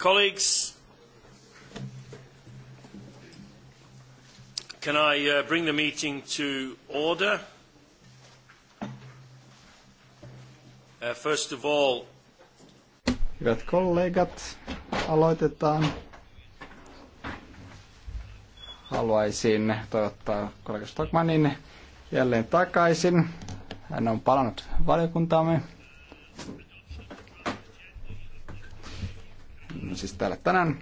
Colleagues, can I uh, bring the meeting to order? Uh, first of all, Hyvät kollegat, aloitetaan. Haluaisin toivottaa kollega Stockmanin jälleen takaisin. Hän on palannut valiokuntaamme. No siis täällä tänään.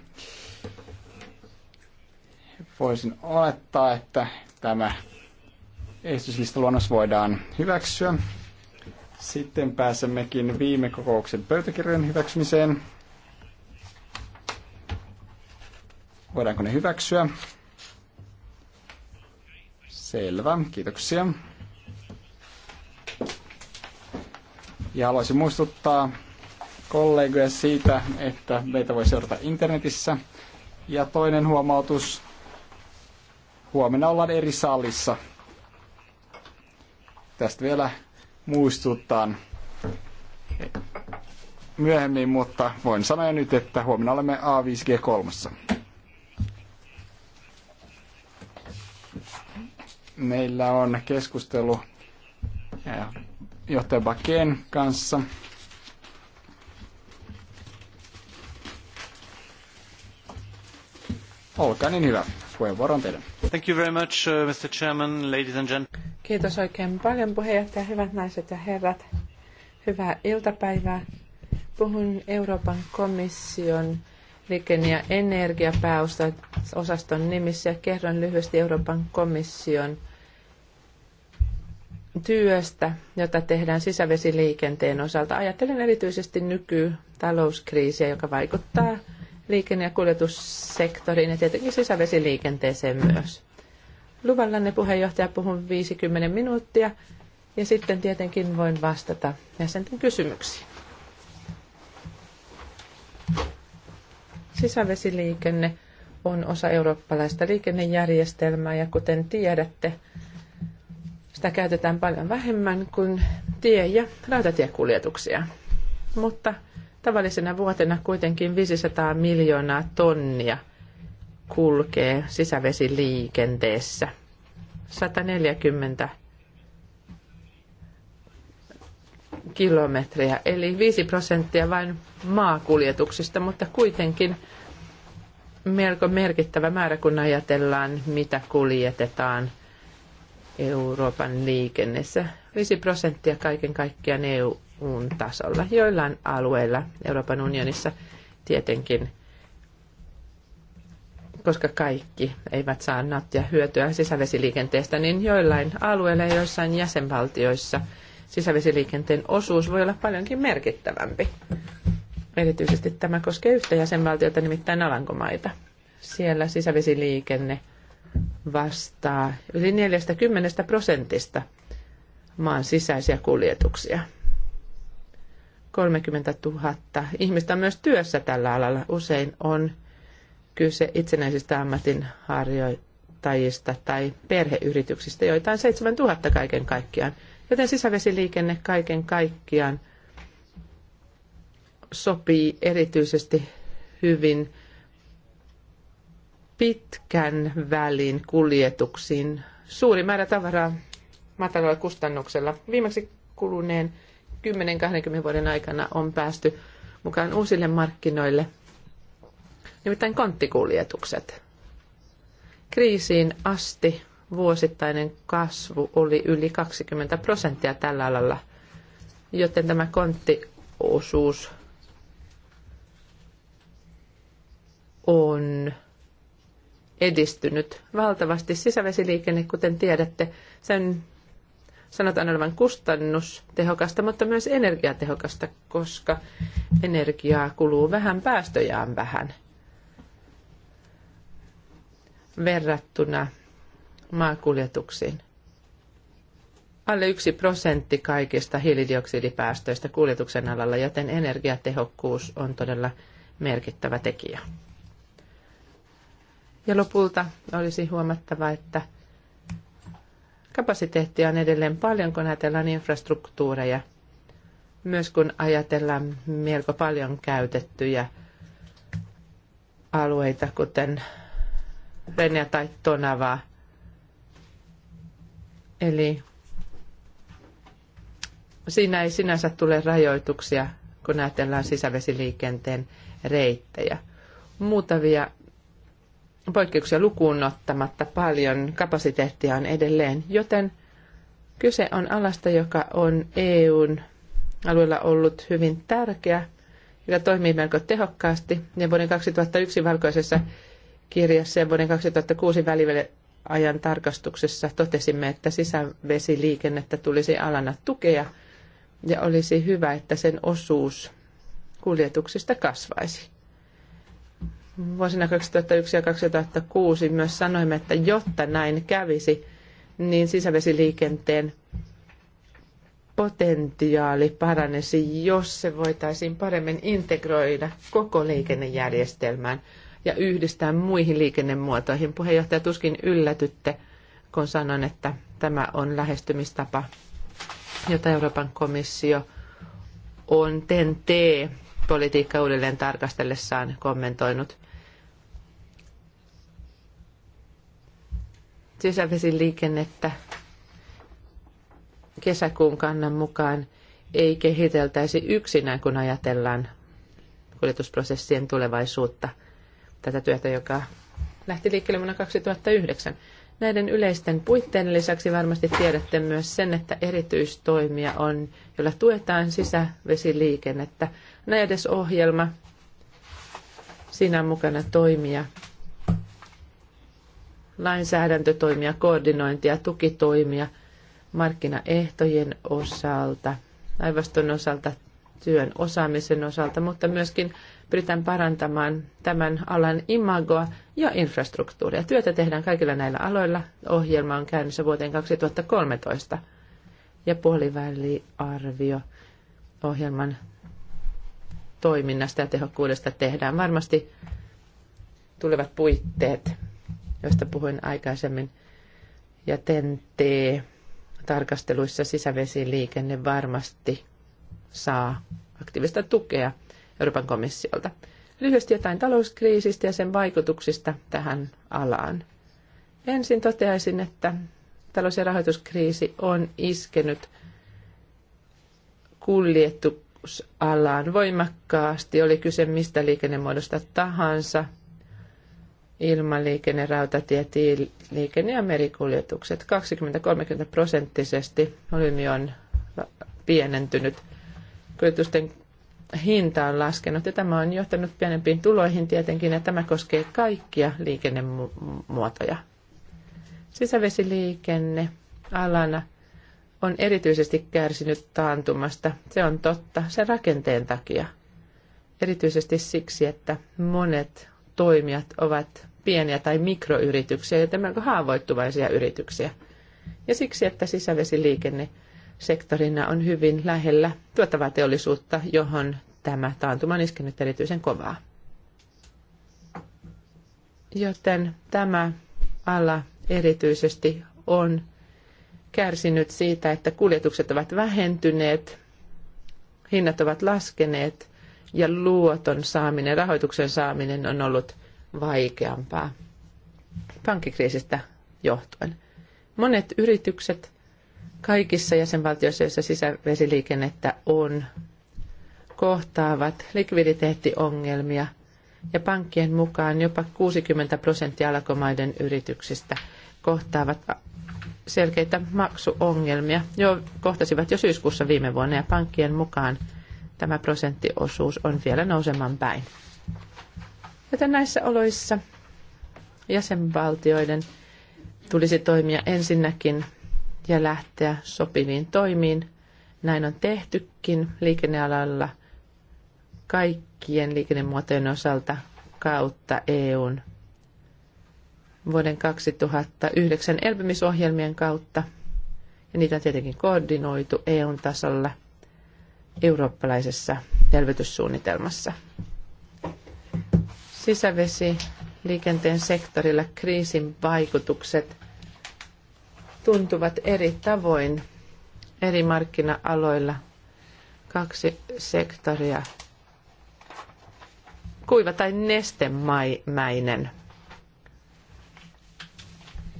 Voisin olettaa, että tämä esityslistaluonnos voidaan hyväksyä. Sitten pääsemmekin viime kokouksen pöytäkirjan hyväksymiseen. Voidaanko ne hyväksyä? Selvä, kiitoksia. Ja haluaisin muistuttaa kollegoja siitä, että meitä voi seurata internetissä. Ja toinen huomautus, huomenna ollaan eri salissa. Tästä vielä muistuttaan myöhemmin, mutta voin sanoa jo nyt, että huomenna olemme A5G3. Meillä on keskustelu eh, johtaja Baken kanssa. Olkaa niin hyvä. Puheenvuoro on teidän. Thank you very much, uh, Mr. Chairman, ladies and gentlemen. Kiitos oikein paljon puheenjohtaja, hyvät naiset ja herrat. Hyvää iltapäivää. Puhun Euroopan komission liikenne- ja energiapääosaston nimissä ja kerron lyhyesti Euroopan komission työstä, jota tehdään sisävesiliikenteen osalta. Ajattelen erityisesti nykytalouskriisiä, joka vaikuttaa mm liikenne- ja kuljetussektoriin ja tietenkin sisävesiliikenteeseen myös. Luvallanne puheenjohtaja puhun 50 minuuttia ja sitten tietenkin voin vastata jäsenten kysymyksiin. Sisävesiliikenne on osa eurooppalaista liikennejärjestelmää ja kuten tiedätte, sitä käytetään paljon vähemmän kuin tie- ja rautatiekuljetuksia. Mutta Tavallisena vuotena kuitenkin 500 miljoonaa tonnia kulkee sisävesiliikenteessä. 140 kilometriä, eli 5 prosenttia vain maakuljetuksista, mutta kuitenkin melko merkittävä määrä, kun ajatellaan, mitä kuljetetaan Euroopan liikennessä. 5 prosenttia kaiken kaikkiaan EUn tasolla. Joillain alueilla Euroopan unionissa tietenkin, koska kaikki eivät saa nauttia hyötyä sisävesiliikenteestä, niin joillain alueilla ja joissain jäsenvaltioissa sisävesiliikenteen osuus voi olla paljonkin merkittävämpi. Erityisesti tämä koskee yhtä jäsenvaltiota, nimittäin Alankomaita. Siellä sisävesiliikenne vastaa yli 40 prosentista – maan sisäisiä kuljetuksia. 30 000 ihmistä on myös työssä tällä alalla. Usein on kyse itsenäisistä ammatinharjoittajista tai perheyrityksistä, joita on 7 000 kaiken kaikkiaan. Joten sisävesiliikenne kaiken kaikkiaan sopii erityisesti hyvin pitkän välin kuljetuksiin. Suuri määrä tavaraa matalalla kustannuksella. Viimeksi kuluneen 10-20 vuoden aikana on päästy mukaan uusille markkinoille, nimittäin konttikuljetukset. Kriisiin asti vuosittainen kasvu oli yli 20 prosenttia tällä alalla, joten tämä konttiosuus on edistynyt valtavasti. Sisävesiliikenne, kuten tiedätte, sen sanotaan olevan kustannustehokasta, mutta myös energiatehokasta, koska energiaa kuluu vähän, päästöjään vähän verrattuna maakuljetuksiin. Alle yksi prosentti kaikista hiilidioksidipäästöistä kuljetuksen alalla, joten energiatehokkuus on todella merkittävä tekijä. Ja lopulta olisi huomattava, että – Kapasiteettia on edelleen paljon, kun ajatellaan infrastruktuureja. Myös kun ajatellaan melko paljon käytettyjä alueita, kuten Venäjä tai Tonavaa. Eli siinä ei sinänsä tule rajoituksia, kun ajatellaan sisävesiliikenteen reittejä. Muutavia poikkeuksia lukuun ottamatta paljon kapasiteettia on edelleen, joten kyse on alasta, joka on EUn alueella ollut hyvin tärkeä, joka toimii melko tehokkaasti. Ja vuoden 2001 valkoisessa kirjassa ja vuoden 2006 välivälle ajan tarkastuksessa totesimme, että sisävesiliikennettä tulisi alana tukea ja olisi hyvä, että sen osuus kuljetuksista kasvaisi vuosina 2001 ja 2006 myös sanoimme, että jotta näin kävisi, niin sisävesiliikenteen potentiaali paranesi, jos se voitaisiin paremmin integroida koko liikennejärjestelmään ja yhdistää muihin liikennemuotoihin. Puheenjohtaja tuskin yllätytte, kun sanon, että tämä on lähestymistapa, jota Euroopan komissio on ten politiikka uudelleen tarkastellessaan kommentoinut – sisävesiliikennettä kesäkuun kannan mukaan ei kehiteltäisi yksinään, kun ajatellaan kuljetusprosessien tulevaisuutta tätä työtä, joka lähti liikkeelle vuonna 2009. Näiden yleisten puitteiden lisäksi varmasti tiedätte myös sen, että erityistoimia on, joilla tuetaan sisävesiliikennettä. Näin edes ohjelma. Siinä on mukana toimia, lainsäädäntötoimia, koordinointia, tukitoimia markkinaehtojen osalta, laivaston osalta, työn osaamisen osalta, mutta myöskin pyritään parantamaan tämän alan imagoa ja infrastruktuuria. Työtä tehdään kaikilla näillä aloilla. Ohjelma on käynnissä vuoteen 2013 ja puoliväliarvio ohjelman toiminnasta ja tehokkuudesta tehdään. Varmasti tulevat puitteet josta puhuin aikaisemmin, ja TNT tarkasteluissa sisävesiliikenne varmasti saa aktiivista tukea Euroopan komissiolta. Lyhyesti jotain talouskriisistä ja sen vaikutuksista tähän alaan. Ensin toteaisin, että talous- ja rahoituskriisi on iskenyt kuljetusalaan voimakkaasti, oli kyse mistä liikennemuodosta tahansa – ilmaliikenne, rautatie, liikenne ja merikuljetukset. 20-30 prosenttisesti volyymi on pienentynyt. Kuljetusten hinta on laskenut ja tämä on johtanut pienempiin tuloihin tietenkin ja tämä koskee kaikkia liikennemuotoja. Sisävesiliikenne alana on erityisesti kärsinyt taantumasta. Se on totta sen rakenteen takia. Erityisesti siksi, että monet toimijat ovat pieniä tai mikroyrityksiä, joten melko haavoittuvaisia yrityksiä. Ja siksi, että sisävesiliikenne sektorina on hyvin lähellä tuottavaa teollisuutta, johon tämä taantuma on iskenyt erityisen kovaa. Joten tämä ala erityisesti on kärsinyt siitä, että kuljetukset ovat vähentyneet, hinnat ovat laskeneet ja luoton saaminen, rahoituksen saaminen on ollut vaikeampaa pankkikriisistä johtuen. Monet yritykset kaikissa jäsenvaltioissa, joissa sisävesiliikennettä on, kohtaavat likviditeettiongelmia ja pankkien mukaan jopa 60 prosenttia alakomaiden yrityksistä kohtaavat selkeitä maksuongelmia, jo kohtasivat jo syyskuussa viime vuonna ja pankkien mukaan – tämä prosenttiosuus on vielä nousemaan päin. Joten näissä oloissa jäsenvaltioiden tulisi toimia ensinnäkin ja lähteä sopiviin toimiin. Näin on tehtykin liikennealalla kaikkien liikennemuotojen osalta kautta EUn vuoden 2009 elpymisohjelmien kautta. Ja niitä on tietenkin koordinoitu EUn tasolla – eurooppalaisessa elvytyssuunnitelmassa. Sisävesi liikenteen sektorilla kriisin vaikutukset tuntuvat eri tavoin eri markkina-aloilla. Kaksi sektoria. Kuiva tai nestemäinen.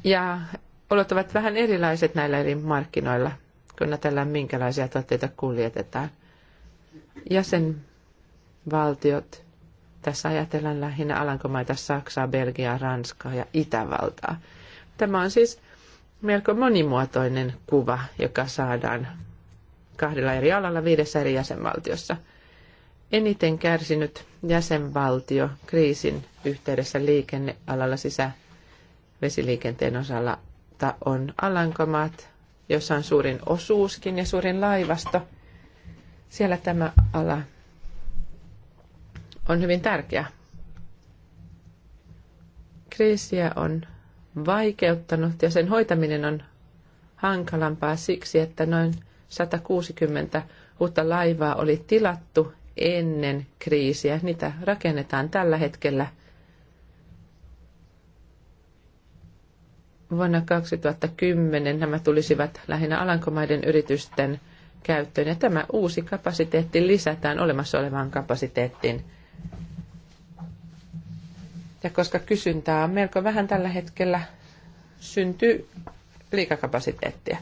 Ja olot ovat vähän erilaiset näillä eri markkinoilla, kun ajatellaan minkälaisia tuotteita kuljetetaan. Jäsenvaltiot, tässä ajatellaan lähinnä Alankomaita, Saksaa, Belgiaa, Ranskaa ja Itävaltaa. Tämä on siis melko monimuotoinen kuva, joka saadaan kahdella eri alalla viidessä eri jäsenvaltiossa. Eniten kärsinyt jäsenvaltio kriisin yhteydessä liikennealalla sisävesiliikenteen osalla on Alankomaat, jossa on suurin osuuskin ja suurin laivasto – siellä tämä ala on hyvin tärkeä. Kriisiä on vaikeuttanut ja sen hoitaminen on hankalampaa siksi, että noin 160 uutta laivaa oli tilattu ennen kriisiä. Niitä rakennetaan tällä hetkellä. Vuonna 2010 nämä tulisivat lähinnä Alankomaiden yritysten käyttöön. Ja tämä uusi kapasiteetti lisätään olemassa olevaan kapasiteettiin. Ja koska kysyntää on melko vähän tällä hetkellä, syntyy liikakapasiteettia.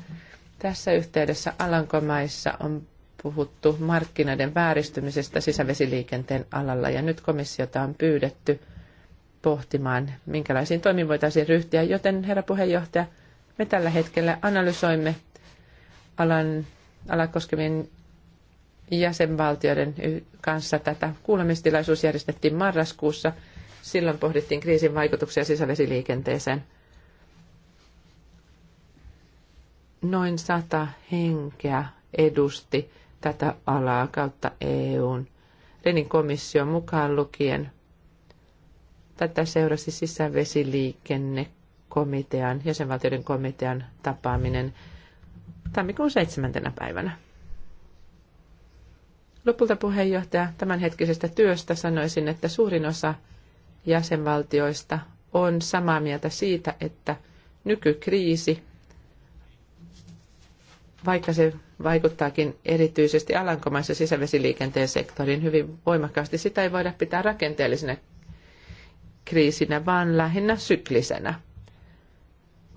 Tässä yhteydessä Alankomaissa on puhuttu markkinoiden vääristymisestä sisävesiliikenteen alalla ja nyt komissiota on pyydetty pohtimaan, minkälaisiin toimiin voitaisiin ryhtyä, joten herra puheenjohtaja, me tällä hetkellä analysoimme alan ala koskevien jäsenvaltioiden kanssa tätä. Kuulemistilaisuus järjestettiin marraskuussa. Silloin pohdittiin kriisin vaikutuksia sisävesiliikenteeseen. Noin sata henkeä edusti tätä alaa kautta EUn. Renin komissio mukaan lukien tätä seurasi sisävesiliikennekomitean, jäsenvaltioiden komitean tapaaminen – tammikuun seitsemäntenä päivänä. Lopulta puheenjohtaja tämänhetkisestä työstä sanoisin, että suurin osa jäsenvaltioista on samaa mieltä siitä, että nykykriisi, vaikka se vaikuttaakin erityisesti Alankomaissa sisävesiliikenteen sektoriin hyvin voimakkaasti, sitä ei voida pitää rakenteellisena kriisinä, vaan lähinnä syklisenä.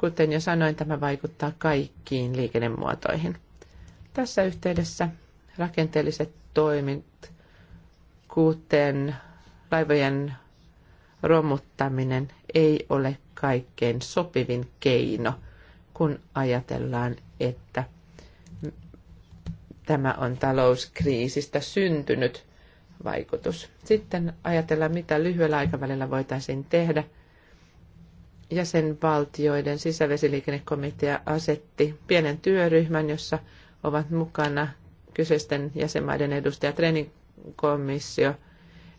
Kuten jo sanoin, tämä vaikuttaa kaikkiin liikennemuotoihin. Tässä yhteydessä rakenteelliset toimit, kuten laivojen romuttaminen, ei ole kaikkein sopivin keino, kun ajatellaan, että tämä on talouskriisistä syntynyt vaikutus. Sitten ajatellaan, mitä lyhyellä aikavälillä voitaisiin tehdä – jäsenvaltioiden sisävesiliikennekomitea asetti pienen työryhmän, jossa ovat mukana kyseisten jäsenmaiden edustajat, treenikomissio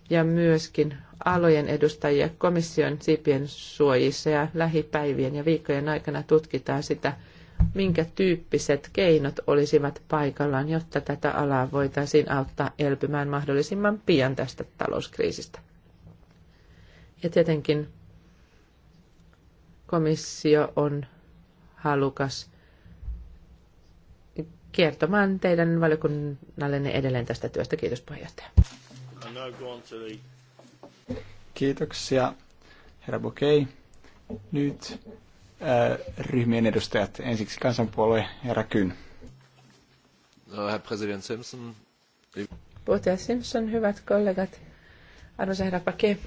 ja myöskin alojen edustajia komission siipien suojissa ja lähipäivien ja viikkojen aikana tutkitaan sitä, minkä tyyppiset keinot olisivat paikallaan, jotta tätä alaa voitaisiin auttaa elpymään mahdollisimman pian tästä talouskriisistä. Ja tietenkin komissio on halukas kertomaan teidän valiokunnallenne edelleen tästä työstä. Kiitos puheenjohtaja. Kiitoksia, herra Bokei. Nyt äh, ryhmien edustajat. Ensiksi kansanpuolue, herra Kyn. No, president Simpson. Puheenjohtaja Simpson, hyvät kollegat. Arvoisa herra Bokei.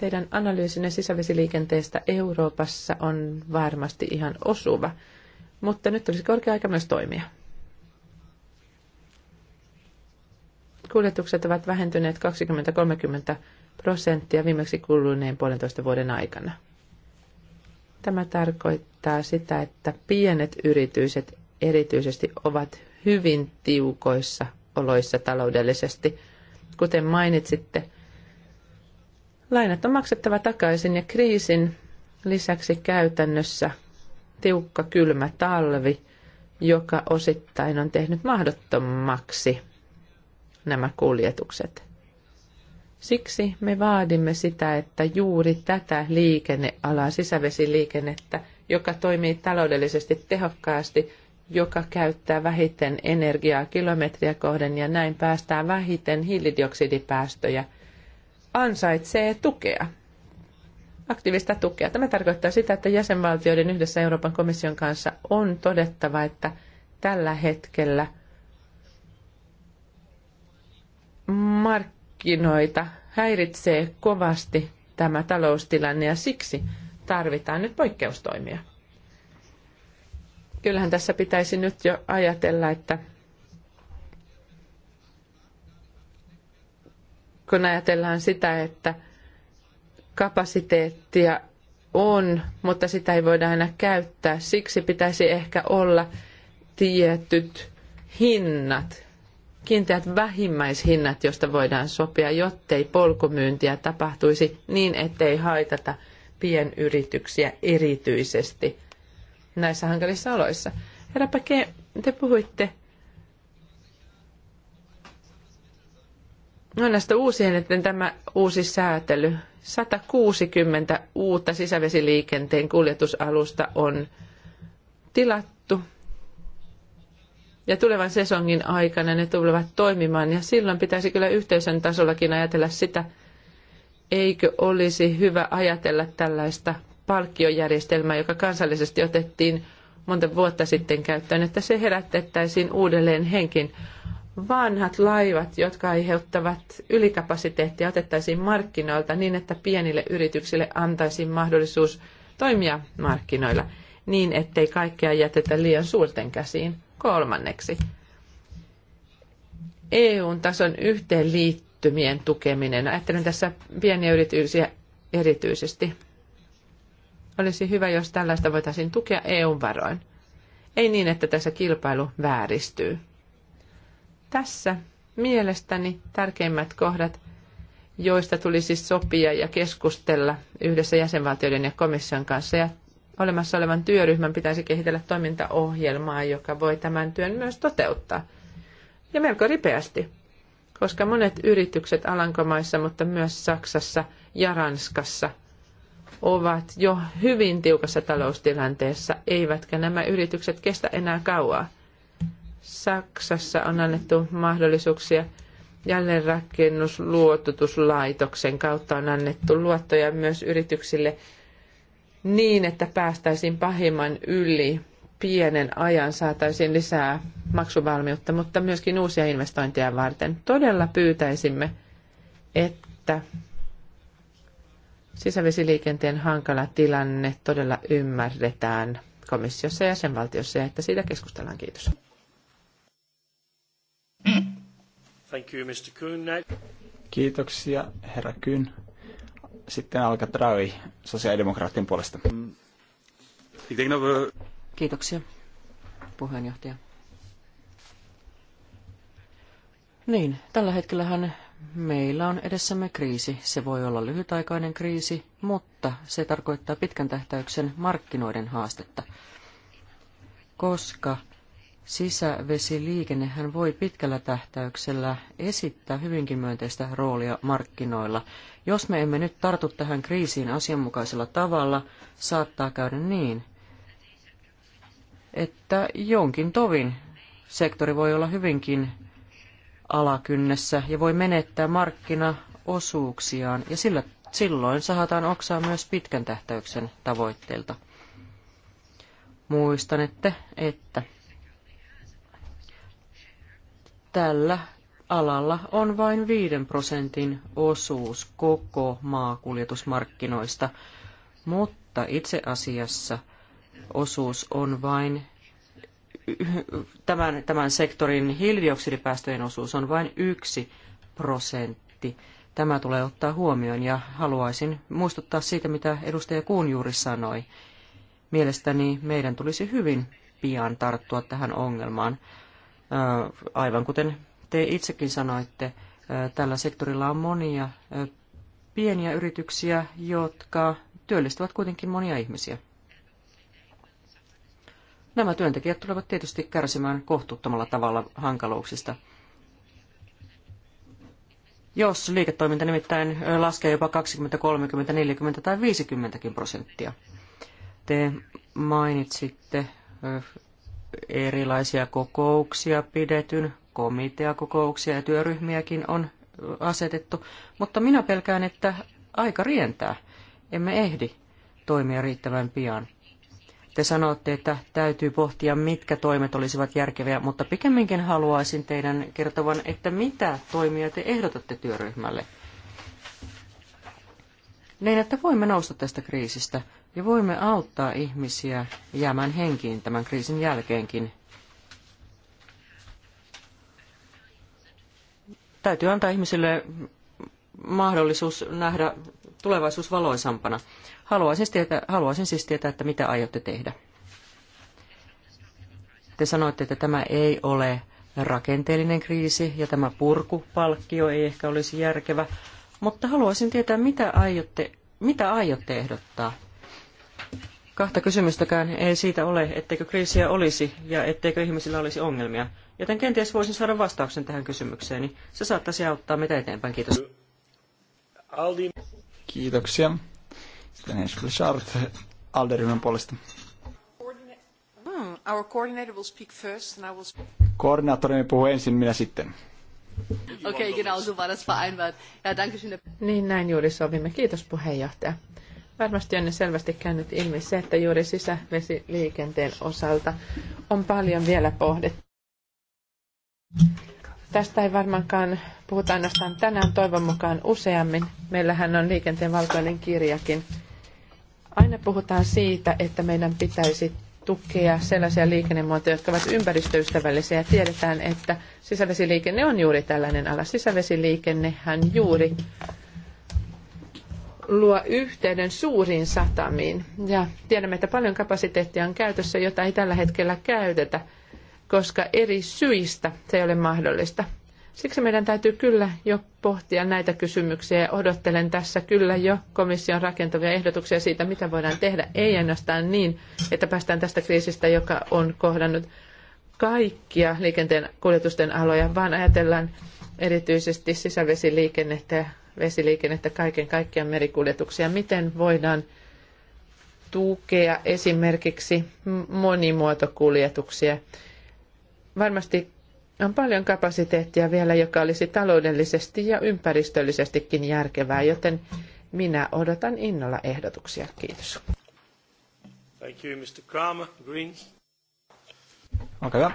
Teidän analyysinne sisävesiliikenteestä Euroopassa on varmasti ihan osuva, mutta nyt olisi korkea aika myös toimia. Kuljetukset ovat vähentyneet 20-30 prosenttia viimeksi kuluneen puolentoista vuoden aikana. Tämä tarkoittaa sitä, että pienet yritykset erityisesti ovat hyvin tiukoissa oloissa taloudellisesti. Kuten mainitsitte, Lainat on maksettava takaisin ja kriisin lisäksi käytännössä tiukka kylmä talvi, joka osittain on tehnyt mahdottomaksi nämä kuljetukset. Siksi me vaadimme sitä, että juuri tätä liikennealaa, sisävesiliikennettä, joka toimii taloudellisesti tehokkaasti, joka käyttää vähiten energiaa kilometriä kohden ja näin päästää vähiten hiilidioksidipäästöjä – ansaitsee tukea, aktiivista tukea. Tämä tarkoittaa sitä, että jäsenvaltioiden yhdessä Euroopan komission kanssa on todettava, että tällä hetkellä markkinoita häiritsee kovasti tämä taloustilanne ja siksi tarvitaan nyt poikkeustoimia. Kyllähän tässä pitäisi nyt jo ajatella, että kun ajatellaan sitä, että kapasiteettia on, mutta sitä ei voida aina käyttää. Siksi pitäisi ehkä olla tietyt hinnat, kiinteät vähimmäishinnat, joista voidaan sopia, jottei polkumyyntiä tapahtuisi niin, ettei haitata pienyrityksiä erityisesti näissä hankalissa oloissa. Herra Pake, te puhuitte No, näistä uusien, että tämä uusi säätely, 160 uutta sisävesiliikenteen kuljetusalusta on tilattu. Ja tulevan sesongin aikana ne tulevat toimimaan ja silloin pitäisi kyllä yhteisön tasollakin ajatella sitä, eikö olisi hyvä ajatella tällaista palkkiojärjestelmää, joka kansallisesti otettiin monta vuotta sitten käyttöön, että se herätettäisiin uudelleen henkin vanhat laivat, jotka aiheuttavat ylikapasiteettia, otettaisiin markkinoilta niin, että pienille yrityksille antaisiin mahdollisuus toimia markkinoilla niin, ettei kaikkea jätetä liian suurten käsiin. Kolmanneksi, EU-tason yhteenliittymien tukeminen. Ajattelen tässä pieniä yrityksiä erityisesti. Olisi hyvä, jos tällaista voitaisiin tukea EU-varoin. Ei niin, että tässä kilpailu vääristyy. Tässä mielestäni tärkeimmät kohdat, joista tulisi sopia ja keskustella yhdessä jäsenvaltioiden ja komission kanssa. Ja olemassa olevan työryhmän pitäisi kehitellä toimintaohjelmaa, joka voi tämän työn myös toteuttaa. Ja melko ripeästi, koska monet yritykset Alankomaissa, mutta myös Saksassa ja Ranskassa ovat jo hyvin tiukassa taloustilanteessa, eivätkä nämä yritykset kestä enää kauaa – Saksassa on annettu mahdollisuuksia jälleenrakennusluototuslaitoksen kautta on annettu luottoja myös yrityksille niin, että päästäisiin pahimman yli pienen ajan saataisiin lisää maksuvalmiutta, mutta myöskin uusia investointeja varten. Todella pyytäisimme, että sisävesiliikenteen hankala tilanne todella ymmärretään komissiossa ja jäsenvaltiossa ja että siitä keskustellaan. Kiitos. Thank you, Mr. Kuhn. Kiitoksia, herra Kyn. Sitten Traui sosiaalidemokraattien puolesta. Kiitoksia, puheenjohtaja. Niin, tällä hetkellähän meillä on edessämme kriisi. Se voi olla lyhytaikainen kriisi, mutta se tarkoittaa pitkän tähtäyksen markkinoiden haastetta, koska sisävesiliikennehän voi pitkällä tähtäyksellä esittää hyvinkin myönteistä roolia markkinoilla. Jos me emme nyt tartu tähän kriisiin asianmukaisella tavalla, saattaa käydä niin, että jonkin tovin sektori voi olla hyvinkin alakynnessä ja voi menettää markkinaosuuksiaan, ja sillä, silloin sahataan oksaa myös pitkän tähtäyksen tavoitteilta. Muistanette, että tällä alalla on vain 5 prosentin osuus koko maakuljetusmarkkinoista, mutta itse asiassa osuus on vain tämän, tämän sektorin hiilidioksidipäästöjen osuus on vain yksi prosentti. Tämä tulee ottaa huomioon ja haluaisin muistuttaa siitä, mitä edustaja Kuun juuri sanoi. Mielestäni meidän tulisi hyvin pian tarttua tähän ongelmaan. Aivan kuten te itsekin sanoitte, tällä sektorilla on monia pieniä yrityksiä, jotka työllistävät kuitenkin monia ihmisiä. Nämä työntekijät tulevat tietysti kärsimään kohtuuttomalla tavalla hankaluuksista. Jos liiketoiminta nimittäin laskee jopa 20, 30, 40 tai 50 prosenttia. Te mainitsitte erilaisia kokouksia pidetyn, komiteakokouksia ja työryhmiäkin on asetettu, mutta minä pelkään, että aika rientää. Emme ehdi toimia riittävän pian. Te sanotte, että täytyy pohtia, mitkä toimet olisivat järkeviä, mutta pikemminkin haluaisin teidän kertovan, että mitä toimia te ehdotatte työryhmälle. Niin, että voimme nousta tästä kriisistä ja voimme auttaa ihmisiä jäämään henkiin tämän kriisin jälkeenkin. Täytyy antaa ihmisille mahdollisuus nähdä tulevaisuus valoisampana. Haluaisin, siis tietää, haluaisin siis tietää, että mitä aiotte tehdä. Te sanoitte, että tämä ei ole rakenteellinen kriisi ja tämä purkupalkkio ei ehkä olisi järkevä, mutta haluaisin tietää, mitä aiotte, mitä aiotte ehdottaa kahta kysymystäkään ei siitä ole, etteikö kriisiä olisi ja etteikö ihmisillä olisi ongelmia. Joten kenties voisin saada vastauksen tähän kysymykseeni. Se saattaisi auttaa meitä eteenpäin. Kiitos. Kiitoksia. Sitten Hensch Blechard, Alderyhmän puolesta. Hmm, Koordinaattorimme puhuu ensin, minä sitten. Okei, okay, genau so war das vereinbart. Ja, danke schön. Niin näin juuri sovimme. Kiitos puheenjohtaja. Varmasti on selvästi käynyt ilmi se, että juuri sisävesiliikenteen osalta on paljon vielä pohdittu. Tästä ei varmaankaan puhuta ainoastaan tänään, toivon mukaan useammin. Meillähän on liikenteen valkoinen kirjakin. Aina puhutaan siitä, että meidän pitäisi tukea sellaisia liikennemuotoja, jotka ovat ympäristöystävällisiä. Ja tiedetään, että sisävesiliikenne on juuri tällainen ala. Sisävesiliikennehän juuri luo yhteyden suuriin satamiin. Ja tiedämme, että paljon kapasiteettia on käytössä, jota ei tällä hetkellä käytetä, koska eri syistä se ei ole mahdollista. Siksi meidän täytyy kyllä jo pohtia näitä kysymyksiä ja odottelen tässä kyllä jo komission rakentavia ehdotuksia siitä, mitä voidaan tehdä. Ei ainoastaan niin, että päästään tästä kriisistä, joka on kohdannut kaikkia liikenteen kuljetusten aloja, vaan ajatellaan erityisesti sisävesiliikennettä ja vesiliikennettä, kaiken kaikkiaan merikuljetuksia. Miten voidaan tukea esimerkiksi monimuotokuljetuksia? Varmasti on paljon kapasiteettia vielä, joka olisi taloudellisesti ja ympäristöllisestikin järkevää, joten minä odotan innolla ehdotuksia. Kiitos. Thank you, Mr. Kramer, Greens. Okay.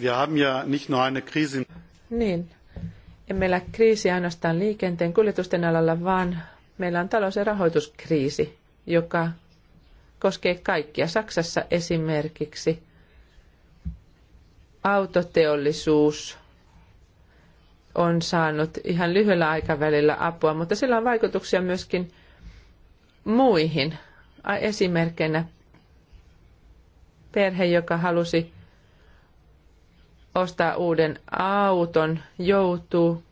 Wir haben ja nicht nur eine Krise. Niin, meillä kriisi ainoastaan liikenteen kuljetusten alalla, vaan meillä on talous- ja rahoituskriisi, joka koskee kaikkia. Saksassa esimerkiksi autoteollisuus on saanut ihan lyhyellä aikavälillä apua, mutta sillä on vaikutuksia myöskin muihin. Esimerkkinä perhe, joka halusi ostaa uuden auton, joutuu,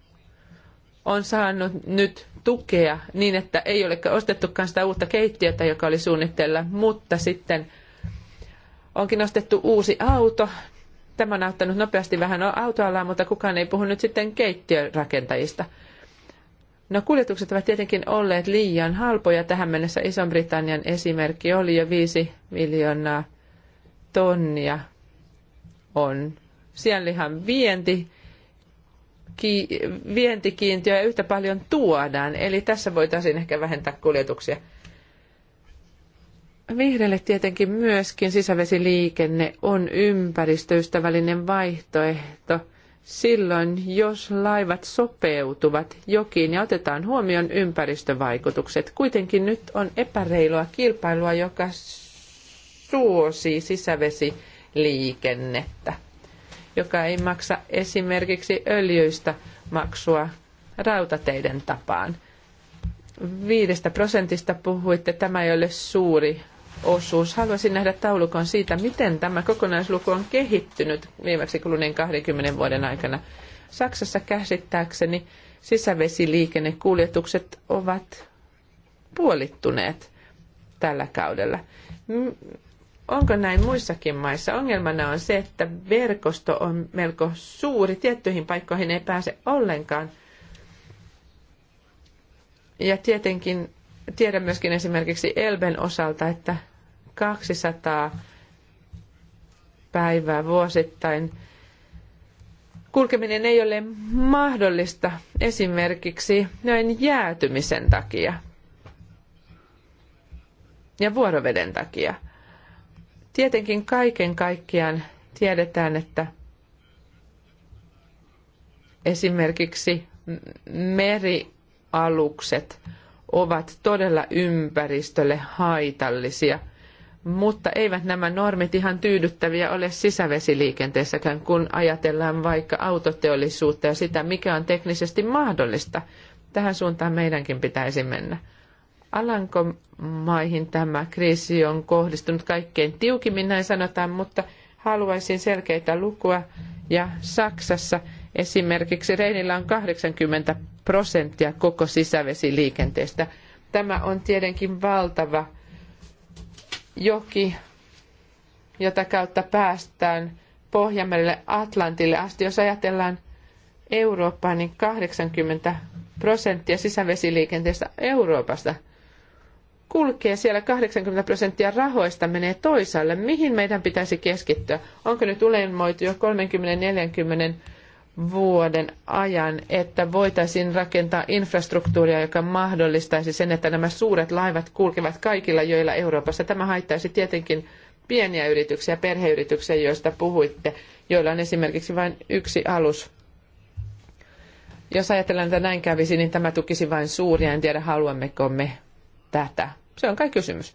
on saanut nyt tukea niin, että ei ole ostettukaan sitä uutta keittiötä, joka oli suunnitteilla, mutta sitten onkin ostettu uusi auto. Tämä on auttanut nopeasti vähän autoalaa, mutta kukaan ei puhu nyt sitten keittiörakentajista. No kuljetukset ovat tietenkin olleet liian halpoja tähän mennessä. iso britannian esimerkki oli jo 5 miljoonaa tonnia on sianlihan vienti, ki, vientikiintiöä yhtä paljon tuodaan. Eli tässä voitaisiin ehkä vähentää kuljetuksia. Vihreille tietenkin myöskin sisävesiliikenne on ympäristöystävällinen vaihtoehto silloin, jos laivat sopeutuvat jokiin ja otetaan huomioon ympäristövaikutukset. Kuitenkin nyt on epäreilua kilpailua, joka suosii sisävesiliikennettä joka ei maksa esimerkiksi öljyistä maksua rautateiden tapaan. Viidestä prosentista puhuitte, tämä ei ole suuri osuus. Haluaisin nähdä taulukon siitä, miten tämä kokonaisluku on kehittynyt viimeksi kuluneen 20 vuoden aikana. Saksassa käsittääkseni sisävesiliikennekuljetukset ovat puolittuneet tällä kaudella. Onko näin muissakin maissa? Ongelmana on se, että verkosto on melko suuri. Tiettyihin paikkoihin ei pääse ollenkaan. Ja tietenkin tiedän myöskin esimerkiksi Elben osalta, että 200 päivää vuosittain kulkeminen ei ole mahdollista esimerkiksi näin jäätymisen takia ja vuoroveden takia. Tietenkin kaiken kaikkiaan tiedetään, että esimerkiksi merialukset ovat todella ympäristölle haitallisia, mutta eivät nämä normit ihan tyydyttäviä ole sisävesiliikenteessäkään, kun ajatellaan vaikka autoteollisuutta ja sitä, mikä on teknisesti mahdollista. Tähän suuntaan meidänkin pitäisi mennä. Alankomaihin tämä kriisi on kohdistunut kaikkein tiukimmin, näin sanotaan, mutta haluaisin selkeitä lukua. Ja Saksassa esimerkiksi Reinillä on 80 prosenttia koko sisävesiliikenteestä. Tämä on tietenkin valtava joki, jota kautta päästään Pohjanmerelle Atlantille asti. Jos ajatellaan Eurooppaa, niin 80 prosenttia sisävesiliikenteestä Euroopasta kulkee siellä 80 prosenttia rahoista menee toisaalle. Mihin meidän pitäisi keskittyä? Onko nyt ulemoitu jo 30-40 vuoden ajan, että voitaisiin rakentaa infrastruktuuria, joka mahdollistaisi sen, että nämä suuret laivat kulkevat kaikilla joilla Euroopassa. Tämä haittaisi tietenkin pieniä yrityksiä, perheyrityksiä, joista puhuitte, joilla on esimerkiksi vain yksi alus. Jos ajatellaan, että näin kävisi, niin tämä tukisi vain suuria. En tiedä, haluammeko me tätä? Se on kai kysymys.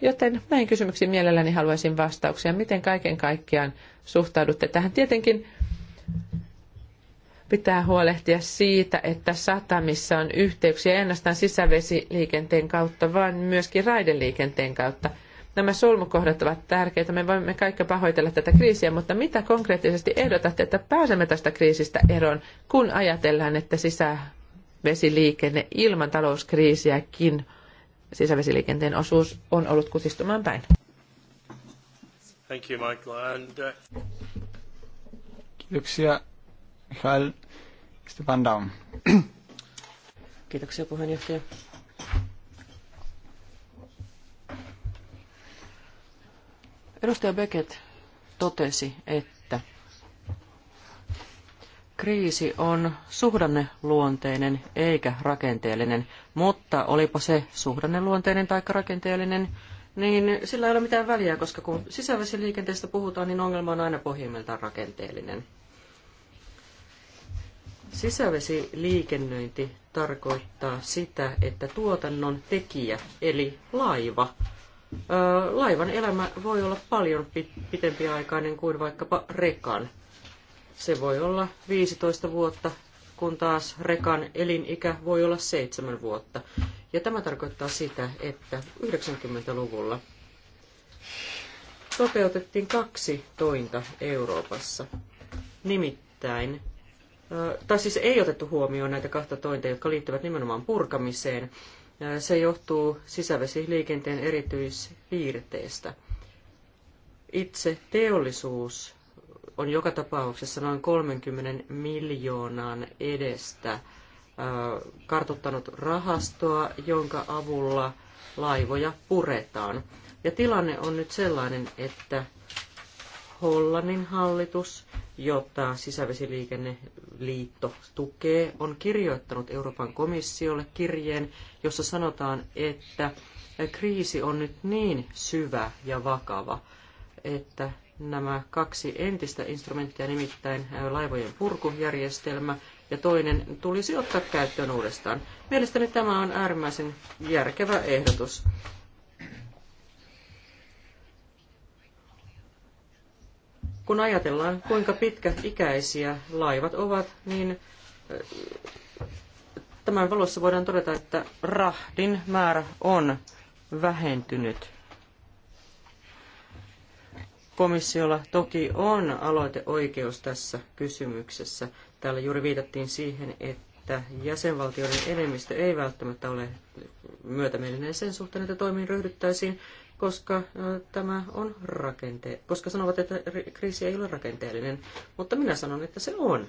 Joten näihin kysymyksiin mielelläni haluaisin vastauksia. Miten kaiken kaikkiaan suhtaudutte tähän? Tietenkin pitää huolehtia siitä, että satamissa on yhteyksiä ei ainoastaan sisävesiliikenteen kautta, vaan myöskin raideliikenteen kautta. Nämä solmukohdat ovat tärkeitä. Me voimme kaikki pahoitella tätä kriisiä, mutta mitä konkreettisesti ehdotatte, että pääsemme tästä kriisistä eroon, kun ajatellaan, että sisävesiliikenne ilman talouskriisiäkin – sisävesiliikenteen osuus on ollut kutistumaan päin. Thank you, Michael. And, uh... Kiitoksia, Michael. Stefan Daum. Kiitoksia, puheenjohtaja. Edustaja Beckett totesi, että kriisi on suhdanneluonteinen eikä rakenteellinen, mutta olipa se suhdanneluonteinen tai rakenteellinen, niin sillä ei ole mitään väliä, koska kun sisävesiliikenteestä puhutaan, niin ongelma on aina pohjimmiltaan rakenteellinen. Sisävesiliikennöinti tarkoittaa sitä, että tuotannon tekijä, eli laiva, laivan elämä voi olla paljon pitempiaikainen kuin vaikkapa rekan. Se voi olla 15 vuotta, kun taas rekan elinikä voi olla 7 vuotta. Ja tämä tarkoittaa sitä, että 90-luvulla toteutettiin kaksi tointa Euroopassa. Nimittäin, tai siis ei otettu huomioon näitä kahta tointa, jotka liittyvät nimenomaan purkamiseen. Se johtuu sisävesiliikenteen erityispiirteestä. Itse teollisuus on joka tapauksessa noin 30 miljoonan edestä kartuttanut rahastoa, jonka avulla laivoja puretaan. Ja tilanne on nyt sellainen, että Hollannin hallitus, jota sisävesiliikenneliitto tukee, on kirjoittanut Euroopan komissiolle kirjeen, jossa sanotaan, että kriisi on nyt niin syvä ja vakava, että nämä kaksi entistä instrumenttia, nimittäin laivojen purkujärjestelmä ja toinen tulisi ottaa käyttöön uudestaan. Mielestäni tämä on äärimmäisen järkevä ehdotus. Kun ajatellaan, kuinka pitkät ikäisiä laivat ovat, niin tämän valossa voidaan todeta, että rahdin määrä on vähentynyt Komissiolla toki on aloiteoikeus tässä kysymyksessä. Täällä juuri viitattiin siihen, että jäsenvaltioiden enemmistö ei välttämättä ole myötämielinen sen suhteen, että toimiin ryhdyttäisiin, koska tämä on rakente- koska sanovat, että kriisi ei ole rakenteellinen, mutta minä sanon, että se on.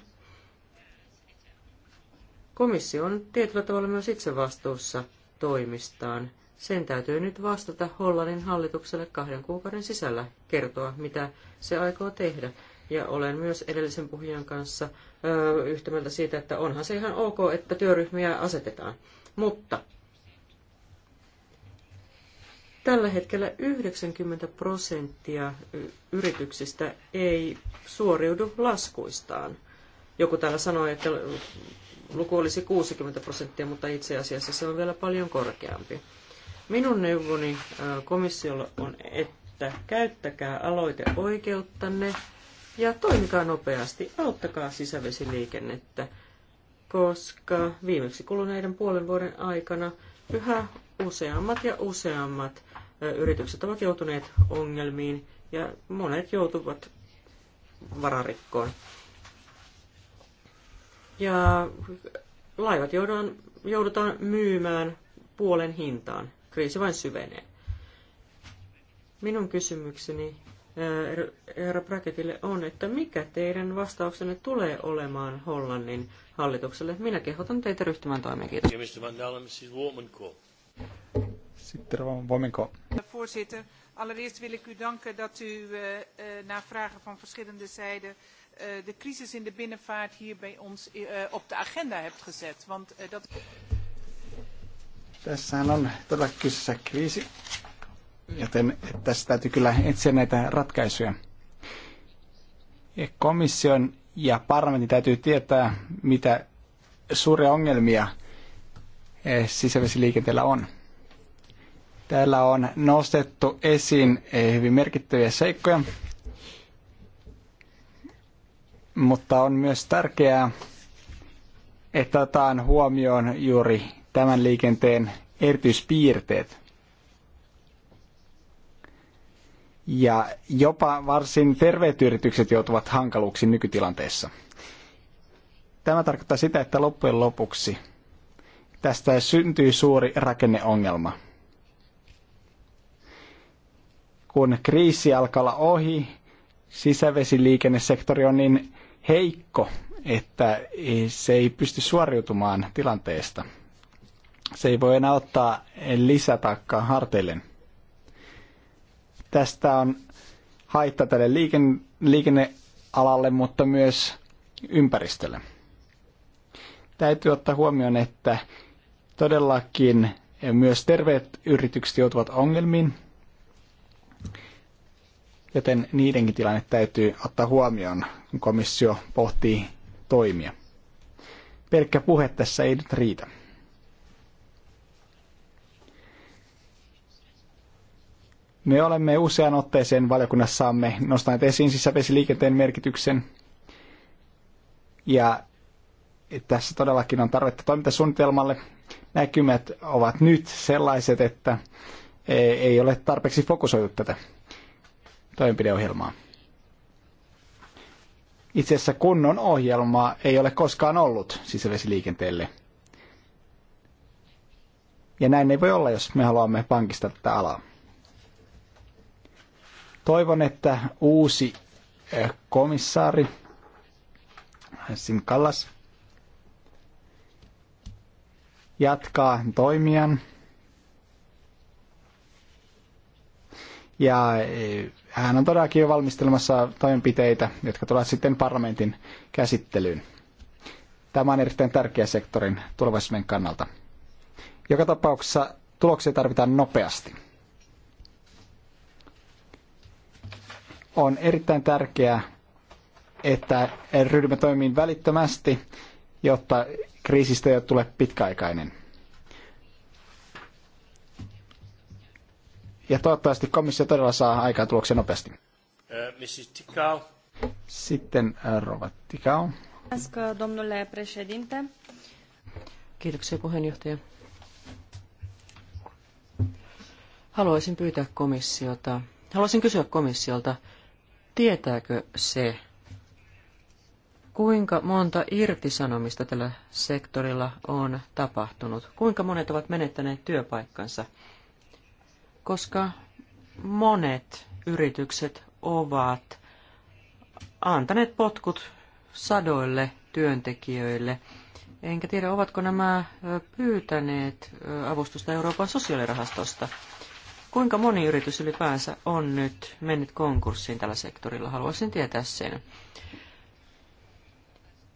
Komissio on tietyllä tavalla myös itse vastuussa toimistaan sen täytyy nyt vastata Hollannin hallitukselle kahden kuukauden sisällä, kertoa mitä se aikoo tehdä. Ja olen myös edellisen puhujan kanssa ö, yhtä mieltä siitä, että onhan se ihan ok, että työryhmiä asetetaan. Mutta tällä hetkellä 90 prosenttia yrityksistä ei suoriudu laskuistaan. Joku täällä sanoi, että luku olisi 60 prosenttia, mutta itse asiassa se on vielä paljon korkeampi. Minun neuvoni komissiolle on, että käyttäkää aloiteoikeuttanne ja toimikaa nopeasti, auttakaa sisävesiliikennettä, koska viimeksi kuluneiden puolen vuoden aikana yhä useammat ja useammat yritykset ovat joutuneet ongelmiin ja monet joutuvat vararikkoon. Ja laivat joudutaan, joudutaan myymään puolen hintaan kriisi vain syvenee. Minun kysymykseni herra Bracketille on, että mikä teidän vastauksenne tulee olemaan Hollannin hallitukselle? Minä kehotan teitä ryhtymään toimeen. Kiitos. Sitten Rovan Womenko. Voorzitter, allereerst wil ik u danken dat u eh, eh, na vragen van verschillende zijden eh, de crisis in de binnenvaart hier bij ons op de agenda hebt gezet. Want dat... Tässähän on todella kyseessä kriisi, joten tässä täytyy kyllä etsiä näitä ratkaisuja. Komission ja parlamentin täytyy tietää, mitä suuria ongelmia eh, sisävesiliikenteellä on. Täällä on nostettu esiin eh, hyvin merkittäviä seikkoja, mutta on myös tärkeää, että otetaan huomioon juuri tämän liikenteen erityispiirteet. Ja jopa varsin terveet yritykset joutuvat hankaluuksiin nykytilanteessa. Tämä tarkoittaa sitä, että loppujen lopuksi tästä syntyy suuri rakenneongelma. Kun kriisi alkaa olla ohi, sisävesiliikennesektori on niin heikko, että se ei pysty suoriutumaan tilanteesta – se ei voi enää ottaa lisätaakkaa harteilleen. Tästä on haitta tälle liiken, liikennealalle, mutta myös ympäristölle. Täytyy ottaa huomioon, että todellakin myös terveet yritykset joutuvat ongelmiin, joten niidenkin tilanne täytyy ottaa huomioon, kun komissio pohtii toimia. Pelkkä puhe tässä ei nyt riitä. Me olemme usean otteeseen valiokunnassamme nostaneet esiin sisävesiliikenteen merkityksen. Ja tässä todellakin on tarvetta toimintasuunnitelmalle. Näkymät ovat nyt sellaiset, että e, ei ole tarpeeksi fokusoitu tätä toimenpideohjelmaa. Itse asiassa kunnon ohjelmaa ei ole koskaan ollut sisävesiliikenteelle. Ja näin ei voi olla, jos me haluamme pankista tätä alaa. Toivon, että uusi eh, komissaari sin Kallas jatkaa toimijan Ja eh, hän on todellakin jo valmistelemassa toimenpiteitä, jotka tulevat sitten parlamentin käsittelyyn. Tämä on erittäin tärkeä sektorin tulevaisuuden kannalta. Joka tapauksessa tuloksia tarvitaan nopeasti. on erittäin tärkeää, että ryhdymme toimiin välittömästi, jotta kriisistä ei tule pitkäaikainen. Ja toivottavasti komissio todella saa aikaan tuloksia nopeasti. Eh, Sitten eh, Rova Tikau. Kiitoksia puheenjohtaja. Haluaisin pyytää komissiota. Haluaisin kysyä komissiolta, Tietääkö se, kuinka monta irtisanomista tällä sektorilla on tapahtunut? Kuinka monet ovat menettäneet työpaikkansa? Koska monet yritykset ovat antaneet potkut sadoille työntekijöille. Enkä tiedä, ovatko nämä pyytäneet avustusta Euroopan sosiaalirahastosta. Kuinka moni yritys ylipäänsä on nyt mennyt konkurssiin tällä sektorilla? Haluaisin tietää sen.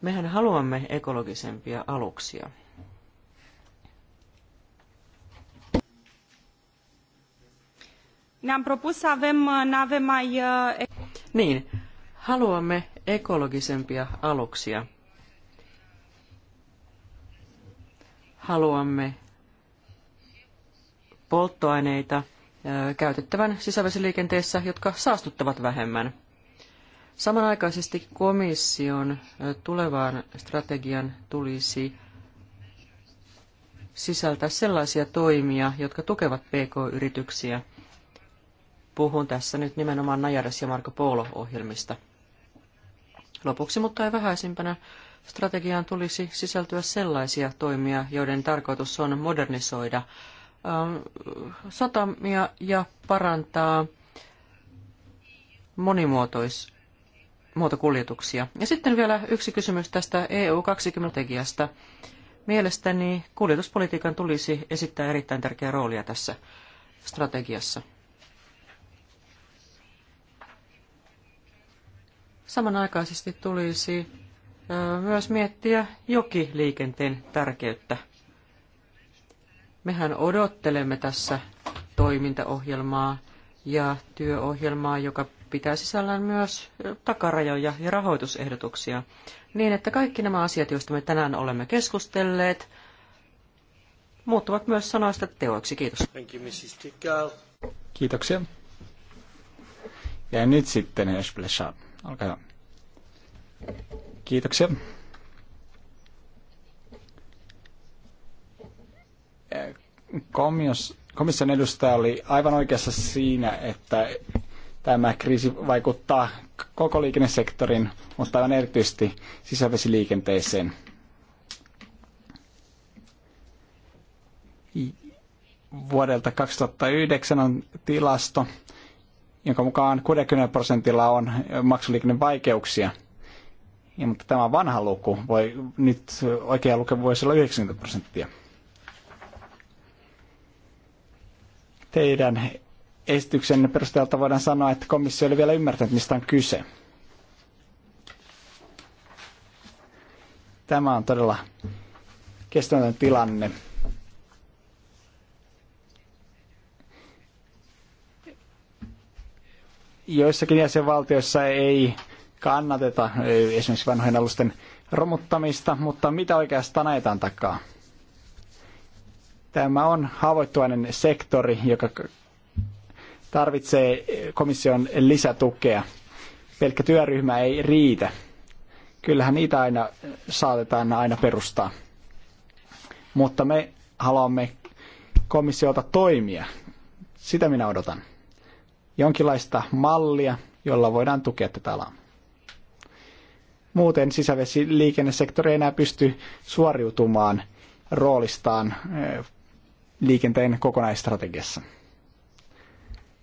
Mehän haluamme ekologisempia aluksia. Ne-am propus să avem nave mai... Uh, niin, haluamme ekologisempia aluksia. Haluamme polttoaineita, käytettävän sisävesiliikenteessä, jotka saastuttavat vähemmän. Samanaikaisesti komission tulevaan strategian tulisi sisältää sellaisia toimia, jotka tukevat PK-yrityksiä. Puhun tässä nyt nimenomaan Najares ja Marko Polo-ohjelmista. Lopuksi, mutta ei vähäisimpänä, strategiaan tulisi sisältyä sellaisia toimia, joiden tarkoitus on modernisoida Ähm, satamia ja parantaa monimuotois muotokuljetuksia. Ja sitten vielä yksi kysymys tästä EU 20-tekijästä. Mielestäni kuljetuspolitiikan tulisi esittää erittäin tärkeää roolia tässä strategiassa. Samanaikaisesti tulisi myös miettiä jokiliikenteen tärkeyttä. Mehän odottelemme tässä toimintaohjelmaa ja työohjelmaa, joka pitää sisällään myös takarajoja ja rahoitusehdotuksia, niin että kaikki nämä asiat, joista me tänään olemme keskustelleet, muuttuvat myös sanoista teoiksi. Kiitos. Kiitoksia. Ja nyt sitten Esplesha. Olkaa hyvä. Kiitoksia. komission edustaja oli aivan oikeassa siinä, että tämä kriisi vaikuttaa koko liikennesektorin, mutta aivan erityisesti sisävesiliikenteeseen. Vuodelta 2009 on tilasto, jonka mukaan 60 prosentilla on maksuliikennevaikeuksia. Ja, mutta tämä on vanha luku, voi, nyt oikea luku voisi olla 90 prosenttia. Teidän esityksen perusteelta voidaan sanoa, että komissio oli vielä ymmärtänyt, mistä on kyse. Tämä on todella kestämätön tilanne. Joissakin jäsenvaltioissa ei kannateta esimerkiksi vanhojen alusten romuttamista, mutta mitä oikeastaan ajetaan takaa? Tämä on haavoittuvainen sektori, joka tarvitsee komission lisätukea. Pelkkä työryhmä ei riitä. Kyllähän niitä aina saatetaan aina perustaa. Mutta me haluamme komissiolta toimia. Sitä minä odotan. Jonkinlaista mallia, jolla voidaan tukea tätä alaa. Muuten sisävesiliikennesektori ei enää pysty suoriutumaan roolistaan eh, liikenteen kokonaisstrategiassa.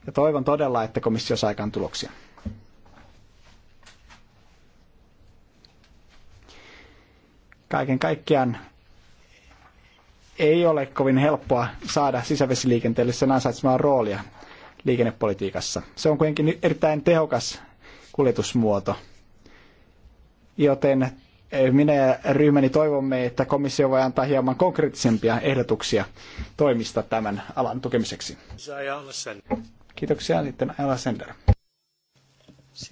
Ja toivon todella, että komissio saa aikaan tuloksia. Kaiken kaikkiaan ei ole kovin helppoa saada sisävesiliikenteelle sen ansaitsemaan roolia liikennepolitiikassa. Se on kuitenkin erittäin tehokas kuljetusmuoto, joten minä ja ryhmäni toivomme, että komissio voi antaa hieman konkreettisempia ehdotuksia toimista tämän alan tukemiseksi. Kiitoksia sitten Ayala Sender.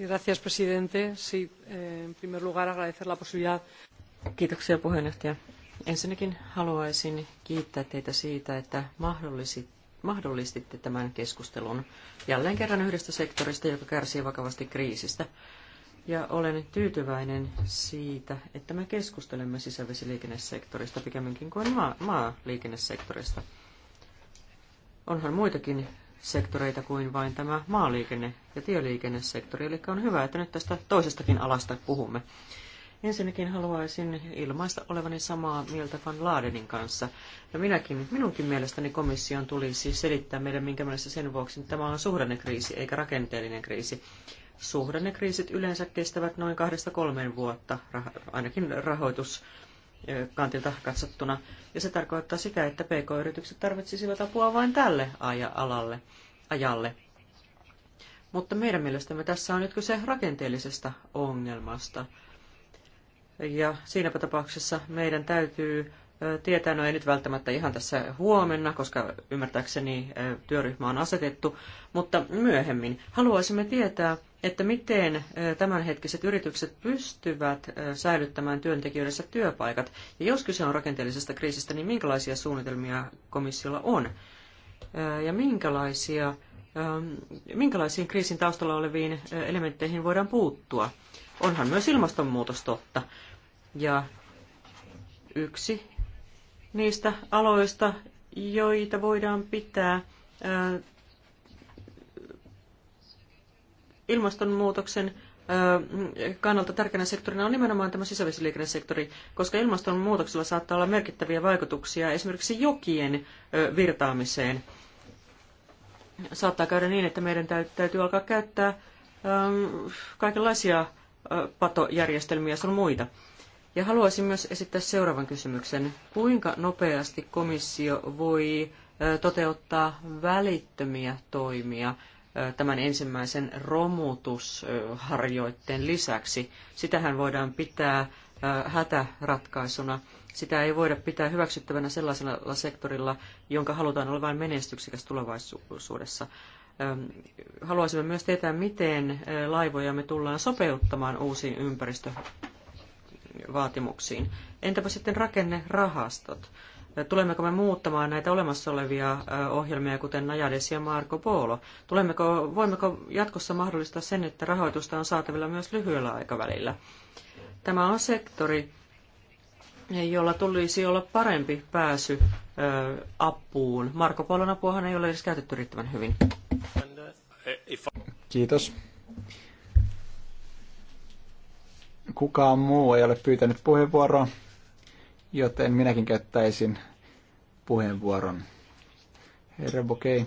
Gracias, presidente. Sí, eh, en primer lugar agradecer la posibilidad. Kiitoksia puheenjohtaja. Ensinnäkin haluaisin kiittää teitä siitä, että mahdollistitte tämän keskustelun jälleen kerran yhdestä sektorista, joka kärsii vakavasti kriisistä ja olen tyytyväinen siitä, että me keskustelemme sisävesiliikennesektorista pikemminkin kuin maa, maaliikennesektorista. Onhan muitakin sektoreita kuin vain tämä maaliikenne- ja tieliikennesektori, eli on hyvä, että nyt tästä toisestakin alasta puhumme. Ensinnäkin haluaisin ilmaista olevani samaa mieltä Van Laadenin kanssa. Ja minäkin, minunkin mielestäni komission tulisi selittää meille, minkä mielessä sen vuoksi tämä on suhdannekriisi eikä rakenteellinen kriisi. Suhdannekriisit yleensä kestävät noin kahdesta kolmeen vuotta, ainakin rahoitus kantilta katsottuna, ja se tarkoittaa sitä, että pk-yritykset tarvitsisivat apua vain tälle alalle, ajalle. Mutta meidän mielestämme tässä on nyt kyse rakenteellisesta ongelmasta. Ja siinäpä tapauksessa meidän täytyy tietää, no ei nyt välttämättä ihan tässä huomenna, koska ymmärtääkseni työryhmä on asetettu, mutta myöhemmin haluaisimme tietää, että miten tämänhetkiset yritykset pystyvät säilyttämään työntekijöidensä työpaikat. Ja jos kyse on rakenteellisesta kriisistä, niin minkälaisia suunnitelmia komissiolla on? Ja minkälaisia, minkälaisiin kriisin taustalla oleviin elementteihin voidaan puuttua? Onhan myös ilmastonmuutos totta. Ja yksi niistä aloista, joita voidaan pitää ilmastonmuutoksen kannalta tärkeänä sektorina on nimenomaan tämä sisävesiliikennesektori, koska ilmastonmuutoksella saattaa olla merkittäviä vaikutuksia esimerkiksi jokien virtaamiseen. Saattaa käydä niin, että meidän täytyy alkaa käyttää kaikenlaisia patojärjestelmiä sun muita. Ja haluaisin myös esittää seuraavan kysymyksen. Kuinka nopeasti komissio voi toteuttaa välittömiä toimia tämän ensimmäisen romutusharjoitteen lisäksi? Sitähän voidaan pitää hätäratkaisuna. Sitä ei voida pitää hyväksyttävänä sellaisella sektorilla, jonka halutaan olevan menestyksekäs tulevaisuudessa. Haluaisimme myös tietää, miten laivojamme tullaan sopeuttamaan uusiin ympäristö- vaatimuksiin. Entäpä sitten rakennerahastot? Tulemmeko me muuttamaan näitä olemassa olevia ohjelmia, kuten Najades ja Marco Polo? Tulemmeko, voimmeko jatkossa mahdollistaa sen, että rahoitusta on saatavilla myös lyhyellä aikavälillä? Tämä on sektori, jolla tulisi olla parempi pääsy apuun. Marko Polon apuahan ei ole edes käytetty riittävän hyvin. Kiitos. kukaan muu ei ole pyytänyt puheenvuoroa, joten minäkin käyttäisin puheenvuoron. Herra Bokei,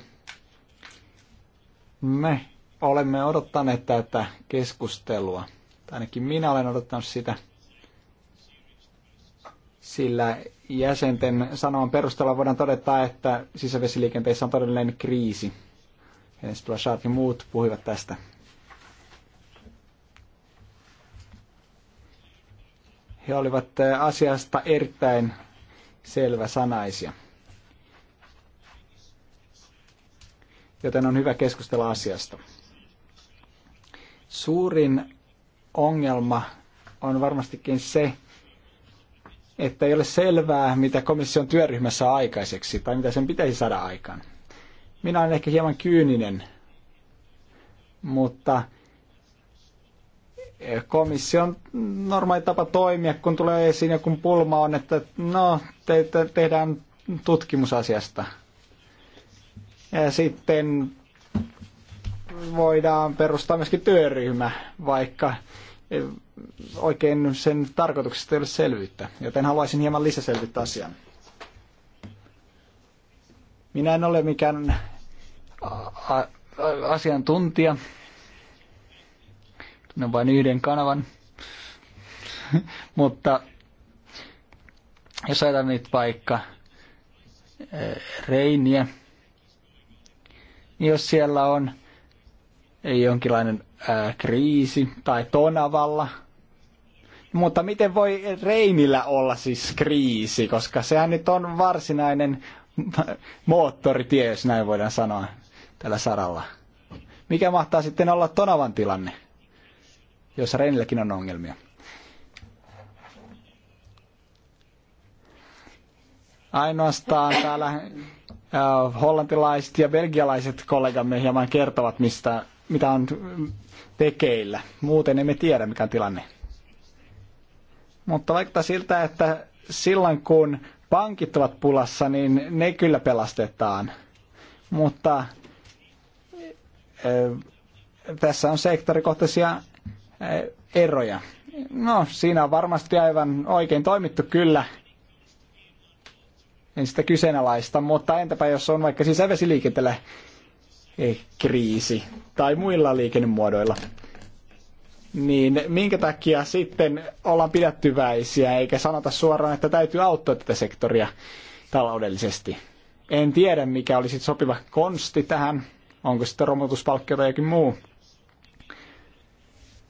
me olemme odottaneet tätä keskustelua. Tai ainakin minä olen odottanut sitä, sillä jäsenten sanoman perusteella voidaan todeta, että sisävesiliikenteessä on todellinen kriisi. Hennes Blachard ja muut puhuivat tästä. He olivat asiasta erittäin selväsanaisia. Joten on hyvä keskustella asiasta. Suurin ongelma on varmastikin se, että ei ole selvää, mitä komission työryhmässä saa aikaiseksi tai mitä sen pitäisi saada aikaan. Minä olen ehkä hieman kyyninen, mutta komission normaali tapa toimia, kun tulee esiin joku pulma on, että no, te, te, tehdään tutkimusasiasta. Ja sitten voidaan perustaa myöskin työryhmä, vaikka eh, oikein sen tarkoituksesta ei ole selvyyttä. Joten haluaisin hieman lisäselvittää asian. Minä en ole mikään asiantuntija, no vain yhden kanavan. Mutta jos ajatellaan nyt vaikka eh, reiniä, niin jos siellä on eh, jonkinlainen äh, kriisi tai tonavalla, mutta miten voi Reinillä olla siis kriisi, koska sehän nyt on varsinainen moottoritie, jos näin voidaan sanoa, tällä saralla. Mikä mahtaa sitten olla Tonavan tilanne? joissa Reinilläkin on ongelmia. Ainoastaan täällä äh, hollantilaiset ja belgialaiset kollegamme hieman kertovat, mistä, mitä on tekeillä. Muuten emme tiedä, mikä on tilanne. Mutta vaikuttaa siltä, että silloin kun pankit ovat pulassa, niin ne kyllä pelastetaan. Mutta äh, tässä on sektorikohtaisia eroja. No, siinä on varmasti aivan oikein toimittu kyllä. En sitä kyseenalaista, mutta entäpä jos on vaikka sisävesiliikenteellä eh, kriisi tai muilla liikennemuodoilla, niin minkä takia sitten ollaan pidättyväisiä eikä sanota suoraan, että täytyy auttaa tätä sektoria taloudellisesti? En tiedä, mikä olisi sopiva konsti tähän. Onko sitten romutuspalkkio tai jokin muu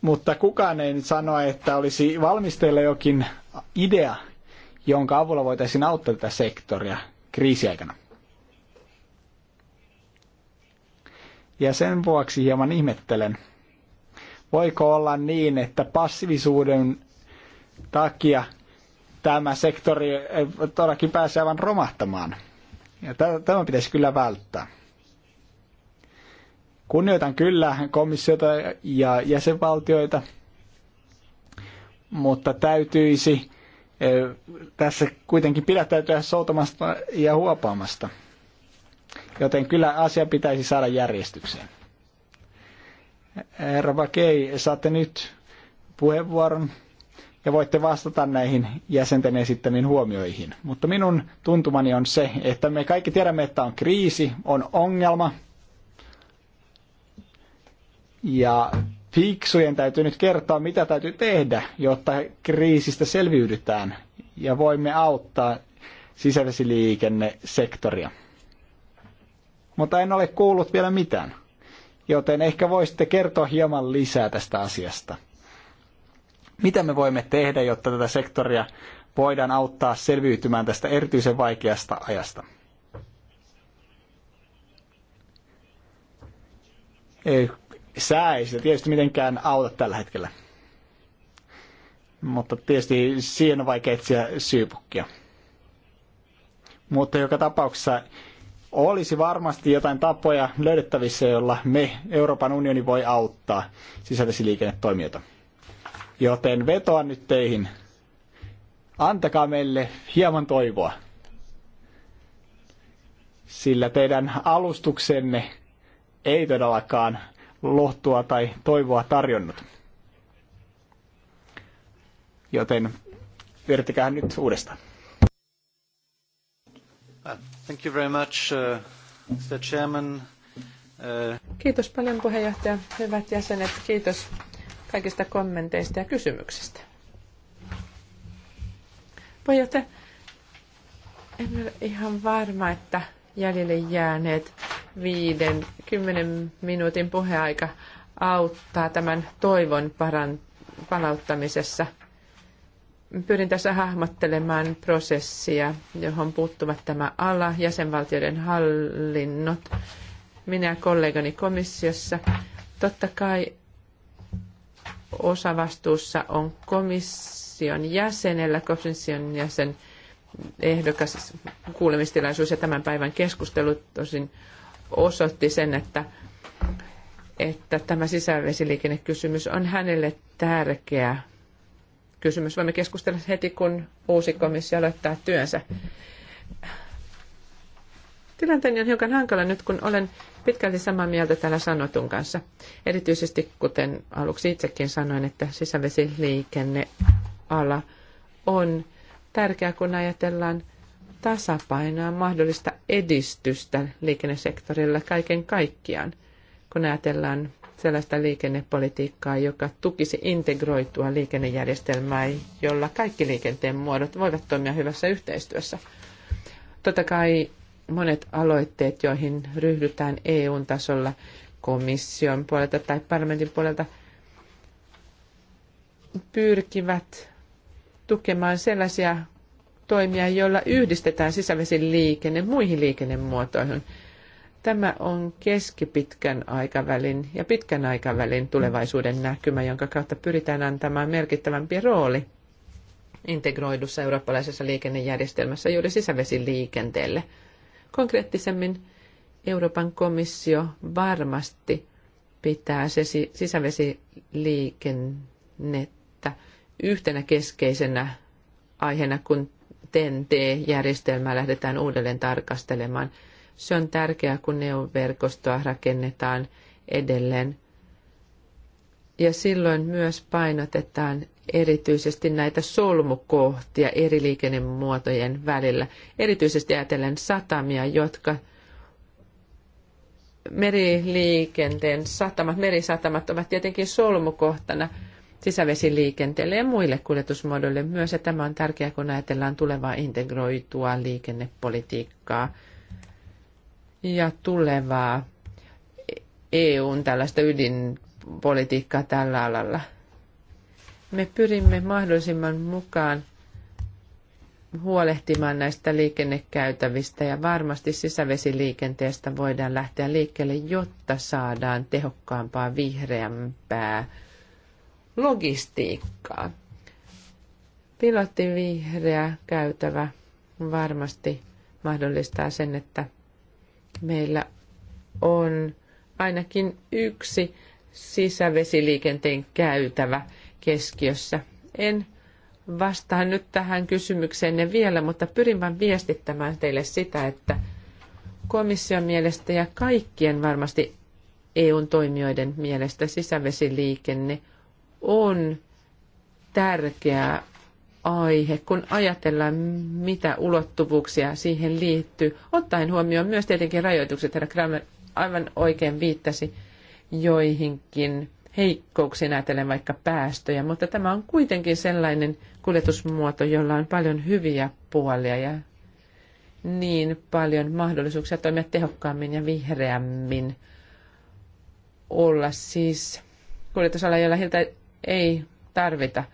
mutta kukaan ei nyt sano, että olisi valmisteilla jokin idea, jonka avulla voitaisiin auttaa tätä sektoria kriisiaikana. Ja sen vuoksi hieman ihmettelen, voiko olla niin, että passiivisuuden takia tämä sektori eh, todellakin pääsee aivan romahtamaan. Ja tämä pitäisi kyllä välttää. Kunnioitan kyllä komissiota ja jäsenvaltioita, mutta täytyisi eh, tässä kuitenkin pidättäytyä soutamasta ja huopaamasta. Joten kyllä asia pitäisi saada järjestykseen. Herra Vakei, saatte nyt puheenvuoron ja voitte vastata näihin jäsenten esittämiin huomioihin. Mutta minun tuntumani on se, että me kaikki tiedämme, että on kriisi, on ongelma, ja fiksujen täytyy nyt kertoa, mitä täytyy tehdä, jotta kriisistä selviydytään ja voimme auttaa sisävesiliikennesektoria. Mutta en ole kuullut vielä mitään, joten ehkä voisitte kertoa hieman lisää tästä asiasta. Mitä me voimme tehdä, jotta tätä sektoria voidaan auttaa selviytymään tästä erityisen vaikeasta ajasta? Ei sää ei sitä tietysti mitenkään auta tällä hetkellä. Mutta tietysti siihen on vaikea etsiä syypukkia. Mutta joka tapauksessa olisi varmasti jotain tapoja löydettävissä, jolla me, Euroopan unioni, voi auttaa sisävesiliikennetoimijoita. Joten vetoan nyt teihin. Antakaa meille hieman toivoa. Sillä teidän alustuksenne ei todellakaan lohtua tai toivoa tarjonnut. Joten yrittäkää nyt uudestaan. Uh, thank you very much, uh, Mr. Chairman. Uh... Kiitos paljon puheenjohtaja. Hyvät jäsenet, kiitos kaikista kommenteista ja kysymyksistä. Puheenjohtaja, en ole ihan varma, että jäljelle jääneet viiden, kymmenen minuutin puheaika auttaa tämän toivon paran, palauttamisessa. Pyrin tässä hahmottelemaan prosessia, johon puuttuvat tämä ala, jäsenvaltioiden hallinnot, minä ja kollegani komissiossa. Totta kai osavastuussa on komission jäsenellä, komission jäsen ehdokas kuulemistilaisuus ja tämän päivän keskustelu tosin osoitti sen, että, että tämä sisävesiliikennekysymys on hänelle tärkeä kysymys. Voimme keskustella heti, kun uusi komissio aloittaa työnsä. Tilanteeni on hiukan hankala nyt, kun olen pitkälti samaa mieltä täällä sanotun kanssa. Erityisesti, kuten aluksi itsekin sanoin, että sisävesiliikenneala on tärkeää, kun ajatellaan tasapainoa, mahdollista edistystä liikennesektorilla kaiken kaikkiaan, kun ajatellaan sellaista liikennepolitiikkaa, joka tukisi integroitua liikennejärjestelmää, jolla kaikki liikenteen muodot voivat toimia hyvässä yhteistyössä. Totta kai monet aloitteet, joihin ryhdytään EU-tasolla komission puolelta tai parlamentin puolelta, pyrkivät tukemaan sellaisia toimia, joilla yhdistetään sisävesiliikenne liikenne muihin liikennemuotoihin. Tämä on keskipitkän aikavälin ja pitkän aikavälin tulevaisuuden näkymä, jonka kautta pyritään antamaan merkittävämpi rooli integroidussa eurooppalaisessa liikennejärjestelmässä juuri sisävesiliikenteelle. Konkreettisemmin Euroopan komissio varmasti pitää se sisävesiliikennet yhtenä keskeisenä aiheena, kun TNT-järjestelmää lähdetään uudelleen tarkastelemaan. Se on tärkeää, kun neuvoverkostoa rakennetaan edelleen. Ja silloin myös painotetaan erityisesti näitä solmukohtia eri liikennemuotojen välillä. Erityisesti ajatellen satamia, jotka meriliikenteen satamat, merisatamat ovat tietenkin solmukohtana – sisävesiliikenteelle ja muille kuljetusmuodoille myös. Ja tämä on tärkeää, kun ajatellaan tulevaa integroitua liikennepolitiikkaa ja tulevaa EUn tällaista ydinpolitiikkaa tällä alalla. Me pyrimme mahdollisimman mukaan huolehtimaan näistä liikennekäytävistä ja varmasti sisävesiliikenteestä voidaan lähteä liikkeelle, jotta saadaan tehokkaampaa, vihreämpää logistiikkaa. Pilotin vihreä käytävä varmasti mahdollistaa sen, että meillä on ainakin yksi sisävesiliikenteen käytävä keskiössä. En vastaa nyt tähän kysymykseen vielä, mutta pyrin vain viestittämään teille sitä, että komission mielestä ja kaikkien varmasti EUn toimijoiden mielestä sisävesiliikenne – on tärkeä aihe, kun ajatellaan, mitä ulottuvuuksia siihen liittyy, ottaen huomioon myös tietenkin rajoitukset. Herra Kramer aivan oikein viittasi joihinkin heikkouksiin ajatellen vaikka päästöjä, mutta tämä on kuitenkin sellainen kuljetusmuoto, jolla on paljon hyviä puolia ja niin paljon mahdollisuuksia toimia tehokkaammin ja vihreämmin, olla siis kuljetusala, jolla ei tarvita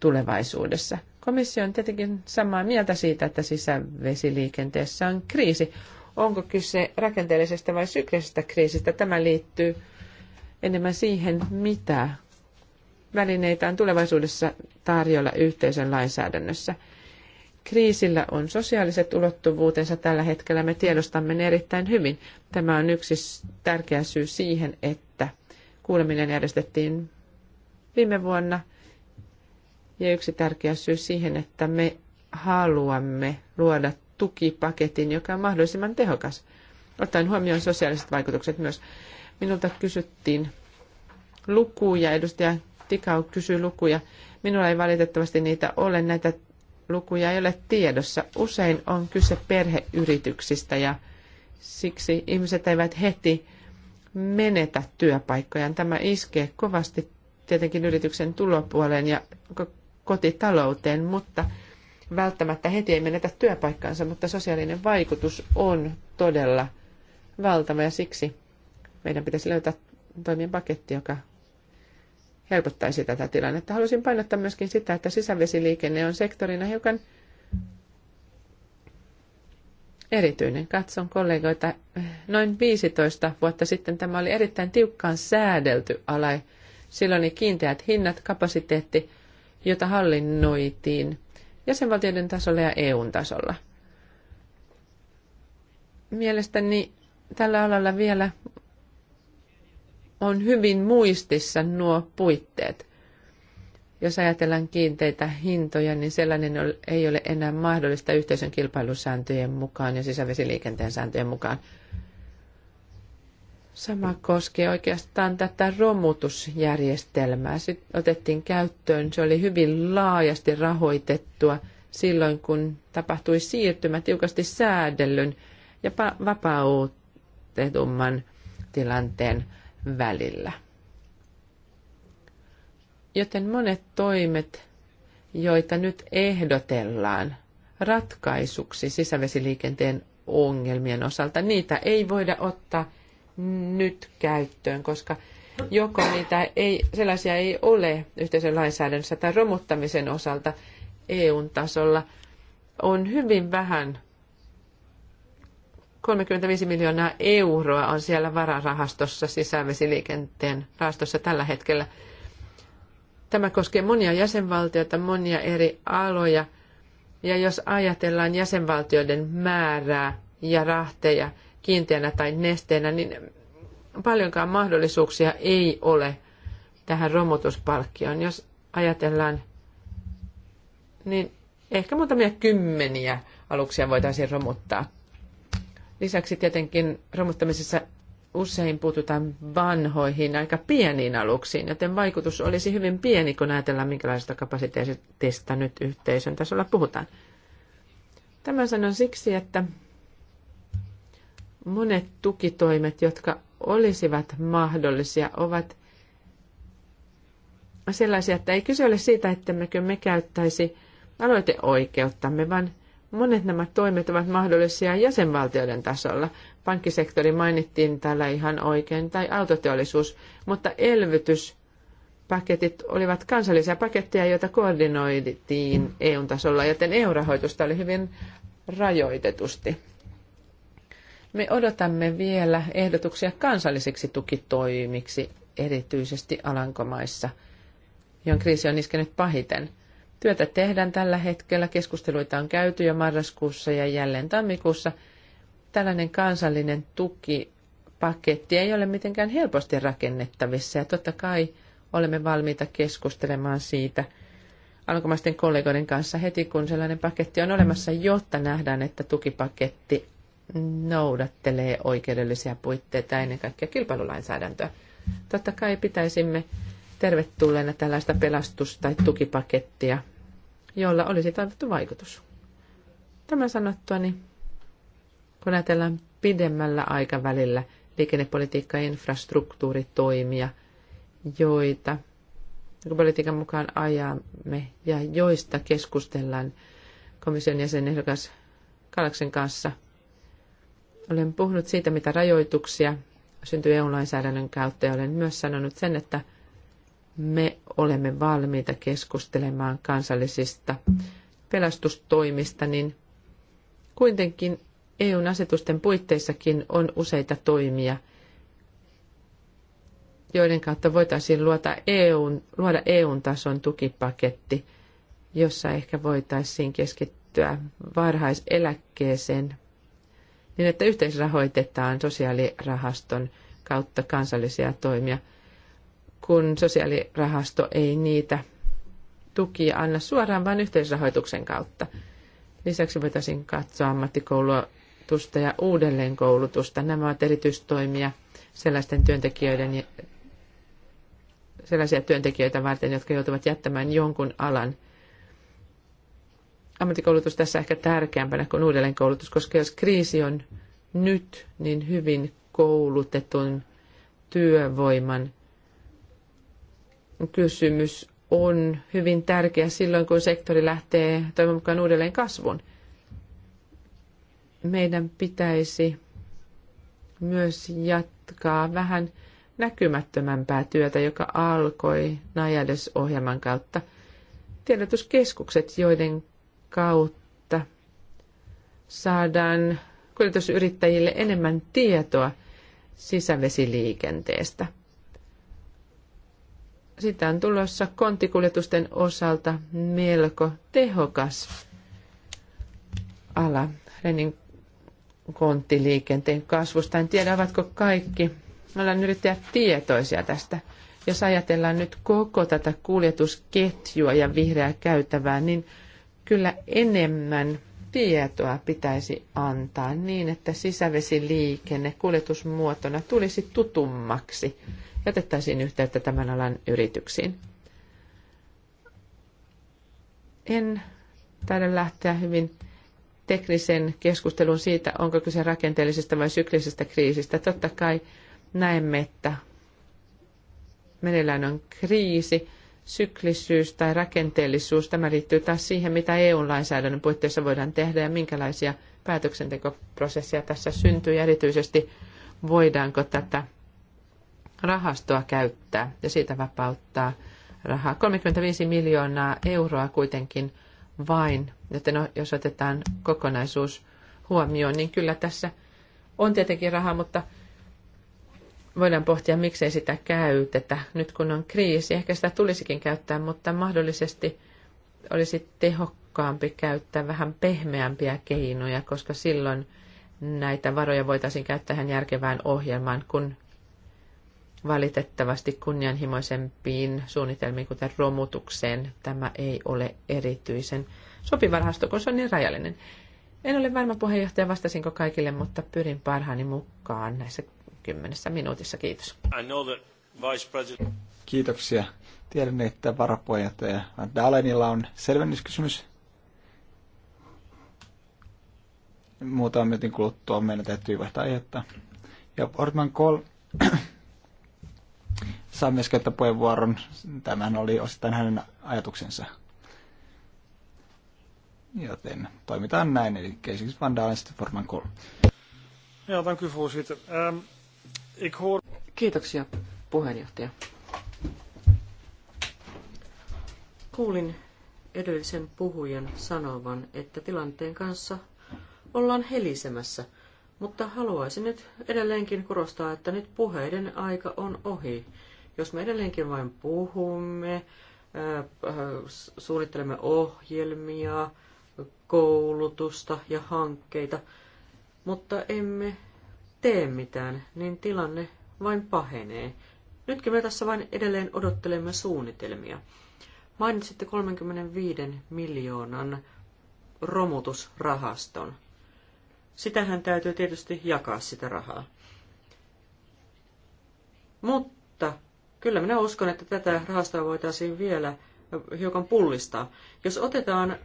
tulevaisuudessa. Komissio on tietenkin samaa mieltä siitä, että sisävesiliikenteessä on kriisi. Onko kyse rakenteellisesta vai syklisestä kriisistä? Tämä liittyy enemmän siihen, mitä välineitä on tulevaisuudessa tarjolla yhteisön lainsäädännössä. Kriisillä on sosiaaliset ulottuvuutensa tällä hetkellä, me tiedostamme ne erittäin hyvin. Tämä on yksi tärkeä syy siihen, että kuuleminen järjestettiin viime vuonna. Ja yksi tärkeä syy siihen, että me haluamme luoda tukipaketin, joka on mahdollisimman tehokas, ottaen huomioon sosiaaliset vaikutukset myös. Minulta kysyttiin lukuja, edustaja Tikau kysyi lukuja. Minulla ei valitettavasti niitä ole, näitä lukuja ei ole tiedossa. Usein on kyse perheyrityksistä ja siksi ihmiset eivät heti menetä työpaikkojaan. Tämä iskee kovasti tietenkin yrityksen tulopuoleen ja kotitalouteen, mutta välttämättä heti ei menetä työpaikkaansa, mutta sosiaalinen vaikutus on todella valtava ja siksi meidän pitäisi löytää toimien paketti, joka helpottaisi tätä tilannetta. Haluaisin painottaa myöskin sitä, että sisävesiliikenne on sektorina hiukan erityinen. Katson kollegoita. Noin 15 vuotta sitten tämä oli erittäin tiukkaan säädelty ala, Silloin oli kiinteät hinnat, kapasiteetti, jota hallinnoitiin jäsenvaltioiden tasolla ja EUn tasolla. Mielestäni tällä alalla vielä on hyvin muistissa nuo puitteet. Jos ajatellaan kiinteitä hintoja, niin sellainen ei ole enää mahdollista yhteisön kilpailusääntöjen mukaan ja sisävesiliikenteen sääntöjen mukaan. Sama koskee oikeastaan tätä romutusjärjestelmää. Sitten otettiin käyttöön, se oli hyvin laajasti rahoitettua silloin, kun tapahtui siirtymä tiukasti säädellyn ja vapautetumman tilanteen välillä. Joten monet toimet, joita nyt ehdotellaan ratkaisuksi sisävesiliikenteen ongelmien osalta, niitä ei voida ottaa nyt käyttöön, koska joko niitä ei, sellaisia ei ole yhteisön lainsäädännössä tai romuttamisen osalta EUn tasolla, on hyvin vähän 35 miljoonaa euroa on siellä vararahastossa, sisävesiliikenteen rahastossa tällä hetkellä. Tämä koskee monia jäsenvaltioita, monia eri aloja. Ja jos ajatellaan jäsenvaltioiden määrää ja rahteja, kiinteänä tai nesteenä, niin paljonkaan mahdollisuuksia ei ole tähän romutuspalkkioon. Jos ajatellaan, niin ehkä muutamia kymmeniä aluksia voitaisiin romuttaa. Lisäksi tietenkin romuttamisessa usein puututaan vanhoihin, aika pieniin aluksiin, joten vaikutus olisi hyvin pieni, kun ajatellaan, minkälaisesta kapasiteetista nyt yhteisön tasolla puhutaan. Tämän sanon siksi, että Monet tukitoimet, jotka olisivat mahdollisia, ovat sellaisia, että ei kyse ole siitä, että me käyttäisi aloiteoikeuttamme, vaan monet nämä toimet ovat mahdollisia jäsenvaltioiden tasolla. Pankkisektori mainittiin täällä ihan oikein, tai autoteollisuus, mutta elvytyspaketit olivat kansallisia paketteja, joita koordinoitiin eu tasolla, joten EU-rahoitusta oli hyvin rajoitetusti. Me odotamme vielä ehdotuksia kansallisiksi tukitoimiksi, erityisesti Alankomaissa, johon kriisi on iskenyt pahiten. Työtä tehdään tällä hetkellä, keskusteluita on käyty jo marraskuussa ja jälleen tammikuussa. Tällainen kansallinen tukipaketti ei ole mitenkään helposti rakennettavissa ja totta kai olemme valmiita keskustelemaan siitä alkomaisten kollegoiden kanssa heti, kun sellainen paketti on olemassa, jotta nähdään, että tukipaketti noudattelee oikeudellisia puitteita ennen kaikkea kilpailulainsäädäntöä. Totta kai pitäisimme tervetulleena tällaista pelastus- tai tukipakettia, jolla olisi toivottu vaikutus. Tämän sanottuani, niin kun ajatellaan pidemmällä aikavälillä liikennepolitiikka- ja infrastruktuuritoimia, joita politiikan mukaan ajamme ja joista keskustellaan komission jäsenehdokas Kalaksen kanssa – olen puhunut siitä, mitä rajoituksia syntyy EU-lainsäädännön kautta ja olen myös sanonut sen, että me olemme valmiita keskustelemaan kansallisista pelastustoimista, niin kuitenkin EUn asetusten puitteissakin on useita toimia, joiden kautta voitaisiin luota EUn, luoda EUn tason tukipaketti, jossa ehkä voitaisiin keskittyä varhaiseläkkeeseen, niin että yhteisrahoitetaan sosiaalirahaston kautta kansallisia toimia, kun sosiaalirahasto ei niitä tukia anna suoraan, vaan yhteisrahoituksen kautta. Lisäksi voitaisiin katsoa ammattikoulutusta ja uudelleenkoulutusta. Nämä ovat erityistoimia sellaisten työntekijöiden, sellaisia työntekijöitä varten, jotka joutuvat jättämään jonkun alan ammattikoulutus tässä ehkä tärkeämpänä kuin uudelleenkoulutus, koska jos kriisi on nyt, niin hyvin koulutetun työvoiman kysymys on hyvin tärkeä silloin, kun sektori lähtee toivon mukaan uudelleen kasvuun. Meidän pitäisi myös jatkaa vähän näkymättömämpää työtä, joka alkoi Najades-ohjelman kautta. Tiedotuskeskukset, joiden kautta saadaan kuljetusyrittäjille enemmän tietoa sisävesiliikenteestä. Sitä on tulossa konttikuljetusten osalta melko tehokas ala Renin konttiliikenteen kasvusta. En tiedä, ovatko kaikki alan yrittäjät tietoisia tästä. Jos ajatellaan nyt koko tätä kuljetusketjua ja vihreää käytävää, niin – kyllä enemmän tietoa pitäisi antaa niin, että sisävesiliikenne kuljetusmuotona tulisi tutummaksi ja otettaisiin yhteyttä tämän alan yrityksiin. En taida lähteä hyvin teknisen keskustelun siitä, onko kyse rakenteellisesta vai syklisestä kriisistä. Totta kai näemme, että meneillään on kriisi, syklisyys tai rakenteellisuus, tämä liittyy taas siihen, mitä EU-lainsäädännön puitteissa voidaan tehdä ja minkälaisia päätöksentekoprosesseja tässä syntyy ja erityisesti voidaanko tätä rahastoa käyttää ja siitä vapauttaa rahaa. 35 miljoonaa euroa kuitenkin vain, joten no, jos otetaan kokonaisuus huomioon, niin kyllä tässä on tietenkin rahaa, mutta voidaan pohtia, miksei sitä käytetä. Nyt kun on kriisi, ehkä sitä tulisikin käyttää, mutta mahdollisesti olisi tehokkaampi käyttää vähän pehmeämpiä keinoja, koska silloin näitä varoja voitaisiin käyttää ihan järkevään ohjelmaan, kun valitettavasti kunnianhimoisempiin suunnitelmiin, kuten romutukseen, tämä ei ole erityisen sopiva rahasto, kun se on niin rajallinen. En ole varma puheenjohtaja, vastasinko kaikille, mutta pyrin parhaani mukaan näissä kymmenessä minuutissa. Kiitos. Kiitoksia. Tiedän, että varapuheenjohtaja Dalenilla on selvennyskysymys. Muutama minuutin kuluttua meidän täytyy vaihtaa aihetta. Ja Portman Kol saa myös käyttää puheenvuoron. Tämähän oli osittain hänen ajatuksensa. Joten toimitaan näin, eli Keisiksi Van Dalen, sitten Forman Kol. Ja, tämän u siitä. Um... Kiitoksia, puheenjohtaja. Kuulin edellisen puhujan sanovan, että tilanteen kanssa ollaan helisemässä, mutta haluaisin nyt edelleenkin korostaa, että nyt puheiden aika on ohi. Jos me edelleenkin vain puhumme, äh, äh, suunnittelemme ohjelmia, koulutusta ja hankkeita, mutta emme tee mitään, niin tilanne vain pahenee. Nytkin me tässä vain edelleen odottelemme suunnitelmia. Mainitsitte 35 miljoonan romutusrahaston. Sitähän täytyy tietysti jakaa sitä rahaa. Mutta kyllä minä uskon, että tätä rahastoa voitaisiin vielä hiukan pullistaa. Jos otetaan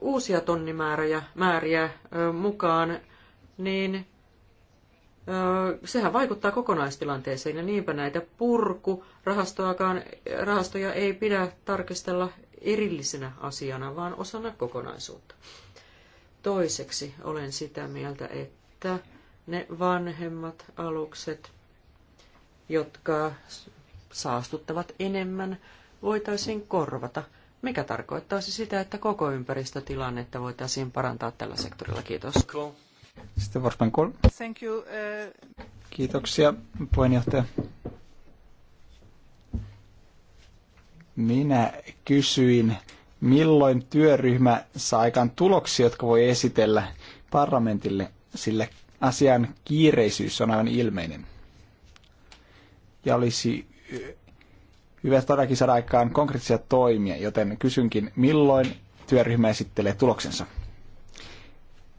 uusia tonnimääriä määriä, mukaan, niin sehän vaikuttaa kokonaistilanteeseen ja niinpä näitä purkurahastoakaan, rahastoja ei pidä tarkistella erillisenä asiana, vaan osana kokonaisuutta. Toiseksi olen sitä mieltä, että ne vanhemmat alukset, jotka saastuttavat enemmän, voitaisiin korvata – mikä tarkoittaisi sitä, että koko ympäristötilannetta voitaisiin parantaa tällä sektorilla. Kiitos. Sitten Thank you. Uh, Kiitoksia, puheenjohtaja. Minä kysyin, milloin työryhmä saa aikaan tuloksia, jotka voi esitellä parlamentille, sillä asian kiireisyys on aivan ilmeinen. Ja olisi hyvä todellakin saada aikaan konkreettisia toimia, joten kysynkin, milloin työryhmä esittelee tuloksensa?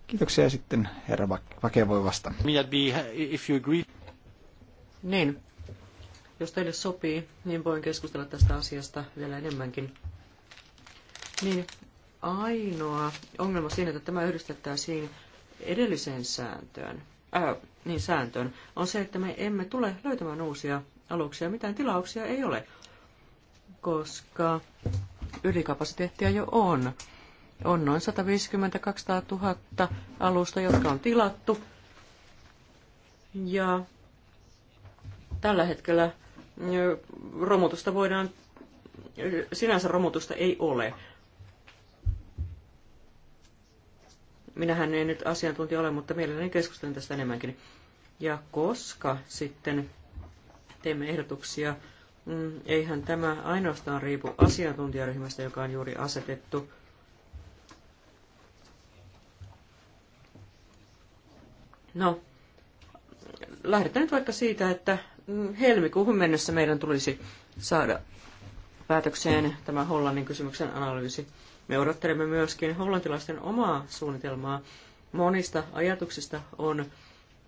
Kiitoksia sitten herra Vake voi vastata. Eh, niin, jos teille sopii, niin voin keskustella tästä asiasta vielä enemmänkin. Niin, ainoa ongelma siinä, että tämä yhdistettäisiin edelliseen sääntöön, äh, niin sääntöön, on se, että me emme tule löytämään uusia aluksia. Mitään tilauksia ei ole koska ylikapasiteettia jo on. On noin 150 000 alusta, jotka on tilattu. Ja tällä hetkellä romutusta voidaan, sinänsä romutusta ei ole. Minähän en nyt asiantuntija ole, mutta mielelläni keskustelen tästä enemmänkin. Ja koska sitten teemme ehdotuksia Mm, eihän tämä ainoastaan riipu asiantuntijaryhmästä, joka on juuri asetettu. No, lähdetään nyt vaikka siitä, että mm, helmikuuhun mennessä meidän tulisi saada päätökseen tämä Hollannin kysymyksen analyysi. Me odottelemme myöskin hollantilaisten omaa suunnitelmaa. Monista ajatuksista on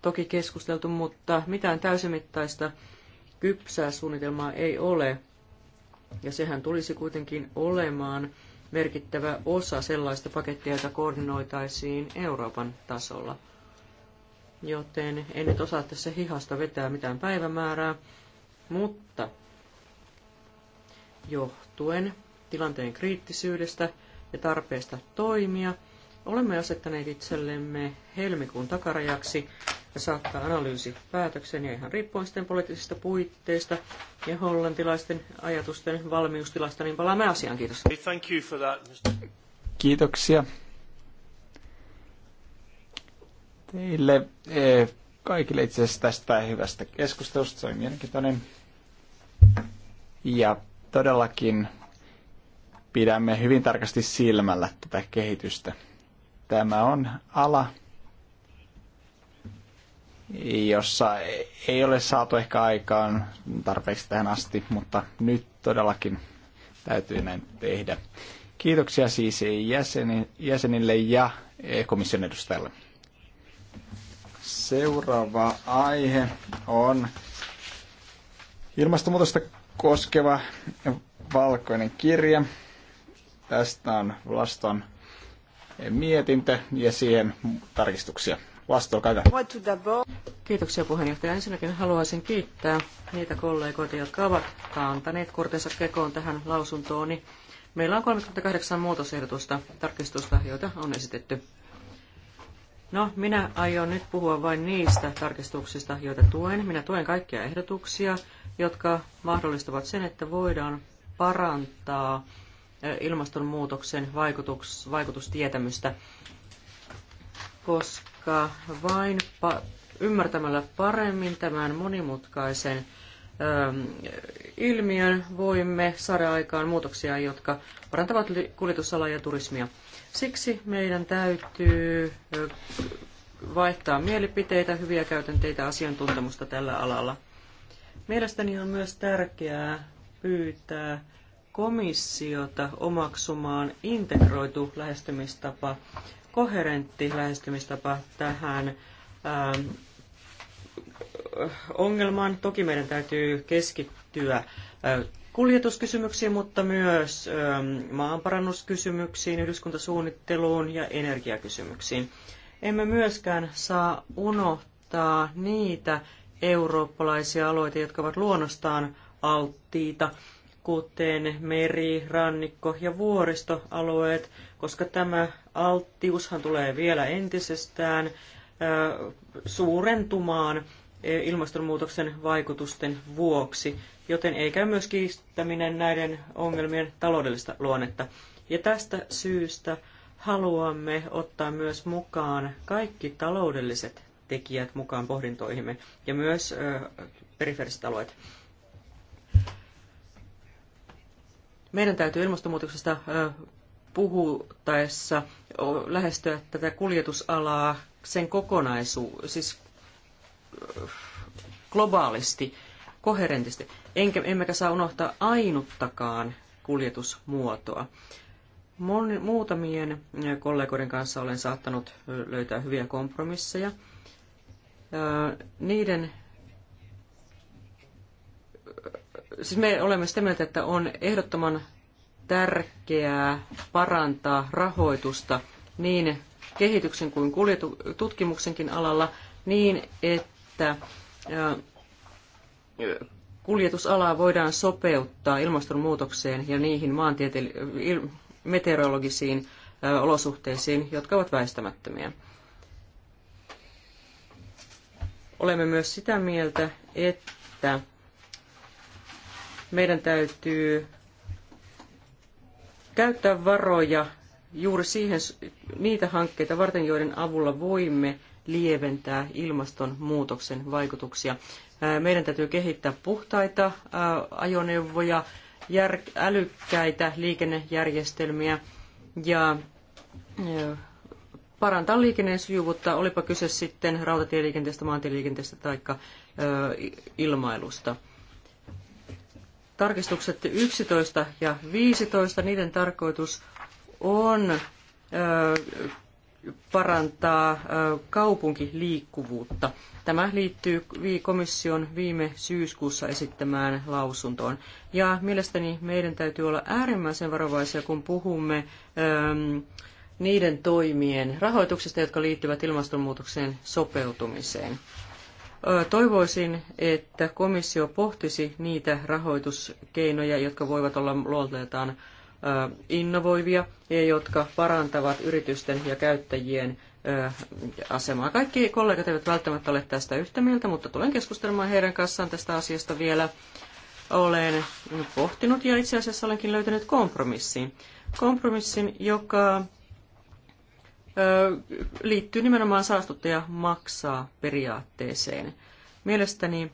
toki keskusteltu, mutta mitään täysimittaista kypsää suunnitelmaa ei ole. Ja sehän tulisi kuitenkin olemaan merkittävä osa sellaista pakettia, jota koordinoitaisiin Euroopan tasolla. Joten en nyt osaa tässä hihasta vetää mitään päivämäärää, mutta johtuen tilanteen kriittisyydestä ja tarpeesta toimia, olemme asettaneet itsellemme helmikuun takarajaksi saattaa analyysi päätöksen ja ihan riippuen sitten poliittisista puitteista ja hollantilaisten ajatusten valmiustilasta, niin palaamme asiaan. Kiitos. Kiitoksia teille e, kaikille itse asiassa tästä hyvästä keskustelusta. Se oli mielenkiintoinen. Ja todellakin pidämme hyvin tarkasti silmällä tätä kehitystä. Tämä on ala, jossa ei ole saatu ehkä aikaan tarpeeksi tähän asti, mutta nyt todellakin täytyy näin tehdä. Kiitoksia siis jäsenille ja komission edustajalle. Seuraava aihe on ilmastonmuutosta koskeva valkoinen kirja. Tästä on Vlaston mietintö ja siihen tarkistuksia. Vastu, olkaa hyvä. Kiitoksia puheenjohtaja. Ensinnäkin haluaisin kiittää niitä kollegoita, jotka ovat kantaneet kortensa kekoon tähän lausuntooni. Meillä on 38 muutosehdotusta, tarkistusta, joita on esitetty. No, minä aion nyt puhua vain niistä tarkistuksista, joita tuen. Minä tuen kaikkia ehdotuksia, jotka mahdollistavat sen, että voidaan parantaa eh, ilmastonmuutoksen vaikutus, vaikutustietämystä koska vain pa- ymmärtämällä paremmin tämän monimutkaisen ähm, ilmiön voimme saada aikaan muutoksia, jotka parantavat kuljetusalaa ja turismia. Siksi meidän täytyy äh, vaihtaa mielipiteitä, hyviä käytänteitä, asiantuntemusta tällä alalla. Mielestäni on myös tärkeää pyytää komissiota omaksumaan integroitu lähestymistapa koherentti lähestymistapa tähän ähm, ongelmaan. Toki meidän täytyy keskittyä äh, kuljetuskysymyksiin, mutta myös ähm, maanparannuskysymyksiin, yhdyskuntasuunnitteluun ja energiakysymyksiin. Emme myöskään saa unohtaa niitä eurooppalaisia alueita, jotka ovat luonnostaan alttiita, kuten meri, rannikko ja vuoristoalueet, koska tämä alttiushan tulee vielä entisestään suurentumaan ilmastonmuutoksen vaikutusten vuoksi, joten ei käy myös kiistäminen näiden ongelmien taloudellista luonnetta. Ja tästä syystä haluamme ottaa myös mukaan kaikki taloudelliset tekijät mukaan pohdintoihimme ja myös periferiset alueet. Meidän täytyy ilmastonmuutoksesta puhuttaessa lähestyä tätä kuljetusalaa sen kokonaisuus, siis äh, globaalisti, koherentisti, Enkä, emmekä saa unohtaa ainuttakaan kuljetusmuotoa. Mon, muutamien äh, kollegoiden kanssa olen saattanut äh, löytää hyviä kompromisseja. Niiden siis me olemme sitä mieltä, että on ehdottoman tärkeää parantaa rahoitusta niin kehityksen kuin kuljetu- tutkimuksenkin alalla niin, että kuljetusalaa voidaan sopeuttaa ilmastonmuutokseen ja niihin maantieteelli- meteorologisiin olosuhteisiin, jotka ovat väistämättömiä. Olemme myös sitä mieltä, että meidän täytyy käyttää varoja juuri siihen, niitä hankkeita varten, joiden avulla voimme lieventää ilmastonmuutoksen vaikutuksia. Meidän täytyy kehittää puhtaita ajoneuvoja, älykkäitä liikennejärjestelmiä ja parantaa liikenteen sujuvuutta, olipa kyse sitten rautatieliikenteestä, maantieliikenteestä tai ilmailusta tarkistukset 11 ja 15, niiden tarkoitus on parantaa kaupunkiliikkuvuutta. Tämä liittyy komission viime syyskuussa esittämään lausuntoon. Ja mielestäni meidän täytyy olla äärimmäisen varovaisia, kun puhumme niiden toimien rahoituksesta, jotka liittyvät ilmastonmuutokseen sopeutumiseen. Toivoisin, että komissio pohtisi niitä rahoituskeinoja, jotka voivat olla luonteeltaan innovoivia ja jotka parantavat yritysten ja käyttäjien asemaa. Kaikki kollegat eivät välttämättä ole tästä yhtä mieltä, mutta tulen keskustelemaan heidän kanssaan tästä asiasta vielä. Olen pohtinut ja itse asiassa olenkin löytänyt kompromissin. Kompromissin, joka liittyy nimenomaan saastuttaja maksaa periaatteeseen. Mielestäni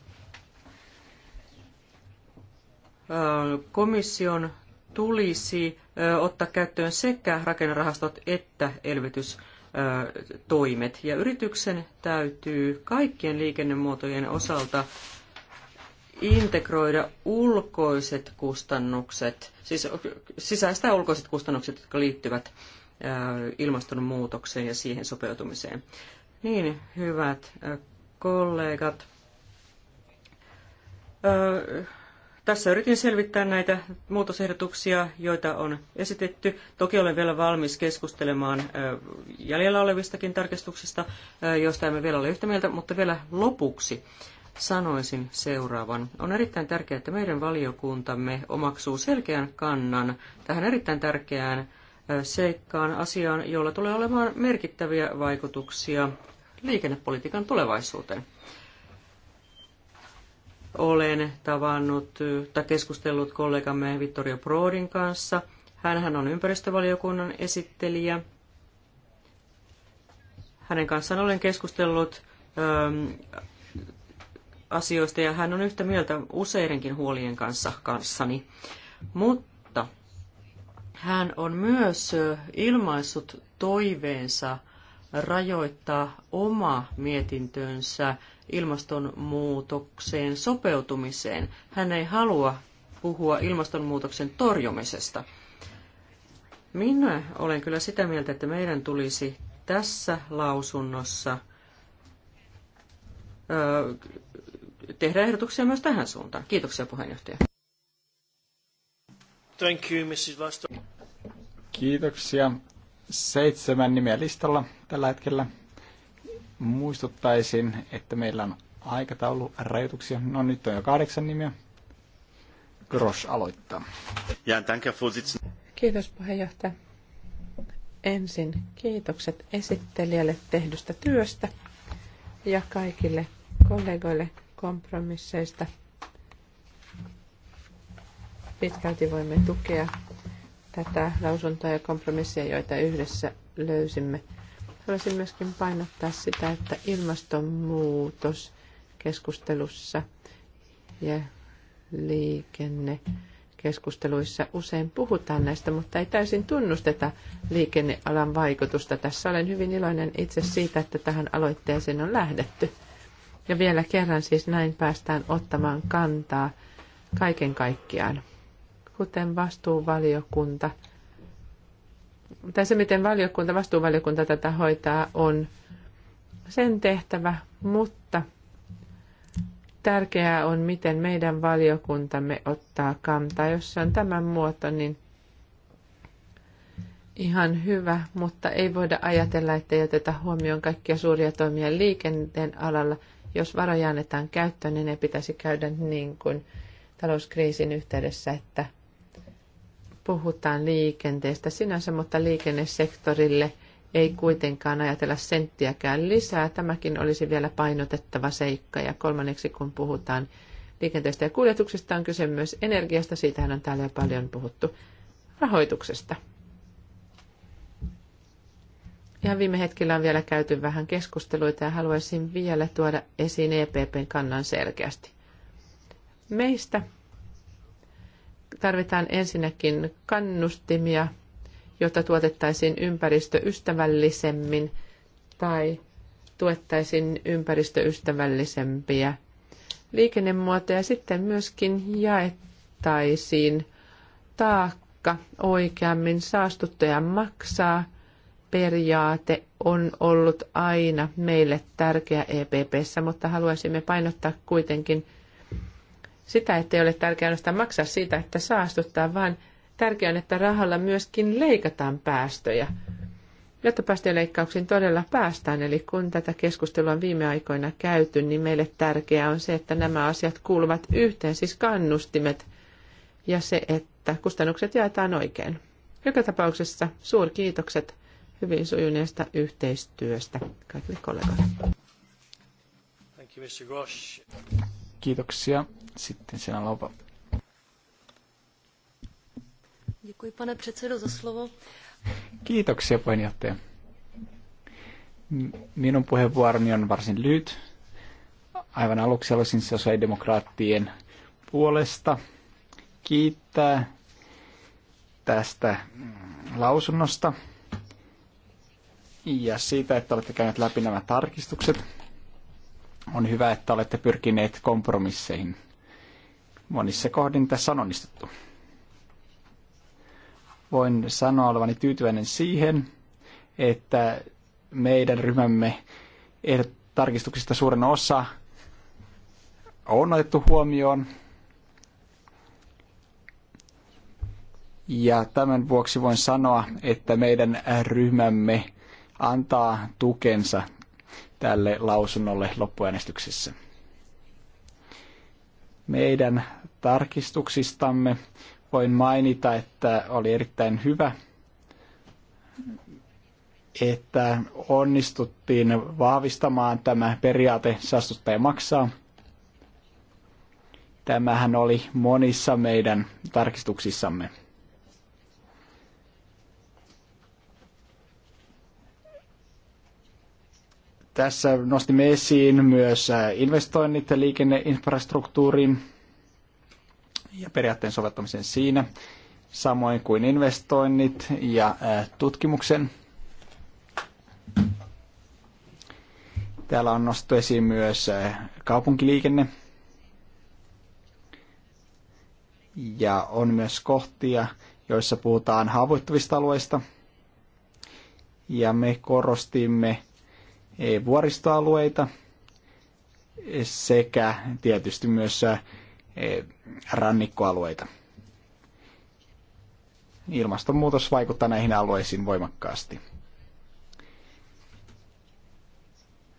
komission tulisi ottaa käyttöön sekä rakennerahastot että elvytystoimet. Ja yrityksen täytyy kaikkien liikennemuotojen osalta integroida ulkoiset kustannukset, siis sisäistä ulkoiset kustannukset, jotka liittyvät Äh, ilmastonmuutokseen ja siihen sopeutumiseen. Niin, hyvät äh, kollegat. Äh, tässä yritin selvittää näitä muutosehdotuksia, joita on esitetty. Toki olen vielä valmis keskustelemaan jäljellä olevistakin tarkistuksista, joista emme vielä ole yhtä mieltä, mutta vielä lopuksi sanoisin seuraavan. On erittäin tärkeää, että meidän valiokuntamme omaksuu selkeän kannan tähän erittäin tärkeään seikkaan, asiaan, jolla tulee olemaan merkittäviä vaikutuksia liikennepolitiikan tulevaisuuteen. Olen tavannut tai keskustellut kollegamme Vittorio Proodin kanssa. Hänhän on ympäristövaliokunnan esittelijä. Hänen kanssaan olen keskustellut asioista ja hän on yhtä mieltä useidenkin huolien kanssa kanssani. Mutta hän on myös ilmaissut toiveensa rajoittaa oma mietintönsä ilmastonmuutokseen sopeutumiseen. Hän ei halua puhua ilmastonmuutoksen torjumisesta. Minä olen kyllä sitä mieltä, että meidän tulisi tässä lausunnossa tehdä ehdotuksia myös tähän suuntaan. Kiitoksia puheenjohtaja. Thank you, Mrs. Kiitoksia. Seitsemän nimeä listalla tällä hetkellä. Muistuttaisin, että meillä on aikataulu rajoituksia. No nyt on jo kahdeksan nimeä. Gros aloittaa. Ja, Kiitos puheenjohtaja. Ensin kiitokset esittelijälle tehdystä työstä ja kaikille kollegoille kompromisseista – pitkälti voimme tukea tätä lausuntoa ja kompromisseja, joita yhdessä löysimme. Haluaisin myöskin painottaa sitä, että ilmastonmuutos keskustelussa ja liikenne keskusteluissa usein puhutaan näistä, mutta ei täysin tunnusteta liikennealan vaikutusta. Tässä olen hyvin iloinen itse siitä, että tähän aloitteeseen on lähdetty. Ja vielä kerran siis näin päästään ottamaan kantaa kaiken kaikkiaan kuten vastuuvaliokunta, tai se miten valiokunta, vastuuvaliokunta tätä hoitaa, on sen tehtävä, mutta tärkeää on, miten meidän valiokuntamme ottaa kantaa. Jos se on tämän muoto, niin ihan hyvä, mutta ei voida ajatella, että ei oteta huomioon kaikkia suuria toimia liikenteen alalla. Jos varoja annetaan käyttöön, niin ne pitäisi käydä niin kuin talouskriisin yhteydessä, että – puhutaan liikenteestä sinänsä, mutta liikennesektorille ei kuitenkaan ajatella senttiäkään lisää. Tämäkin olisi vielä painotettava seikka. Ja kolmanneksi, kun puhutaan liikenteestä ja kuljetuksesta, on kyse myös energiasta. Siitähän on täällä jo paljon puhuttu rahoituksesta. Ja viime hetkellä on vielä käyty vähän keskusteluita ja haluaisin vielä tuoda esiin EPPn kannan selkeästi. Meistä tarvitaan ensinnäkin kannustimia, jotta tuotettaisiin ympäristöystävällisemmin tai tuettaisiin ympäristöystävällisempiä liikennemuotoja. Sitten myöskin jaettaisiin taakka oikeammin saastuttaja maksaa. Periaate on ollut aina meille tärkeä EPPssä, mutta haluaisimme painottaa kuitenkin – sitä, että ei ole tärkeää ainoastaan maksaa siitä, että saastuttaa, vaan tärkeää on, että rahalla myöskin leikataan päästöjä, jotta päästöleikkauksiin todella päästään. Eli kun tätä keskustelua on viime aikoina käyty, niin meille tärkeää on se, että nämä asiat kuuluvat yhteen, siis kannustimet ja se, että kustannukset jaetaan oikein. Joka tapauksessa suurkiitokset hyvin sujuneesta yhteistyöstä kaikille kollegoille. Thank you, Mr. Grosch. Kiitoksia. Sitten sinä Lauva. pane předsedo, za slovo. Kiitoksia puheenjohtaja. Minun puheenvuoroni on varsin lyhyt. Aivan aluksi haluaisin sosiaalidemokraattien puolesta kiittää tästä mm, lausunnosta ja siitä, että olette käyneet läpi nämä tarkistukset on hyvä, että olette pyrkineet kompromisseihin. Monissa kohdin tässä on onnistuttu. Voin sanoa olevani tyytyväinen siihen, että meidän ryhmämme tarkistuksista suurin osa on otettu huomioon. Ja tämän vuoksi voin sanoa, että meidän ryhmämme antaa tukensa tälle lausunnolle loppuäänestyksessä. Meidän tarkistuksistamme voin mainita, että oli erittäin hyvä, että onnistuttiin vahvistamaan tämä periaate saastuttaja maksaa. Tämähän oli monissa meidän tarkistuksissamme. Tässä nostimme esiin myös äh, investoinnit liikenneinfrastruktuuriin ja periaatteen soveltamisen siinä, samoin kuin investoinnit ja äh, tutkimuksen. Täällä on nostettu esiin myös äh, kaupunkiliikenne. Ja on myös kohtia, joissa puhutaan haavoittuvista alueista. Ja me korostimme vuoristoalueita sekä tietysti myös rannikkoalueita. Ilmastonmuutos vaikuttaa näihin alueisiin voimakkaasti.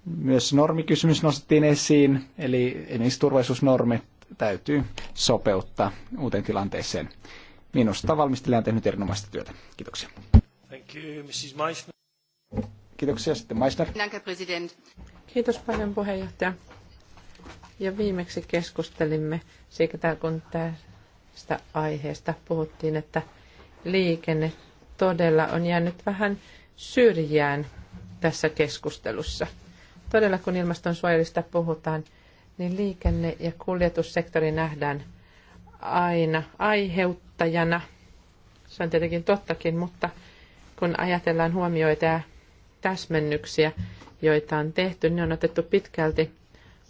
Myös normikysymys nostettiin esiin, eli esimerkiksi turvallisuusnormit täytyy sopeuttaa uuteen tilanteeseen. Minusta valmistelija on tehnyt erinomaista työtä. Kiitoksia. Thank you, Mrs. Kiitoksia sitten Maisner. Kiitos paljon puheenjohtaja. Ja viimeksi keskustelimme siitä, kun tästä aiheesta puhuttiin, että liikenne todella on jäänyt vähän syrjään tässä keskustelussa. Todella kun ilmastonsuojelusta puhutaan, niin liikenne- ja kuljetussektori nähdään aina aiheuttajana. Se on tietenkin tottakin, mutta kun ajatellaan huomioita ja täsmennyksiä, joita on tehty. Ne on otettu pitkälti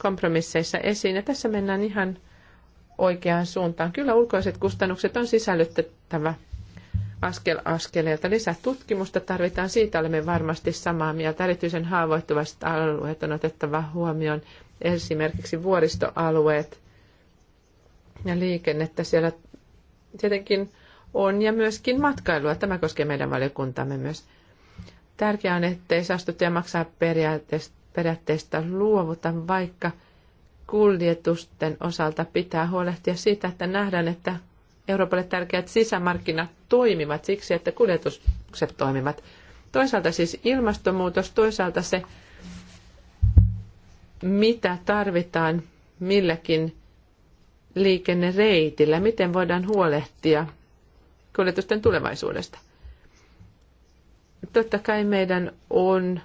kompromisseissa esiin. Ja tässä mennään ihan oikeaan suuntaan. Kyllä ulkoiset kustannukset on sisällytettävä askel askeleelta. Lisää tutkimusta tarvitaan, siitä olemme varmasti samaa mieltä. Erityisen haavoittuvat alueet on otettava huomioon, esimerkiksi vuoristoalueet ja liikennettä siellä tietenkin on ja myöskin matkailua. Tämä koskee meidän valiokuntamme myös. Tärkeää on, ettei saastuttaja maksaa periaatteesta luovuta, vaikka kuljetusten osalta pitää huolehtia siitä, että nähdään, että Euroopalle tärkeät sisämarkkinat toimivat siksi, että kuljetukset toimivat. Toisaalta siis ilmastonmuutos, toisaalta se, mitä tarvitaan milläkin liikennereitillä, miten voidaan huolehtia kuljetusten tulevaisuudesta. Totta kai meidän on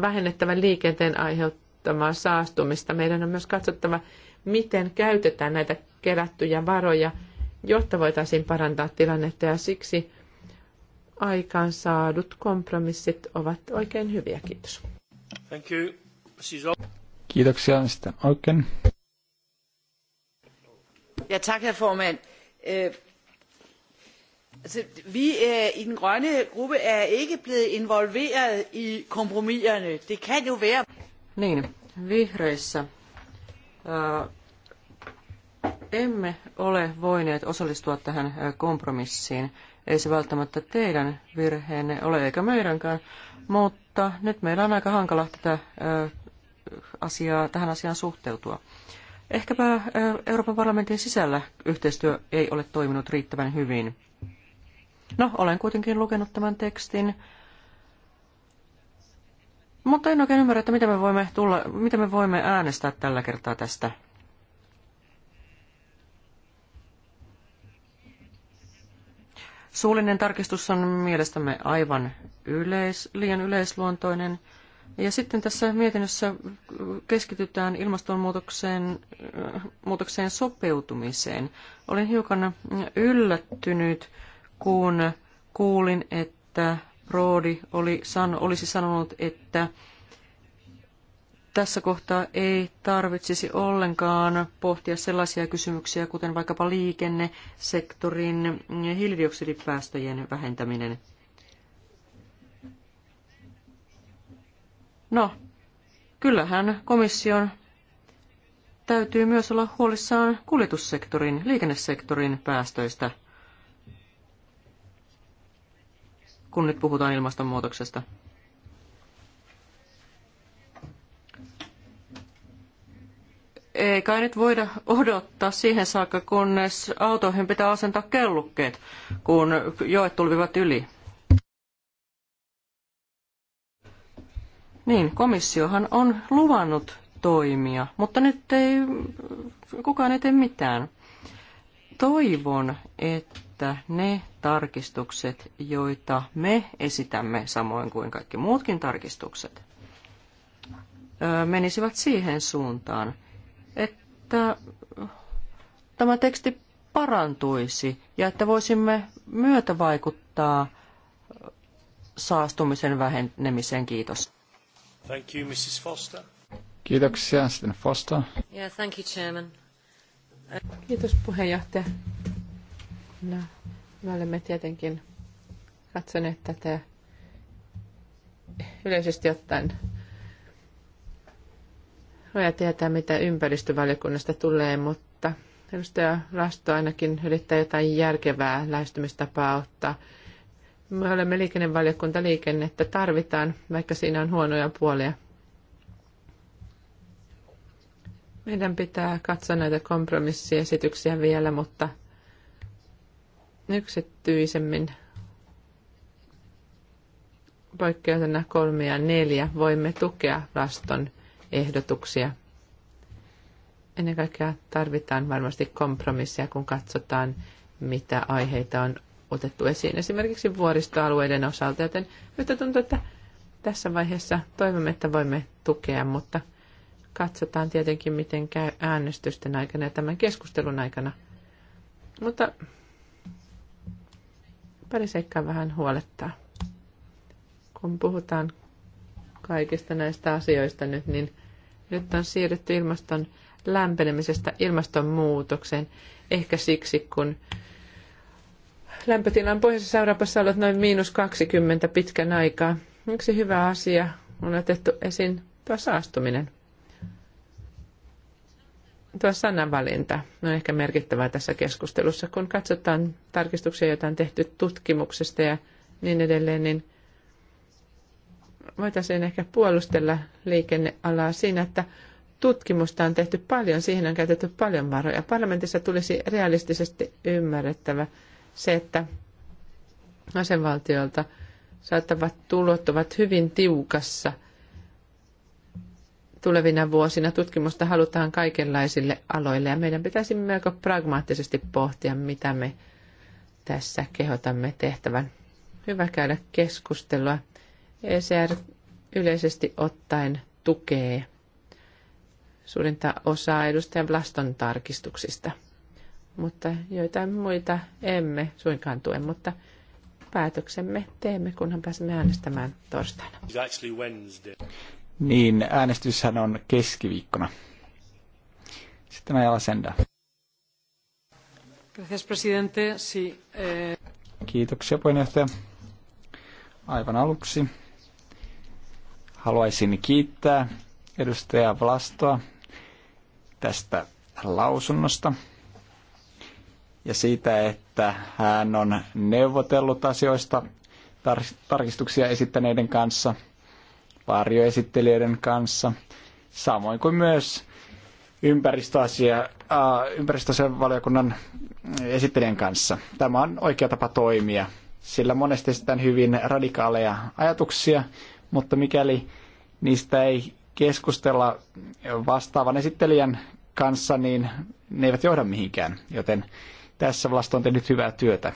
vähennettävä liikenteen aiheuttamaa saastumista. Meidän on myös katsottava, miten käytetään näitä kerättyjä varoja, jotta voitaisiin parantaa tilannetta ja siksi aikaansaadut kompromissit ovat oikein hyviä. Kiitos. Thank you. Kiitoksia. Sitten oikein. Ja tack, herr vi øh, i den grønne gruppe er ikke blevet involveret i kompromiserne. Det kan jo være... Niin, vihreissä äh, emme ole voineet osallistua tähän äh, kompromissiin. Ei se välttämättä teidän virheenne ole, eikä meidänkään, mutta nyt meillä on aika hankala tätä äh, asiaa, tähän asiaan suhteutua. Ehkäpä äh, Euroopan parlamentin sisällä yhteistyö ei ole toiminut riittävän hyvin. No, olen kuitenkin lukenut tämän tekstin. Mutta en oikein ymmärrä, että mitä me voimme, tulla, mitä me voimme äänestää tällä kertaa tästä. Suullinen tarkistus on mielestämme aivan yleis, liian yleisluontoinen. Ja sitten tässä mietinnössä keskitytään ilmastonmuutokseen äh, muutokseen sopeutumiseen. Olin hiukan yllättynyt kun kuulin, että Brody oli san, olisi sanonut, että tässä kohtaa ei tarvitsisi ollenkaan pohtia sellaisia kysymyksiä, kuten vaikkapa liikennesektorin hiilidioksidipäästöjen vähentäminen. No, kyllähän komission täytyy myös olla huolissaan kuljetussektorin, liikennesektorin päästöistä – kun nyt puhutaan ilmastonmuutoksesta. Ei kai nyt voida odottaa siihen saakka, kunnes autoihin pitää asentaa kellukkeet, kun joet tulvivat yli. Niin, komissiohan on luvannut toimia, mutta nyt ei, kukaan ei tee mitään. Toivon, että että ne tarkistukset, joita me esitämme, samoin kuin kaikki muutkin tarkistukset, menisivät siihen suuntaan, että tämä teksti parantuisi ja että voisimme myötävaikuttaa saastumisen vähenemiseen. Kiitos. Thank you, Mrs. Foster. Kiitoksia, Sitten Foster. Yeah, thank you, Chairman. Kiitos puheenjohtaja. No, me olemme tietenkin katsoneet tätä yleisesti ottaen. Voidaan tietää, mitä ympäristövaliokunnasta tulee, mutta edustaja Rasto ainakin yrittää jotain järkevää lähestymistapaa ottaa. Me olemme liikennevaliokunta liikennettä tarvitaan, vaikka siinä on huonoja puolia. Meidän pitää katsoa näitä kompromissiesityksiä vielä, mutta – yksityisemmin poikkeutena kolme ja neljä voimme tukea Raston ehdotuksia. Ennen kaikkea tarvitaan varmasti kompromissia, kun katsotaan, mitä aiheita on otettu esiin esimerkiksi vuoristoalueiden osalta, joten nyt tuntuu, että tässä vaiheessa toivomme, että voimme tukea, mutta katsotaan tietenkin, miten käy äänestysten aikana ja tämän keskustelun aikana. Mutta Pari seikkaa vähän huolettaa. Kun puhutaan kaikista näistä asioista nyt, niin nyt on siirrytty ilmaston lämpenemisestä ilmastonmuutokseen. Ehkä siksi, kun lämpötila on pohjoisessa Euroopassa ollut noin miinus 20 pitkän aikaa. Yksi hyvä asia on otettu esiin tuo saastuminen tuo sananvalinta on ehkä merkittävää tässä keskustelussa. Kun katsotaan tarkistuksia, joita on tehty tutkimuksesta ja niin edelleen, niin voitaisiin ehkä puolustella liikennealaa siinä, että tutkimusta on tehty paljon, siihen on käytetty paljon varoja. Parlamentissa tulisi realistisesti ymmärrettävä se, että asenvaltiolta saattavat tulot ovat hyvin tiukassa – tulevina vuosina tutkimusta halutaan kaikenlaisille aloille ja meidän pitäisi melko pragmaattisesti pohtia, mitä me tässä kehotamme tehtävän. Hyvä käydä keskustelua. ECR yleisesti ottaen tukee suurinta osaa edustajan Blaston tarkistuksista, mutta joitain muita emme suinkaan tue, mutta päätöksemme teemme, kunhan pääsemme äänestämään torstaina. Niin, äänestyshän on keskiviikkona. Sitten ajalla sendää. Gracias, presidente. Sí, eh... Kiitoksia, puheenjohtaja. Aivan aluksi haluaisin kiittää edustaja Vlastoa tästä lausunnosta ja siitä, että hän on neuvotellut asioista tar- tarkistuksia esittäneiden kanssa – varjoesittelijöiden kanssa, samoin kuin myös ympäristöasia, äh, ympäristöasian valiokunnan esittelijän kanssa. Tämä on oikea tapa toimia, sillä monesti esitän hyvin radikaaleja ajatuksia, mutta mikäli niistä ei keskustella vastaavan esittelijän kanssa, niin ne eivät johda mihinkään, joten tässä vasta on tehnyt hyvää työtä.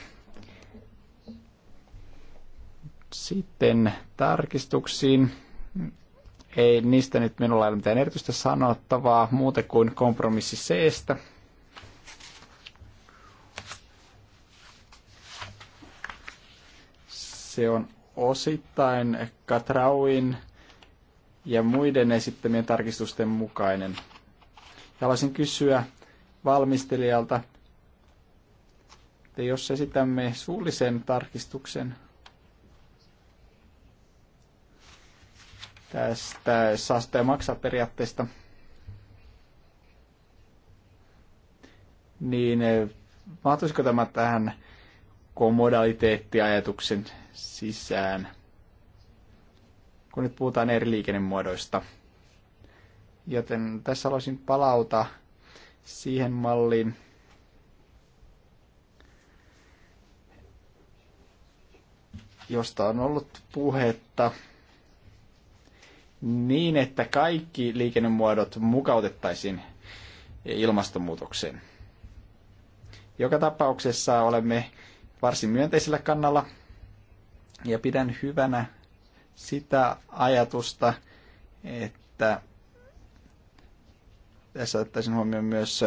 Sitten tarkistuksiin. Ei niistä nyt minulla ole mitään erityistä sanottavaa muuten kuin kompromissi C-stä. Se on osittain Katrauin ja muiden esittämien tarkistusten mukainen. Haluaisin kysyä valmistelijalta, että jos esitämme suullisen tarkistuksen, tästä saasta ja maksaa periaatteesta, niin eh, mahtuisiko tämä tähän komodaliteettiajatuksen sisään, kun nyt puhutaan eri liikennemuodoista. Joten tässä haluaisin palauta siihen malliin, josta on ollut puhetta niin, että kaikki liikennemuodot mukautettaisiin ilmastonmuutokseen. Joka tapauksessa olemme varsin myönteisellä kannalla ja pidän hyvänä sitä ajatusta, että tässä ottaisin huomioon myös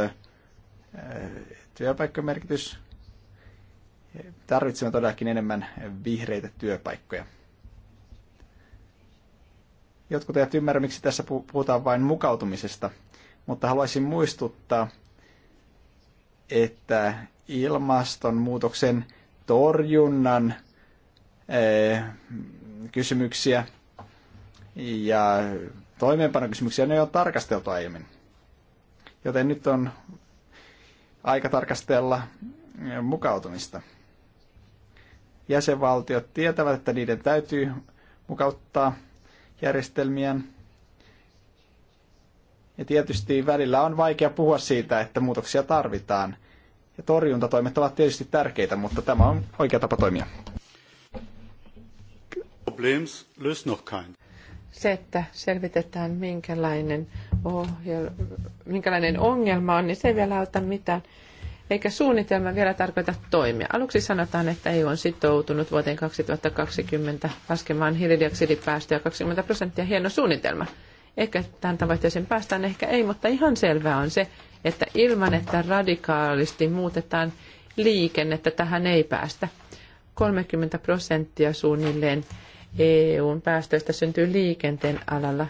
työpaikkamerkitys. Tarvitsemme todellakin enemmän vihreitä työpaikkoja. Jotkut eivät ymmärrä, miksi tässä puhutaan vain mukautumisesta, mutta haluaisin muistuttaa, että ilmastonmuutoksen torjunnan eh, kysymyksiä ja toimeenpanokysymyksiä ne on tarkasteltu aiemmin. Joten nyt on aika tarkastella eh, mukautumista. Jäsenvaltiot tietävät, että niiden täytyy mukauttaa järjestelmien Ja tietysti välillä on vaikea puhua siitä, että muutoksia tarvitaan. Ja torjuntatoimet ovat tietysti tärkeitä, mutta tämä on oikea tapa toimia. Se, että selvitetään minkälainen, ohjel- minkälainen ongelma on, niin se ei vielä auta mitään eikä suunnitelma vielä tarkoita toimia. Aluksi sanotaan, että EU on sitoutunut vuoteen 2020 laskemaan hiilidioksidipäästöjä 20 prosenttia. Hieno suunnitelma. Ehkä tähän tavoitteeseen päästään, ehkä ei, mutta ihan selvää on se, että ilman, että radikaalisti muutetaan liikennettä, tähän ei päästä. 30 prosenttia suunnilleen EUn päästöistä syntyy liikenteen alalla,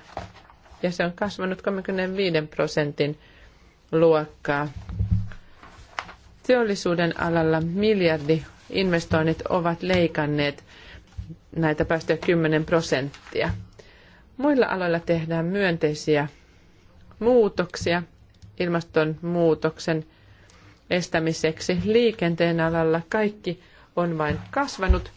ja se on kasvanut 35 prosentin luokkaa Teollisuuden alalla miljardi investoinnit ovat leikanneet näitä päästöjä 10 prosenttia. Muilla aloilla tehdään myönteisiä muutoksia ilmastonmuutoksen estämiseksi. Liikenteen alalla kaikki on vain kasvanut.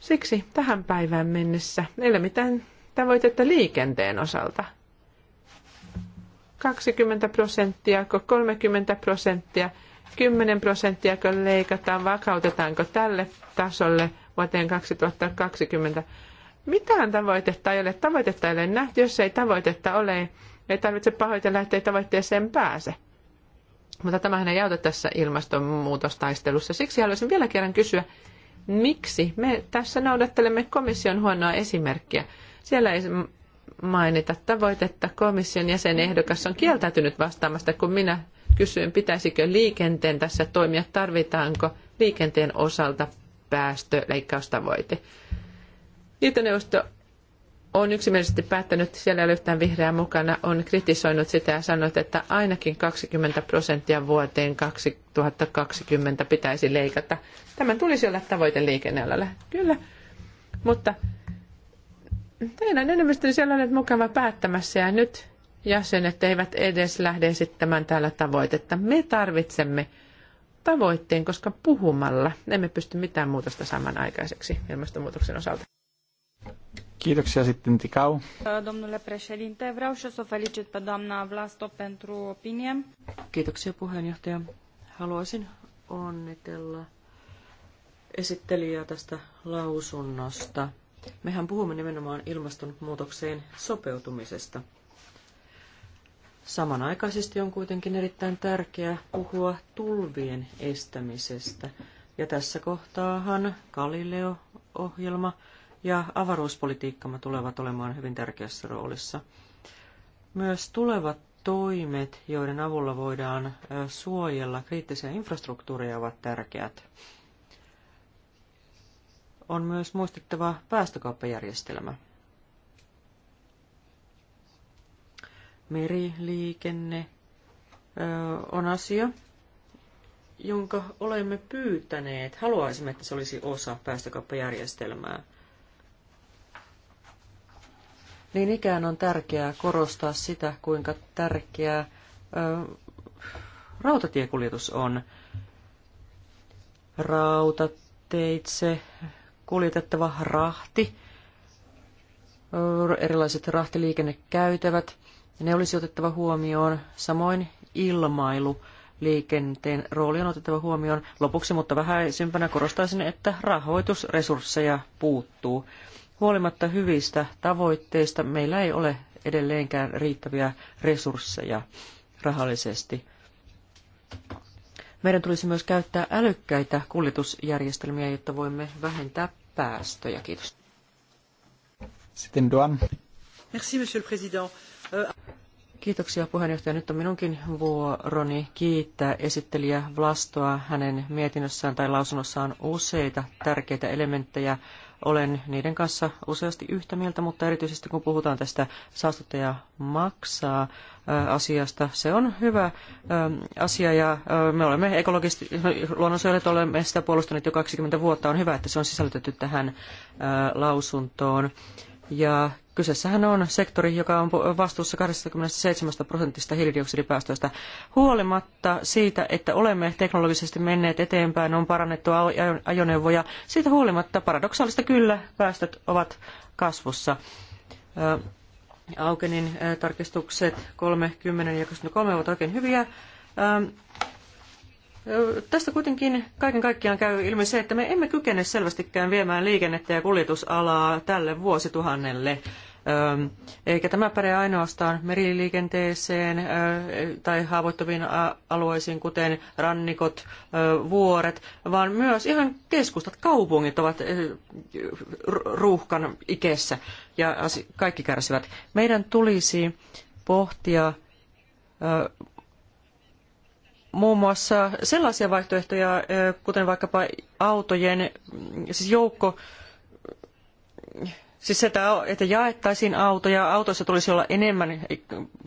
Siksi tähän päivään mennessä ei ole mitään tavoitetta liikenteen osalta. 20 prosenttia, 30 prosenttia – 10 prosenttia, leikataan, vakautetaanko tälle tasolle vuoteen 2020? Mitään tavoitetta ei ole. Tavoitetta ei ole nähty. Jos ei tavoitetta ole, ei tarvitse pahoitella, ettei tavoitteeseen pääse. Mutta tämähän ei auta tässä ilmastonmuutostaistelussa. Siksi haluaisin vielä kerran kysyä, miksi me tässä noudattelemme komission huonoa esimerkkiä. Siellä ei mainita tavoitetta. Komission jäsenehdokas on kieltäytynyt vastaamasta, kun minä kysyin, pitäisikö liikenteen tässä toimia, tarvitaanko liikenteen osalta päästöleikkaustavoite. Liittoneuvosto on yksimielisesti päättänyt, siellä ei ole yhtään vihreää mukana, on kritisoinut sitä ja sanonut, että ainakin 20 prosenttia vuoteen 2020 pitäisi leikata. Tämän tulisi olla tavoite liikennealalla, kyllä. Mutta teidän enemmistö siellä olet mukava päättämässä ja nyt jäsenet eivät edes lähde esittämään täällä tavoitetta. Me tarvitsemme tavoitteen, koska puhumalla emme pysty mitään muutosta saamaan aikaiseksi ilmastonmuutoksen osalta. Kiitoksia sitten Tikau. Domnule președinte, vreau și să felicit pe doamna Vlasto pentru opinie. Kiitoksia puheenjohtaja. Haluaisin onnitella esittelijää tästä lausunnosta. Mehän puhumme nimenomaan ilmastonmuutokseen sopeutumisesta – Samanaikaisesti on kuitenkin erittäin tärkeää puhua tulvien estämisestä. Ja tässä kohtaahan Galileo-ohjelma ja avaruuspolitiikkamme tulevat olemaan hyvin tärkeässä roolissa. Myös tulevat toimet, joiden avulla voidaan suojella kriittisiä infrastruktuureja, ovat tärkeät. On myös muistettava päästökauppajärjestelmä. meriliikenne on asia, jonka olemme pyytäneet. Haluaisimme, että se olisi osa päästökauppajärjestelmää. Niin ikään on tärkeää korostaa sitä, kuinka tärkeää rautatiekuljetus on. Rautateitse kuljetettava rahti, erilaiset rahtiliikennekäytävät – ne olisi otettava huomioon. Samoin ilmailu liikenteen rooli on otettava huomioon. Lopuksi, mutta vähäisimpänä korostaisin, että rahoitusresursseja puuttuu. Huolimatta hyvistä tavoitteista meillä ei ole edelleenkään riittäviä resursseja rahallisesti. Meidän tulisi myös käyttää älykkäitä kuljetusjärjestelmiä, jotta voimme vähentää päästöjä. Kiitos. Sitten Duan. Merci, monsieur le président. Kiitoksia puheenjohtaja. Nyt on minunkin vuoroni kiittää esittelijä Vlastoa. Hänen mietinnössään tai lausunnossaan useita tärkeitä elementtejä. Olen niiden kanssa useasti yhtä mieltä, mutta erityisesti kun puhutaan tästä saastuttaja maksaa äh, asiasta, se on hyvä ähm, asia ja äh, me olemme ekologisesti, luonnonsuojelijat olemme sitä puolustaneet jo 20 vuotta. On hyvä, että se on sisällytetty tähän äh, lausuntoon. Ja kyseessähän on sektori, joka on vastuussa 27 prosentista hiilidioksidipäästöistä. Huolimatta siitä, että olemme teknologisesti menneet eteenpäin, on parannettu ajoneuvoja, siitä huolimatta paradoksaalista kyllä päästöt ovat kasvussa. Aukenin tarkistukset 30 ja 23 ovat oikein hyviä Tästä kuitenkin kaiken kaikkiaan käy ilmi se, että me emme kykene selvästikään viemään liikennettä ja kuljetusalaa tälle vuosituhannelle. Eikä tämä päde ainoastaan meriliikenteeseen tai haavoittuviin alueisiin, kuten rannikot, vuoret, vaan myös ihan keskustat, kaupungit ovat ruuhkan ikessä ja kaikki kärsivät. Meidän tulisi pohtia muun muassa sellaisia vaihtoehtoja, kuten vaikkapa autojen, mm, siis joukko, siis se, että jaettaisiin autoja, autoissa tulisi olla enemmän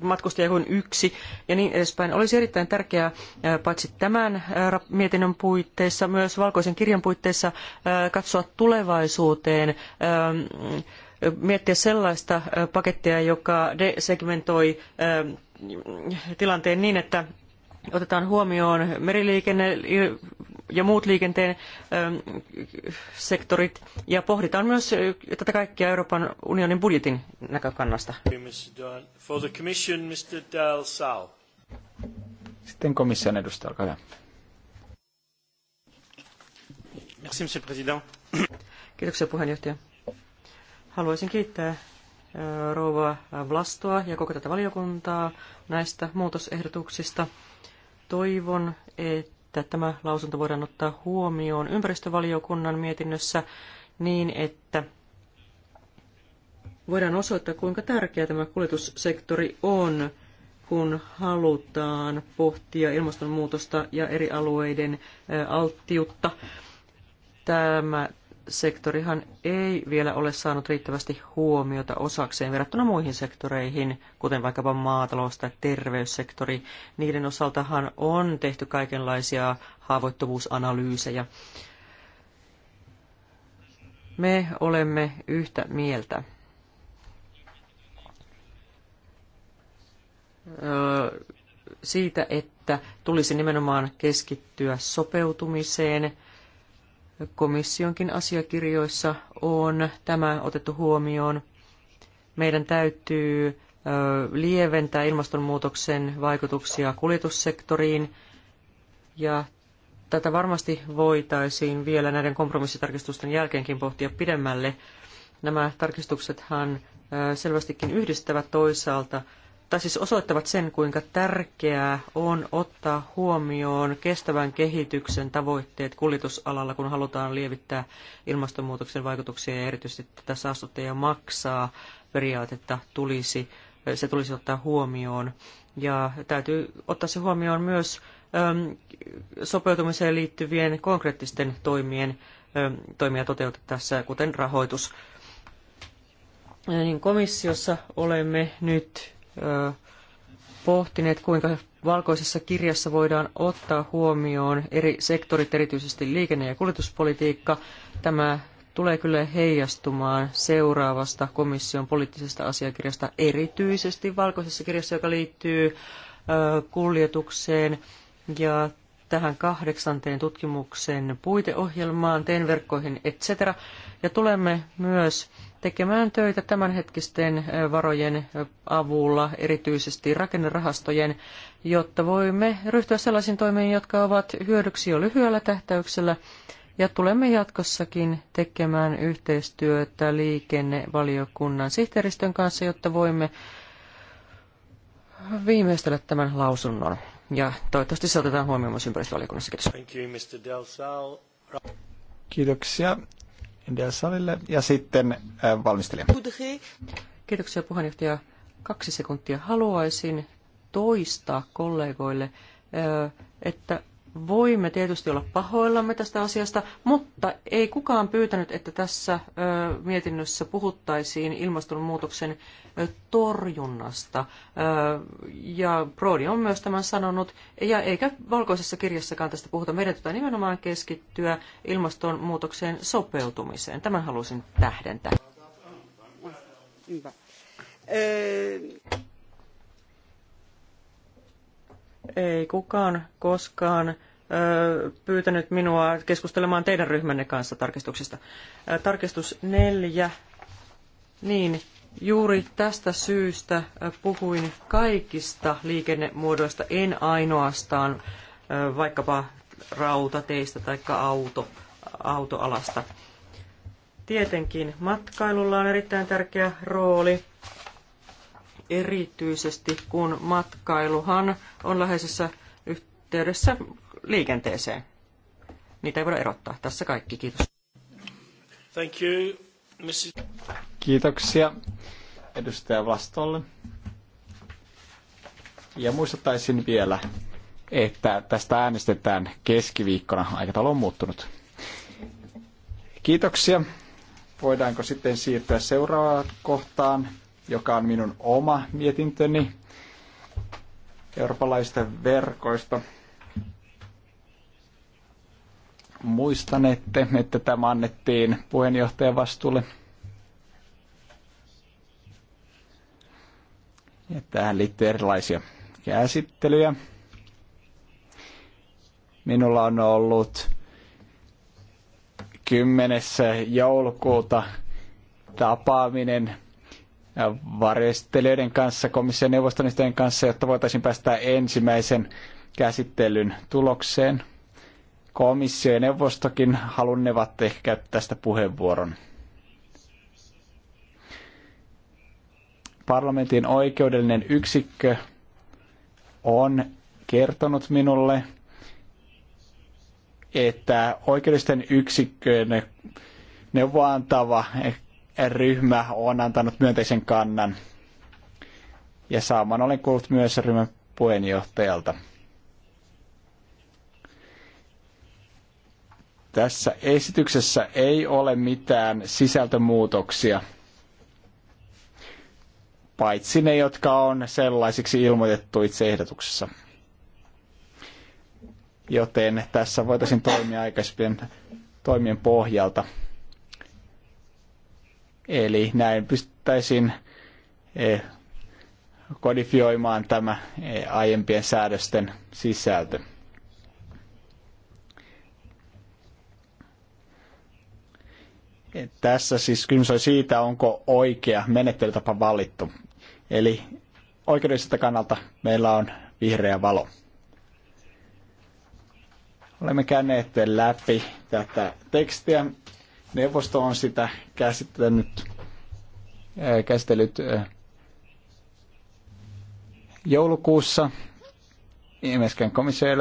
matkustajia kuin yksi ja niin edespäin, olisi erittäin tärkeää paitsi tämän mietinnön puitteissa, myös valkoisen kirjan puitteissa katsoa tulevaisuuteen mm, miettiä sellaista pakettia, joka desegmentoi mm, tilanteen niin, että otetaan huomioon meriliikenne ja muut liikenteen ähm, sektorit ja pohditaan myös äh, tätä kaikkea Euroopan unionin budjetin näkökannasta. Sitten komission edustaja, olkaa hyvä. Merci, monsieur président. Kiitoksia puheenjohtaja. Haluaisin kiittää äh, rouva Vlastoa ja koko tätä valiokuntaa näistä muutosehdotuksista. Toivon, että tämä lausunto voidaan ottaa huomioon ympäristövaliokunnan mietinnössä niin, että voidaan osoittaa, kuinka tärkeä tämä kuljetussektori on, kun halutaan pohtia ilmastonmuutosta ja eri alueiden alttiutta. Tämä sektorihan ei vielä ole saanut riittävästi huomiota osakseen verrattuna muihin sektoreihin, kuten vaikkapa maatalous- tai terveyssektori. Niiden osaltahan on tehty kaikenlaisia haavoittuvuusanalyysejä. Me olemme yhtä mieltä. siitä, että tulisi nimenomaan keskittyä sopeutumiseen – komissionkin asiakirjoissa on tämä otettu huomioon. Meidän täytyy lieventää ilmastonmuutoksen vaikutuksia kuljetussektoriin ja tätä varmasti voitaisiin vielä näiden kompromissitarkistusten jälkeenkin pohtia pidemmälle. Nämä tarkistuksethan selvästikin yhdistävät toisaalta tai siis osoittavat sen, kuinka tärkeää on ottaa huomioon kestävän kehityksen tavoitteet kuljetusalalla, kun halutaan lievittää ilmastonmuutoksen vaikutuksia ja erityisesti tätä saastuttaja maksaa periaatetta tulisi, se tulisi ottaa huomioon. Ja täytyy ottaa se huomioon myös ähm, sopeutumiseen liittyvien konkreettisten toimien, ähm, toimia toteutettaessa, kuten rahoitus. Niin komissiossa olemme nyt pohtineet, kuinka valkoisessa kirjassa voidaan ottaa huomioon eri sektorit, erityisesti liikenne- ja kuljetuspolitiikka. Tämä tulee kyllä heijastumaan seuraavasta komission poliittisesta asiakirjasta, erityisesti valkoisessa kirjassa, joka liittyy kuljetukseen ja tähän kahdeksanteen tutkimuksen puiteohjelmaan, teen verkkoihin, etc. Ja tulemme myös tekemään töitä tämänhetkisten varojen avulla, erityisesti rakennerahastojen, jotta voimme ryhtyä sellaisiin toimiin, jotka ovat hyödyksi jo lyhyellä tähtäyksellä, ja tulemme jatkossakin tekemään yhteistyötä liikennevaliokunnan sihteeristön kanssa, jotta voimme viimeistellä tämän lausunnon. Ja toivottavasti se otetaan huomioon myös ympäristövaliokunnassa. Kiitos. Kiitoksia. Indiasalille ja sitten äh, valmistelija. Kiitoksia puheenjohtaja. Kaksi sekuntia. Haluaisin toistaa kollegoille, äh, että Voimme tietysti olla pahoillamme tästä asiasta, mutta ei kukaan pyytänyt, että tässä mietinnössä puhuttaisiin ilmastonmuutoksen torjunnasta. ja Brody on myös tämän sanonut, ja eikä valkoisessa kirjassakaan tästä puhuta. Meidän pitää nimenomaan keskittyä ilmastonmuutokseen sopeutumiseen. Tämän halusin tähdentää. Ei kukaan koskaan pyytänyt minua keskustelemaan teidän ryhmänne kanssa tarkistuksista. Tarkistus neljä. Niin, juuri tästä syystä puhuin kaikista liikennemuodoista, en ainoastaan vaikkapa rautateistä tai auto, autoalasta. Tietenkin matkailulla on erittäin tärkeä rooli erityisesti kun matkailuhan on läheisessä yhteydessä liikenteeseen. Niitä ei voida erottaa. Tässä kaikki. Kiitos. Thank you, Mrs. Kiitoksia edustaja Vastolle. Ja muistuttaisin vielä, että tästä äänestetään keskiviikkona. Aikataulu on muuttunut. Kiitoksia. Voidaanko sitten siirtyä seuraavaan kohtaan? joka on minun oma mietintöni eurooppalaisista verkoista. Muistanette, että tämä annettiin puheenjohtajan vastuulle. Ja tähän liittyy erilaisia käsittelyjä. Minulla on ollut 10. joulukuuta tapaaminen varjostelijoiden kanssa, komission neuvostonistojen kanssa, jotta voitaisiin päästä ensimmäisen käsittelyn tulokseen. Komissio ja neuvostokin halunnevat ehkä käyttää tästä puheenvuoron. Parlamentin oikeudellinen yksikkö on kertonut minulle, että oikeudellisten yksikköjen neuvoantava ryhmä on antanut myönteisen kannan. Ja saaman olen kuullut myös ryhmän puheenjohtajalta. Tässä esityksessä ei ole mitään sisältömuutoksia, paitsi ne, jotka on sellaisiksi ilmoitettu itse ehdotuksessa. Joten tässä voitaisiin toimia aikaisempien toimien pohjalta. Eli näin pystyttäisiin eh, kodifioimaan tämä eh, aiempien säädösten sisältö. Eh, tässä siis kysymys on siitä, onko oikea menettelytapa valittu. Eli oikeudelliselta kannalta meillä on vihreä valo. Olemme käyneet läpi tätä tekstiä Neuvosto on sitä eh, käsitellyt, käsitellyt eh, joulukuussa. Myöskään komissio ei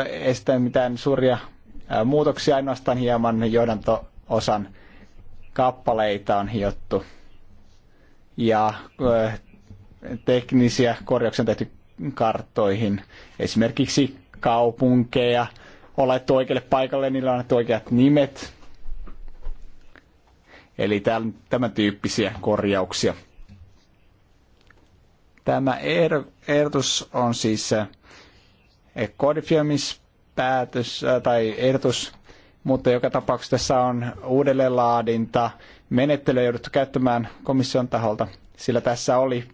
ole mitään suuria eh, muutoksia, ainoastaan hieman johdanto-osan kappaleita on hiottu. Ja teknisiä korjauksia on tehty karttoihin. Esimerkiksi kaupunkeja on laittu oikealle paikalle, niillä on annettu oikeat nimet. Eli tämän tyyppisiä korjauksia. Tämä er, ehdotus on siis äh, kodifioimispäätös äh, tai ehdotus, mutta joka tapauksessa tässä on uudelleenlaadinta. Menettelyä jouduttu käyttämään komission taholta, sillä tässä oli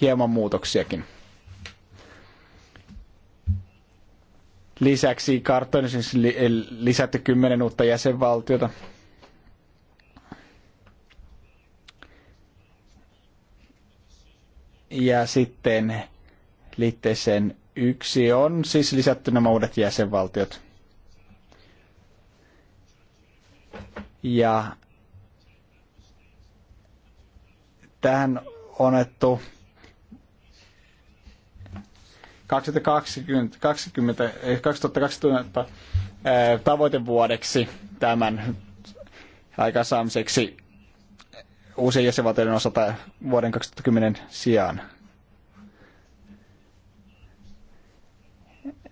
hieman muutoksiakin. Lisäksi karttoon lisätty kymmenen uutta jäsenvaltiota – Ja sitten liitteeseen yksi on siis lisätty nämä uudet jäsenvaltiot. Ja tähän on otettu 2020, 2020, 2020 tavoitevuodeksi tämän aikaansaamiseksi uusien jäsenvaltioiden osalta vuoden 2010 sijaan.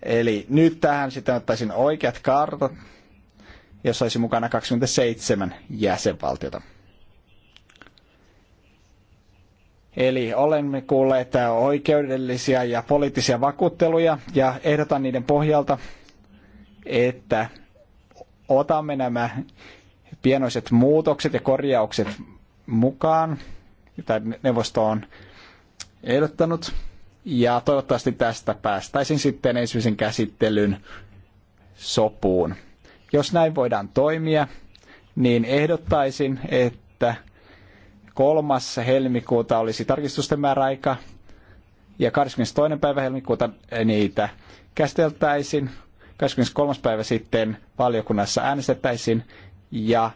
Eli nyt tähän sitten ottaisin oikeat kartat, jos olisi mukana 27 jäsenvaltiota. Eli olemme kuulleet oikeudellisia ja poliittisia vakuutteluja ja ehdotan niiden pohjalta, että otamme nämä pienoiset muutokset ja korjaukset mukaan, tai neuvosto on ehdottanut. Ja toivottavasti tästä päästäisiin sitten ensimmäisen käsittelyn sopuun. Jos näin voidaan toimia, niin ehdottaisin, että kolmas helmikuuta olisi tarkistusten määräaika ja 22. päivä helmikuuta niitä käsiteltäisiin. 23. päivä sitten valiokunnassa äänestettäisiin ja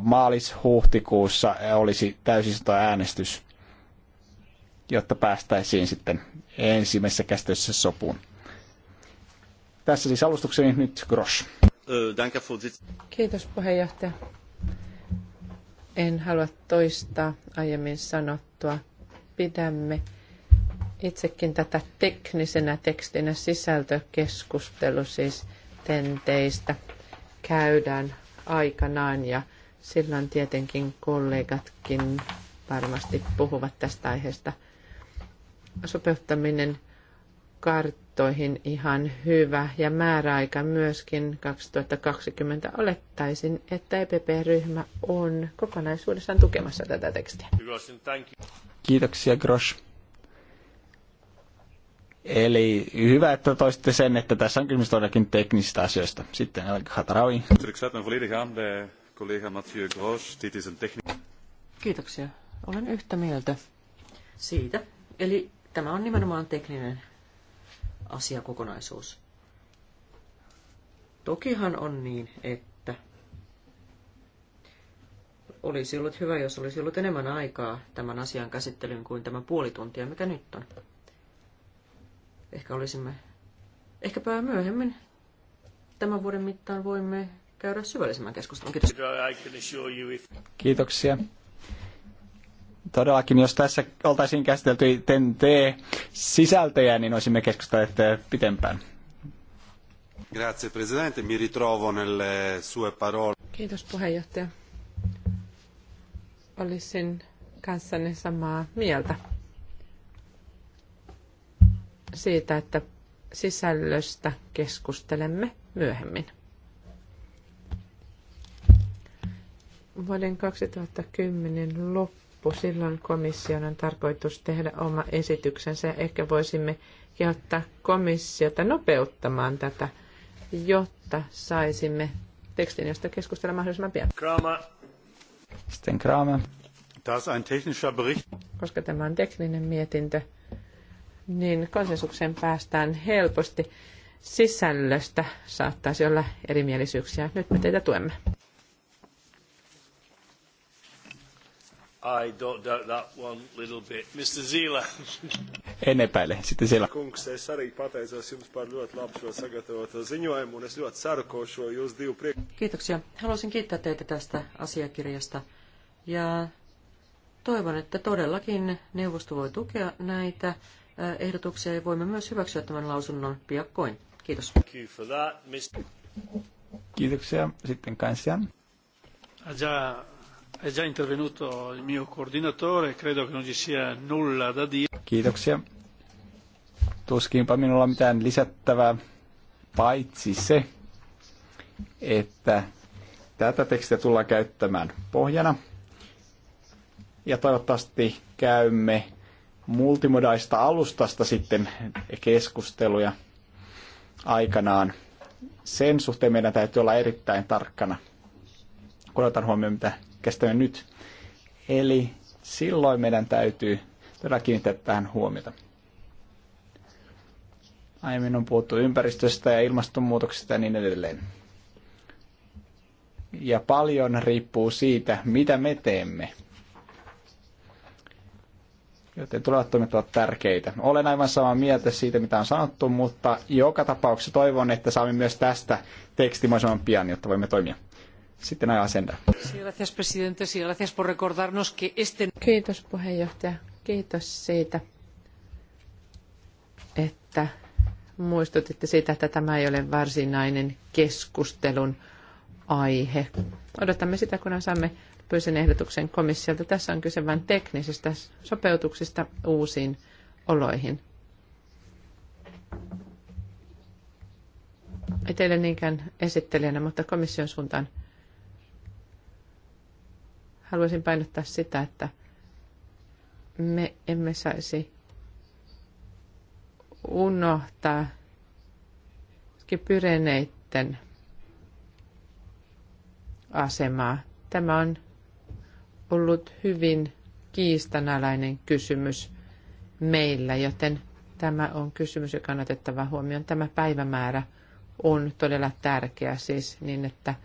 maalis-huhtikuussa olisi täysistuntoäänestys, jotta päästäisiin sitten ensimmäisessä käsittelyssä sopuun. Tässä siis alustukseni nyt Grosch. Kiitos puheenjohtaja. En halua toistaa aiemmin sanottua. Pidämme itsekin tätä teknisenä tekstinä sisältökeskustelu siis tenteistä käydään aikanaan ja Silloin tietenkin kollegatkin varmasti puhuvat tästä aiheesta. Sopeuttaminen karttoihin ihan hyvä ja määräaika myöskin 2020. Olettaisin, että EPP-ryhmä on kokonaisuudessaan tukemassa tätä tekstiä. Kiitoksia, Grosh. Eli hyvä, että toistitte sen, että tässä on kysymys todellakin teknisistä asioista. Sitten Elka Hataraui collega Mathieu Grosch. Dit is een technisch... Kiitoksia. Olen yhtä mieltä siitä. Eli tämä on nimenomaan tekninen asiakokonaisuus. Tokihan on niin, että olisi ollut hyvä, jos olisi ollut enemmän aikaa tämän asian käsittelyyn kuin tämä puoli tuntia, mikä nyt on. Ehkä olisimme, ehkäpä myöhemmin tämän vuoden mittaan voimme käydä syvällisemmän keskustelun. Kiitos. Kiitoksia. Todellakin, jos tässä oltaisiin käsitelty TNT sisältöjä niin olisimme keskustelleet pitempään. Grazie Presidente, mi ritrovo nelle sue parole. Kiitos puheenjohtaja. Olisin kanssanne samaa mieltä siitä, että sisällöstä keskustelemme myöhemmin. Vuoden 2010 loppu, silloin komission on tarkoitus tehdä oma esityksensä ja ehkä voisimme kehottaa komissiota nopeuttamaan tätä, jotta saisimme tekstin, josta keskustella mahdollisimman pian. Kramer. Sitten Kramer. Das ein technischer Bericht. Koska tämä on tekninen mietintö, niin konsensukseen päästään helposti. Sisällöstä saattaisi olla erimielisyyksiä. Nyt me teitä tuemme. I don't doubt that one little bit. Mr. en epäile. Sitten Zila. Kungs, es arī pateicos jums par ļoti labu šo sagatavoto ziņojumu, un es ļoti ceru, ko šo jūs divu priek... Kiitoksia. Haluaisin kiittää teitä tästä asiakirjasta. Ja toivon, että todellakin neuvosto voi tukea näitä äh, ehdotuksia ja voimme myös hyväksyä tämän lausunnon piakkoin. Kiitos. Kiitoksia. Sitten Kansian. Ja È già intervenuto il mio coordinatore, credo che non ci sia nulla da dire. Kiitoksia. Tuskinpa minulla on mitään lisättävää, paitsi se, että tätä tekstiä tullaan käyttämään pohjana. Ja toivottavasti käymme multimodaista alustasta sitten keskusteluja aikanaan. Sen suhteen meidän täytyy olla erittäin tarkkana, kun otan huomioon, mitä kestämme nyt. Eli silloin meidän täytyy todella kiinnittää tähän huomiota. Aiemmin on puhuttu ympäristöstä ja ilmastonmuutoksesta ja niin edelleen. Ja paljon riippuu siitä, mitä me teemme. Joten tulevat toimet ovat tärkeitä. Olen aivan samaa mieltä siitä, mitä on sanottu, mutta joka tapauksessa toivon, että saamme myös tästä tekstimaisen pian, jotta voimme toimia. Sitten ajan asenda. Kiitos puheenjohtaja. Kiitos siitä, että muistutitte siitä, että tämä ei ole varsinainen keskustelun aihe. Odotamme sitä, kun saamme pyysin ehdotuksen komissiolta. Tässä on kyse vain teknisistä sopeutuksista uusiin oloihin. Ei teille niinkään esittelijänä, mutta komission suuntaan – haluaisin painottaa sitä, että me emme saisi unohtaa pyreneiden asemaa. Tämä on ollut hyvin kiistanalainen kysymys meillä, joten tämä on kysymys, joka on otettava huomioon. Tämä päivämäärä on todella tärkeä siis niin, että –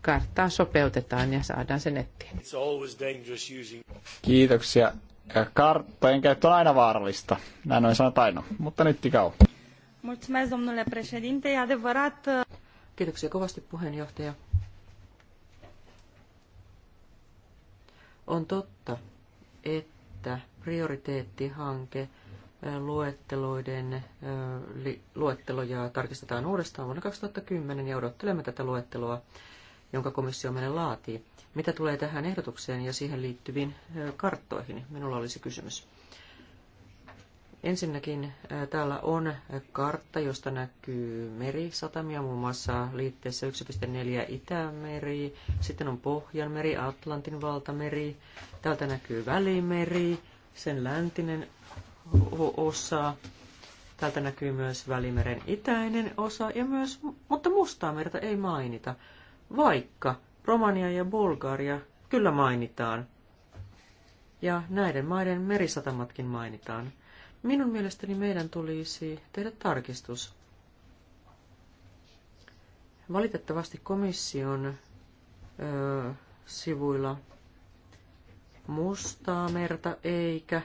karttaa sopeutetaan ja saadaan se nettiin. Kiitoksia. Karttojen käyttö on aina vaarallista. Näin on sanonut aina, mutta nyt tikau. E Kiitoksia kovasti puheenjohtaja. On totta, että prioriteettihanke luetteloiden luetteloja tarkistetaan uudestaan vuonna 2010 ja odottelemme tätä luetteloa jonka komissio meille laatii. Mitä tulee tähän ehdotukseen ja siihen liittyviin karttoihin, minulla olisi kysymys. Ensinnäkin täällä on kartta, josta näkyy merisatamia, muun muassa liitteessä 1.4 Itämeri, sitten on Pohjanmeri, Atlantin valtameri, täältä näkyy Välimeri, sen läntinen osa, täältä näkyy myös Välimeren itäinen osa, ja myös, mutta Mustaa merta ei mainita vaikka Romania ja Bulgaria kyllä mainitaan. Ja näiden maiden merisatamatkin mainitaan. Minun mielestäni meidän tulisi tehdä tarkistus. Valitettavasti komission ö, sivuilla mustaa merta eikä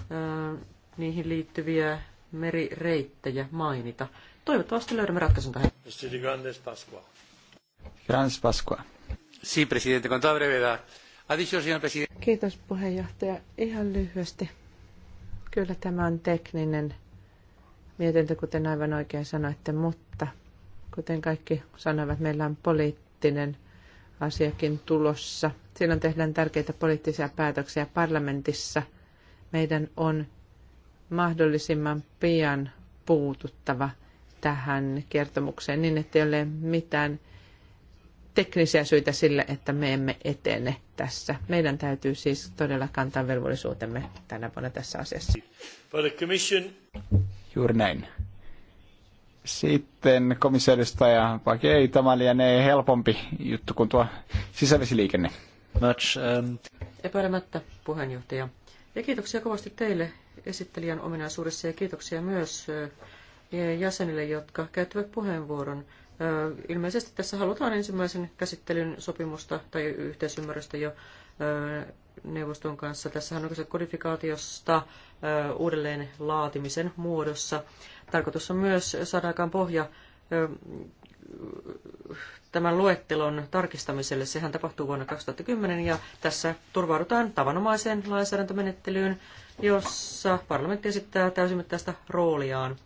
ö, niihin liittyviä merireittejä mainita. Toivottavasti löydämme ratkaisun tähän. Franz Kiitos puheenjohtaja. Ihan lyhyesti. Kyllä tämä on tekninen mietintö, kuten aivan oikein sanoitte, mutta kuten kaikki sanovat, meillä on poliittinen asiakin tulossa. Silloin tehdään tärkeitä poliittisia päätöksiä parlamentissa. Meidän on mahdollisimman pian puututtava tähän kertomukseen niin, ettei ole mitään teknisiä syitä sille, että me emme etene tässä. Meidän täytyy siis todella kantaa velvollisuutemme tänä vuonna tässä asiassa. Juuri näin. Sitten komissaarista ja vaikka ei, tämä lienee helpompi juttu kuin tuo sisävesiliikenne. Much, um... Epäilemättä, puheenjohtaja. Ja kiitoksia kovasti teille esittelijän ominaisuudessa ja kiitoksia myös jäsenille, jotka käyttävät puheenvuoron. Ilmeisesti tässä halutaan ensimmäisen käsittelyn sopimusta tai yhteisymmärrystä jo neuvoston kanssa. Tässä on kyse kodifikaatiosta uudelleen laatimisen muodossa. Tarkoitus on myös saada aikaan pohja tämän luettelon tarkistamiselle. Sehän tapahtuu vuonna 2010 ja tässä turvaudutaan tavanomaiseen lainsäädäntömenettelyyn, jossa parlamentti esittää täysimittaista rooliaan.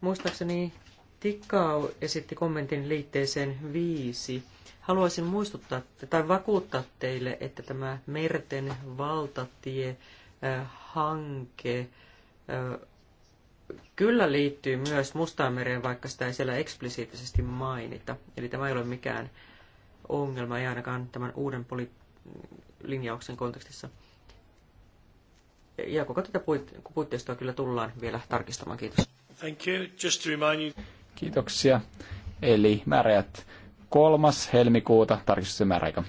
Muistaakseni Tikkau esitti kommentin liitteeseen viisi. Haluaisin muistuttaa tai vakuuttaa teille, että tämä Merten valtatie-hanke äh, äh, kyllä liittyy myös Mustaanmereen, vaikka sitä ei siellä eksplisiittisesti mainita. Eli tämä ei ole mikään ongelma, ei ainakaan tämän uuden linjauksen kontekstissa. Ja koko tätä puitteistoa kyllä tullaan vielä tarkistamaan. Kiitos. Thank you. Just to remind you... Kiitoksia. Eli määräjät kolmas helmikuuta tarkistus määräaika,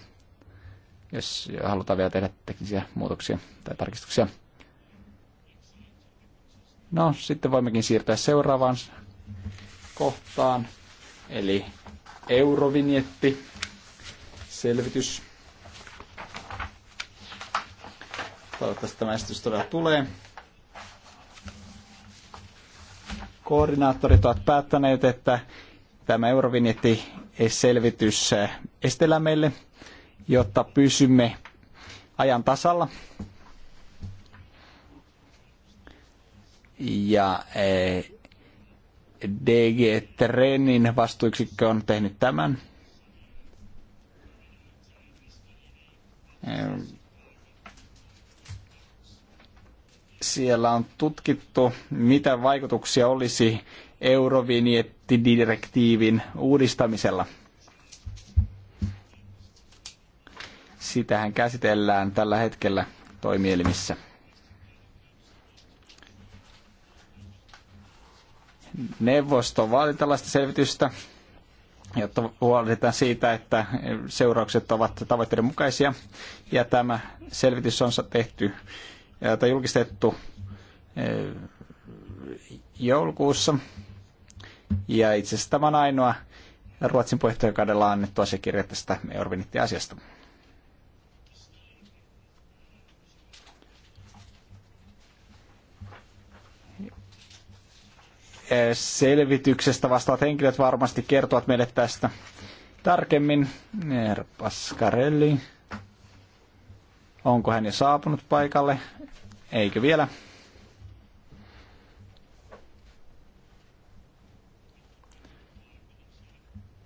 jos halutaan vielä tehdä teknisiä muutoksia tai tarkistuksia. No, sitten voimmekin siirtyä seuraavaan kohtaan, eli eurovinjetti, selvitys. Toivottavasti tämä esitys todella tulee. Koordinaattorit ovat päättäneet, että tämä Eurovinjetti-selvitys eh, esitellään meille, jotta pysymme ajan tasalla. Ja eh, DG Trenin vastuuyksikkö on tehnyt tämän eh, siellä on tutkittu, mitä vaikutuksia olisi eurovinjettidirektiivin uudistamisella. Sitähän käsitellään tällä hetkellä toimielimissä. Neuvosto vaati tällaista selvitystä, jotta huolehditaan siitä, että seuraukset ovat tavoitteiden mukaisia. Ja tämä selvitys on tehty tai julkistettu joulukuussa. Ja itse asiassa tämä on ainoa Ruotsin puheenjohtajakaudella annettu asiakirja tästä asiasta. Selvityksestä vastaavat henkilöt varmasti kertovat meille tästä tarkemmin. Pascarelli Onko hän jo saapunut paikalle? Eikö vielä?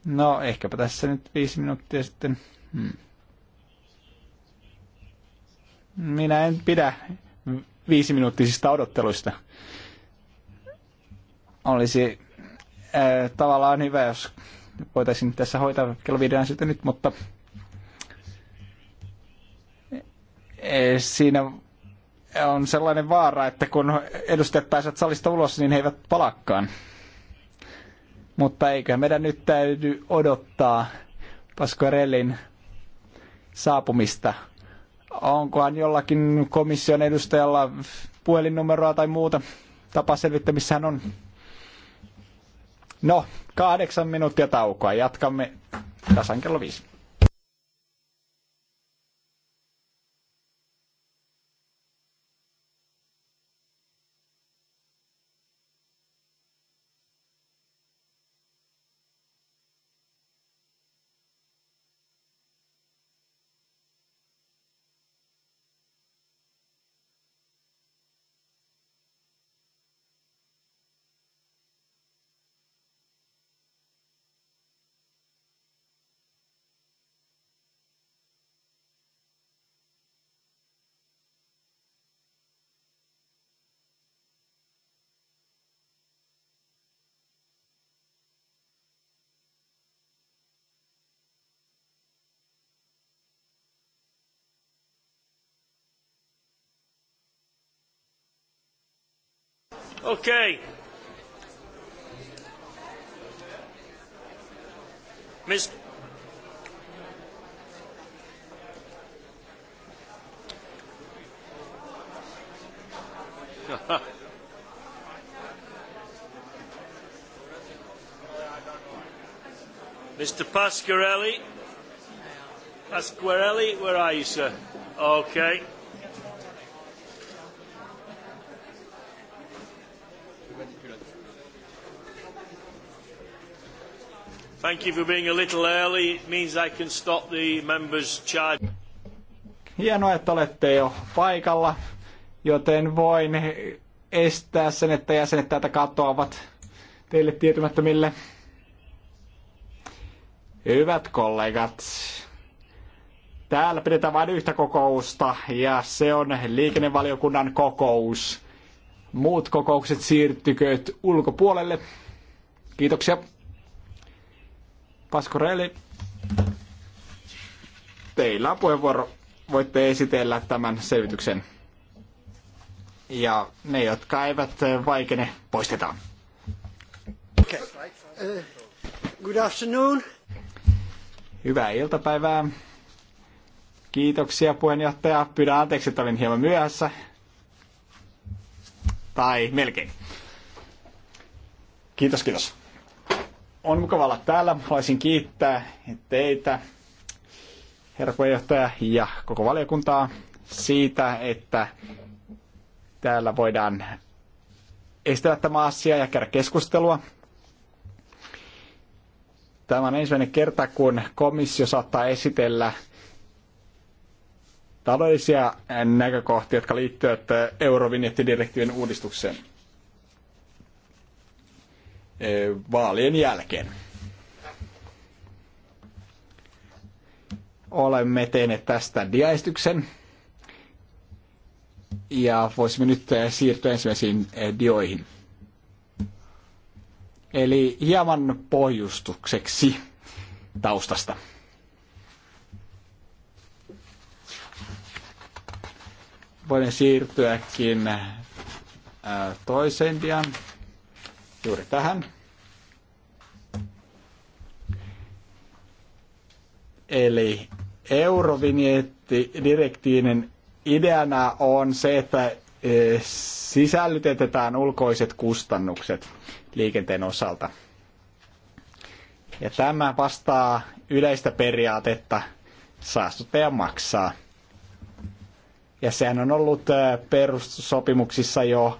No, ehkäpä tässä nyt viisi minuuttia sitten. Hmm. Minä en pidä viisi minuuttisista odotteluista. Olisi äh, tavallaan hyvä, jos voitaisiin tässä hoitaa kello viiden sitten nyt, mutta Eh, siinä on sellainen vaara, että kun edustajat pääsevät salista ulos, niin he eivät palakkaan. Mutta eiköhän meidän nyt täytyy odottaa Pasquarellin saapumista. Onkohan jollakin komission edustajalla puhelinnumeroa tai muuta tapa selvittää, missä hän on? No, kahdeksan minuuttia taukoa. Jatkamme tasan kello viisi. Okay. Ms. Mr. Pasquarelli. Pasquarelli, where are you, sir? Okay. Thank you for being a little early. It means I can stop the members charge. Hienoa, että olette jo paikalla, joten voin estää sen, että jäsenet täältä katoavat teille tietymättömille. Hyvät kollegat, täällä pidetään vain yhtä kokousta ja se on liikennevaliokunnan kokous. Muut kokoukset siirtykööt ulkopuolelle. Kiitoksia. Pascorelli, teillä on puheenvuoro. Voitte esitellä tämän selvityksen. Ja ne, jotka eivät eh, vaikene, poistetaan. Okay. Uh, good afternoon. Hyvää iltapäivää. Kiitoksia puheenjohtaja. Pyydän anteeksi, että olin hieman myöhässä. Tai melkein. Kiitos, kiitos. On mukava olla täällä. Haluaisin kiittää teitä, herra puheenjohtaja ja koko valiokuntaa siitä, että täällä voidaan esitellä tämä asia ja käydä keskustelua. Tämä on ensimmäinen kerta, kun komissio saattaa esitellä taloudellisia näkökohtia, jotka liittyvät eurovinjettidirektiivin uudistukseen. Eh, vaalien jälkeen. Olemme tehneet tästä diaistyksen. Ja voisimme nyt eh, siirtyä ensimmäisiin eh, dioihin. Eli hieman pohjustukseksi taustasta. Voin siirtyäkin toiseen dian, juuri tähän. Eli eurovinjettidirektiivin ideana on se, että eh, sisällytetään ulkoiset kustannukset liikenteen osalta. Ja tämä vastaa yleistä periaatetta saastuttaja maksaa. Ja sehän on ollut eh, perussopimuksissa jo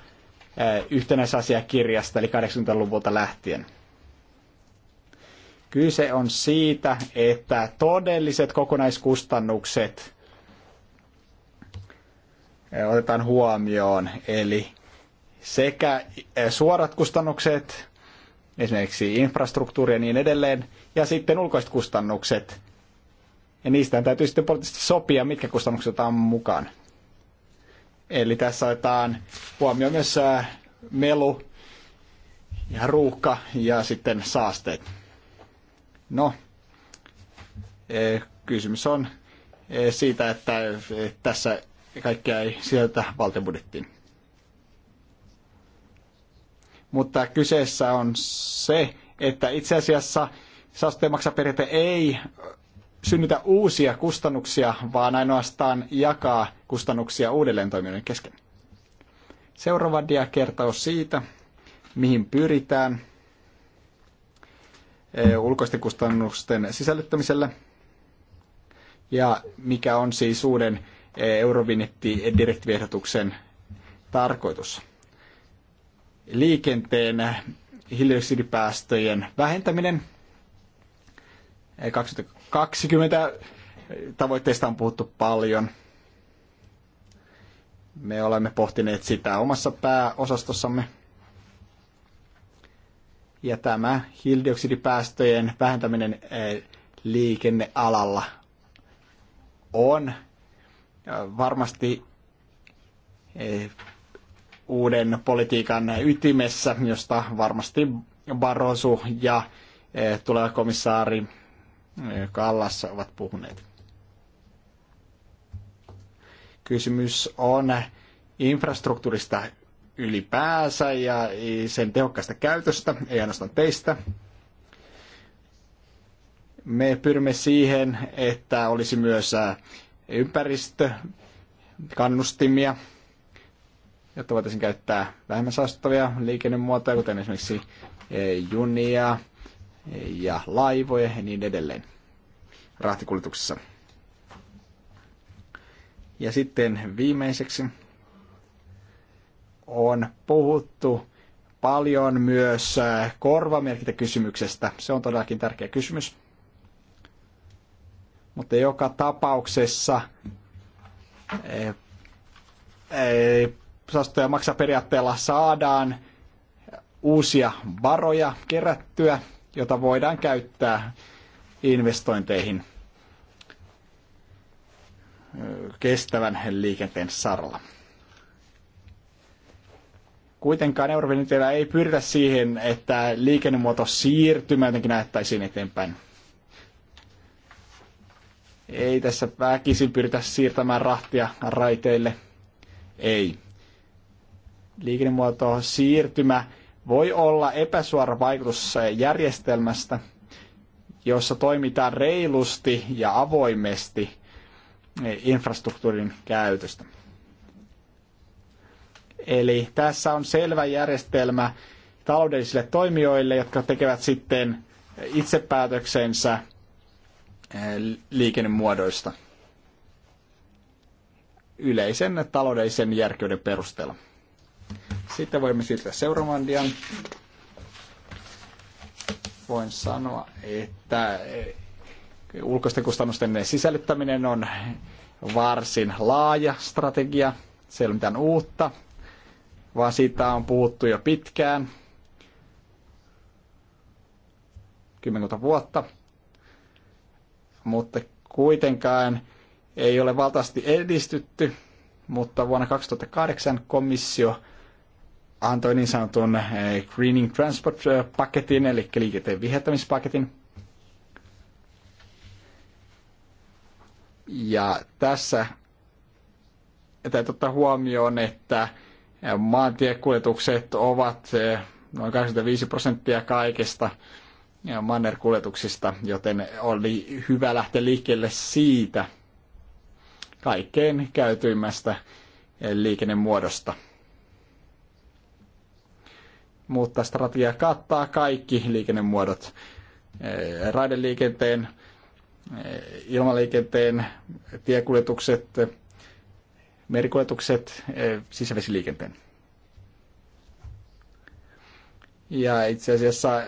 eh, yhtenäisasiakirjasta, eli 80-luvulta lähtien. Kyse on siitä, että todelliset kokonaiskustannukset otetaan huomioon, eli sekä eh, suorat kustannukset, esimerkiksi infrastruktuuri ja niin edelleen, ja sitten ulkoiset kustannukset. Ja niistä täytyy sitten poliittisesti sopia, mitkä kustannukset otetaan mukaan. Eli tässä otetaan huomioon myös eh, melu ja ruuhka ja sitten saasteet. No, eh, kysymys on eh, siitä, että eh, tässä kaikkea ei sieltä valtion budjettiin. Mutta kyseessä on se, että itse asiassa saastujen ei synnytä uusia kustannuksia, vaan ainoastaan jakaa kustannuksia uudelleen toimijoiden kesken. Seuraava dia kertoo siitä, mihin pyritään – ulkoisten kustannusten sisällyttämisellä. Ja mikä on siis uuden eh, Eurovinetti-direktiiviehdotuksen tarkoitus? Liikenteen hiilidioksidipäästöjen vähentäminen 2020 eh, tavoitteista on puhuttu paljon. Me olemme pohtineet sitä omassa pääosastossamme ja tämä hiilidioksidipäästöjen vähentäminen eh, liikennealalla on eh, varmasti eh, uuden politiikan ytimessä, josta varmasti Barroso ja tuleva komissaari Kallas ovat puhuneet. Kysymys on infrastruktuurista ylipäänsä ja sen tehokkaasta käytöstä, ei ainoastaan teistä. Me pyrimme siihen, että olisi myös ympäristökannustimia, jotta voitaisiin käyttää vähemmän saastuttavia liikennemuotoja, kuten esimerkiksi junia ja laivoja ja niin edelleen rahtikuljetuksessa. Ja sitten viimeiseksi on puhuttu paljon myös äh, korvamerkintäkysymyksestä. Se on todellakin tärkeä kysymys. Mutta joka tapauksessa äh, äh, saastuja maksa saadaan uusia varoja kerättyä, jota voidaan käyttää investointeihin kestävän liikenteen saralla kuitenkaan Eurovinjetillä ei pyritä siihen, että liikennemuoto siirtymä jotenkin näyttäisiin eteenpäin. Ei tässä väkisin pyritä siirtämään rahtia raiteille. Ei. Liikennemuoto siirtymä voi olla epäsuora vaikutus järjestelmästä, jossa toimitaan reilusti ja avoimesti infrastruktuurin käytöstä. Eli tässä on selvä järjestelmä taloudellisille toimijoille, jotka tekevät sitten itsepäätöksensä eh, liikennemuodoista yleisen taloudellisen järkeyden perusteella. Sitten voimme siirtyä seuraavaan dian. Voin sanoa, että eh, ulkoisten kustannusten sisällyttäminen on varsin laaja strategia. Se ei ole mitään uutta vaan siitä on puhuttu jo pitkään, kymmenkunta vuotta, mutta kuitenkaan ei ole valtavasti edistytty, mutta vuonna 2008 komissio antoi niin sanotun eh, Greening Transport-paketin, eh, eli liikenteen vihettämispaketin. Ja tässä täytyy ottaa huomioon, että Maantiekuljetukset ovat eh, noin 85 prosenttia kaikesta mannerkuljetuksista, joten oli hyvä lähteä liikkeelle siitä kaikkein käytyimmästä eh, liikennemuodosta. Mutta strategia kattaa kaikki liikennemuodot. Eh, raideliikenteen, ilmaliikenteen, tiekuljetukset, merikuljetukset eh, sisävesiliikenteen. Ja itse asiassa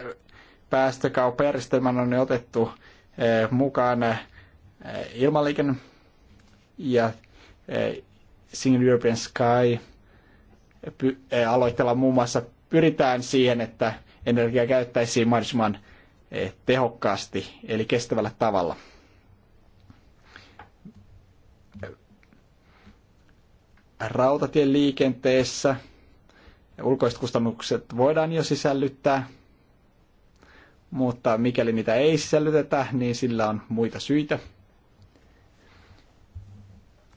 päästökauppajärjestelmän on otettu eh, mukaan eh, ilmaliikenne ja Single European Sky aloitteella muun muassa pyritään siihen, että energiaa käyttäisiin mahdollisimman tehokkaasti eli kestävällä tavalla. rautatien liikenteessä. Ulkoiset kustannukset voidaan jo sisällyttää, mutta mikäli niitä ei sisällytetä, niin sillä on muita syitä.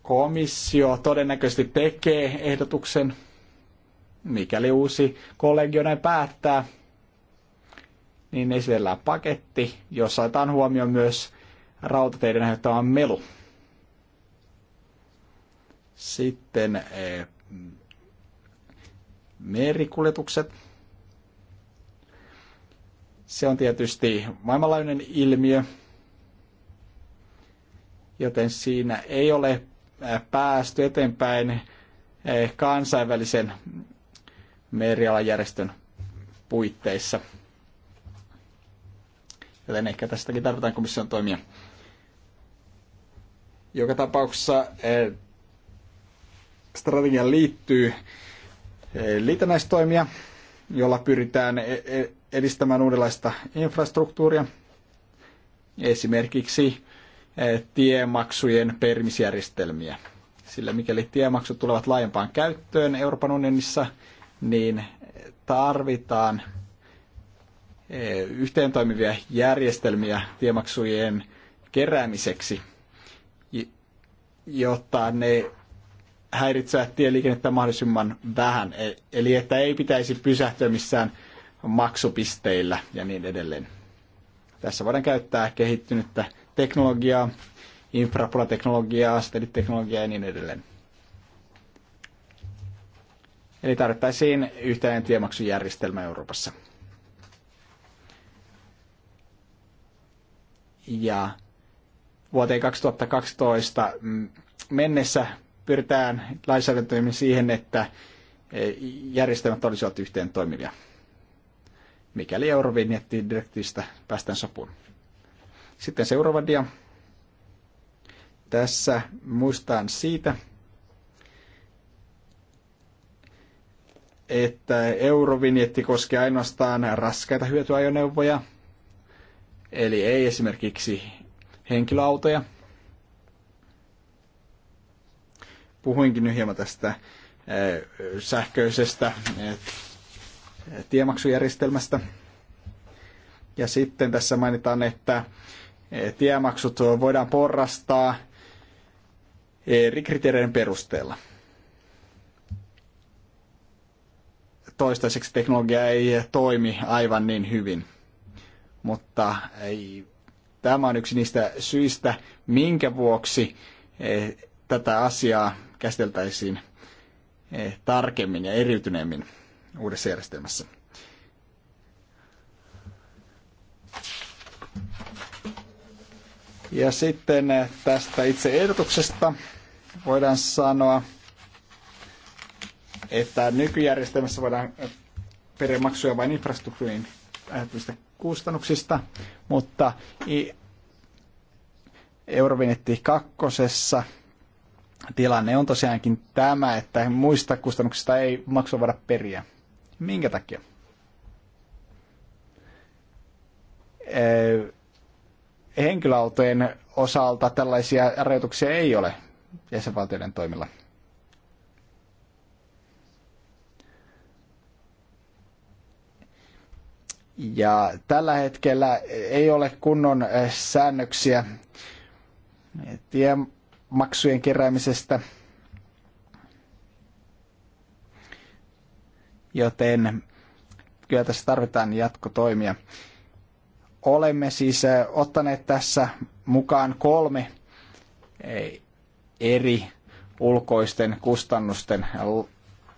Komissio todennäköisesti tekee ehdotuksen, mikäli uusi kollegio näin päättää, niin esitellään paketti, jossa otetaan huomioon myös rautateiden aiheuttama melu. Sitten eh, merikuljetukset. Se on tietysti maailmanlainen ilmiö, joten siinä ei ole eh, päästy eteenpäin eh, kansainvälisen merialajärjestön puitteissa. Joten ehkä tästäkin tarvitaan komission toimia. Joka tapauksessa strategian liittyy eh, liitännäistoimia, jolla pyritään e- e- edistämään uudenlaista infrastruktuuria, esimerkiksi eh, tiemaksujen permisjärjestelmiä. Sillä mikäli tiemaksut tulevat laajempaan käyttöön Euroopan unionissa, niin tarvitaan eh, yhteentoimivia järjestelmiä tiemaksujen keräämiseksi, jotta ne häiritsää tieliikennettä mahdollisimman vähän, e- eli että ei pitäisi pysähtyä missään maksupisteillä ja niin edelleen. Tässä voidaan käyttää kehittynyttä teknologiaa, infrapulateknologiaa, seteliteknologiaa ja niin edelleen. Eli tarvittaisiin yhteinen tiemaksujärjestelmä Euroopassa. Ja vuoteen 2012 mennessä pyritään lainsäädäntöihin siihen, että e, järjestelmät olisivat yhteen toimivia, mikäli Eurovignetti-direktiivistä päästään sopuun. Sitten seuraava dia. Tässä muistaan siitä, että eurovinjetti koskee ainoastaan raskaita hyötyajoneuvoja, eli ei esimerkiksi henkilöautoja – puhuinkin nyt hieman tästä sähköisestä tiemaksujärjestelmästä. Ja sitten tässä mainitaan, että tiemaksut voidaan porrastaa eri kriteereiden perusteella. Toistaiseksi teknologia ei toimi aivan niin hyvin, mutta ei, tämä on yksi niistä syistä, minkä vuoksi tätä asiaa käsiteltäisiin eh, tarkemmin ja eriytyneemmin uudessa järjestelmässä. Ja sitten eh, tästä itse ehdotuksesta voidaan sanoa, että nykyjärjestelmässä voidaan eh, periä maksuja vain infrastruktuurin aiheutuvista kustannuksista, mutta Eurovinetti kakkosessa – tilanne on tosiaankin tämä, että muista kustannuksista ei maksua voida periä. Minkä takia? henkilöautojen osalta tällaisia rajoituksia ei ole jäsenvaltioiden toimilla. Ja tällä hetkellä ei ole kunnon äh, säännöksiä tien maksujen keräämisestä. Joten kyllä tässä tarvitaan jatkotoimia. Olemme siis eh, ottaneet tässä mukaan kolme eh, eri ulkoisten kustannusten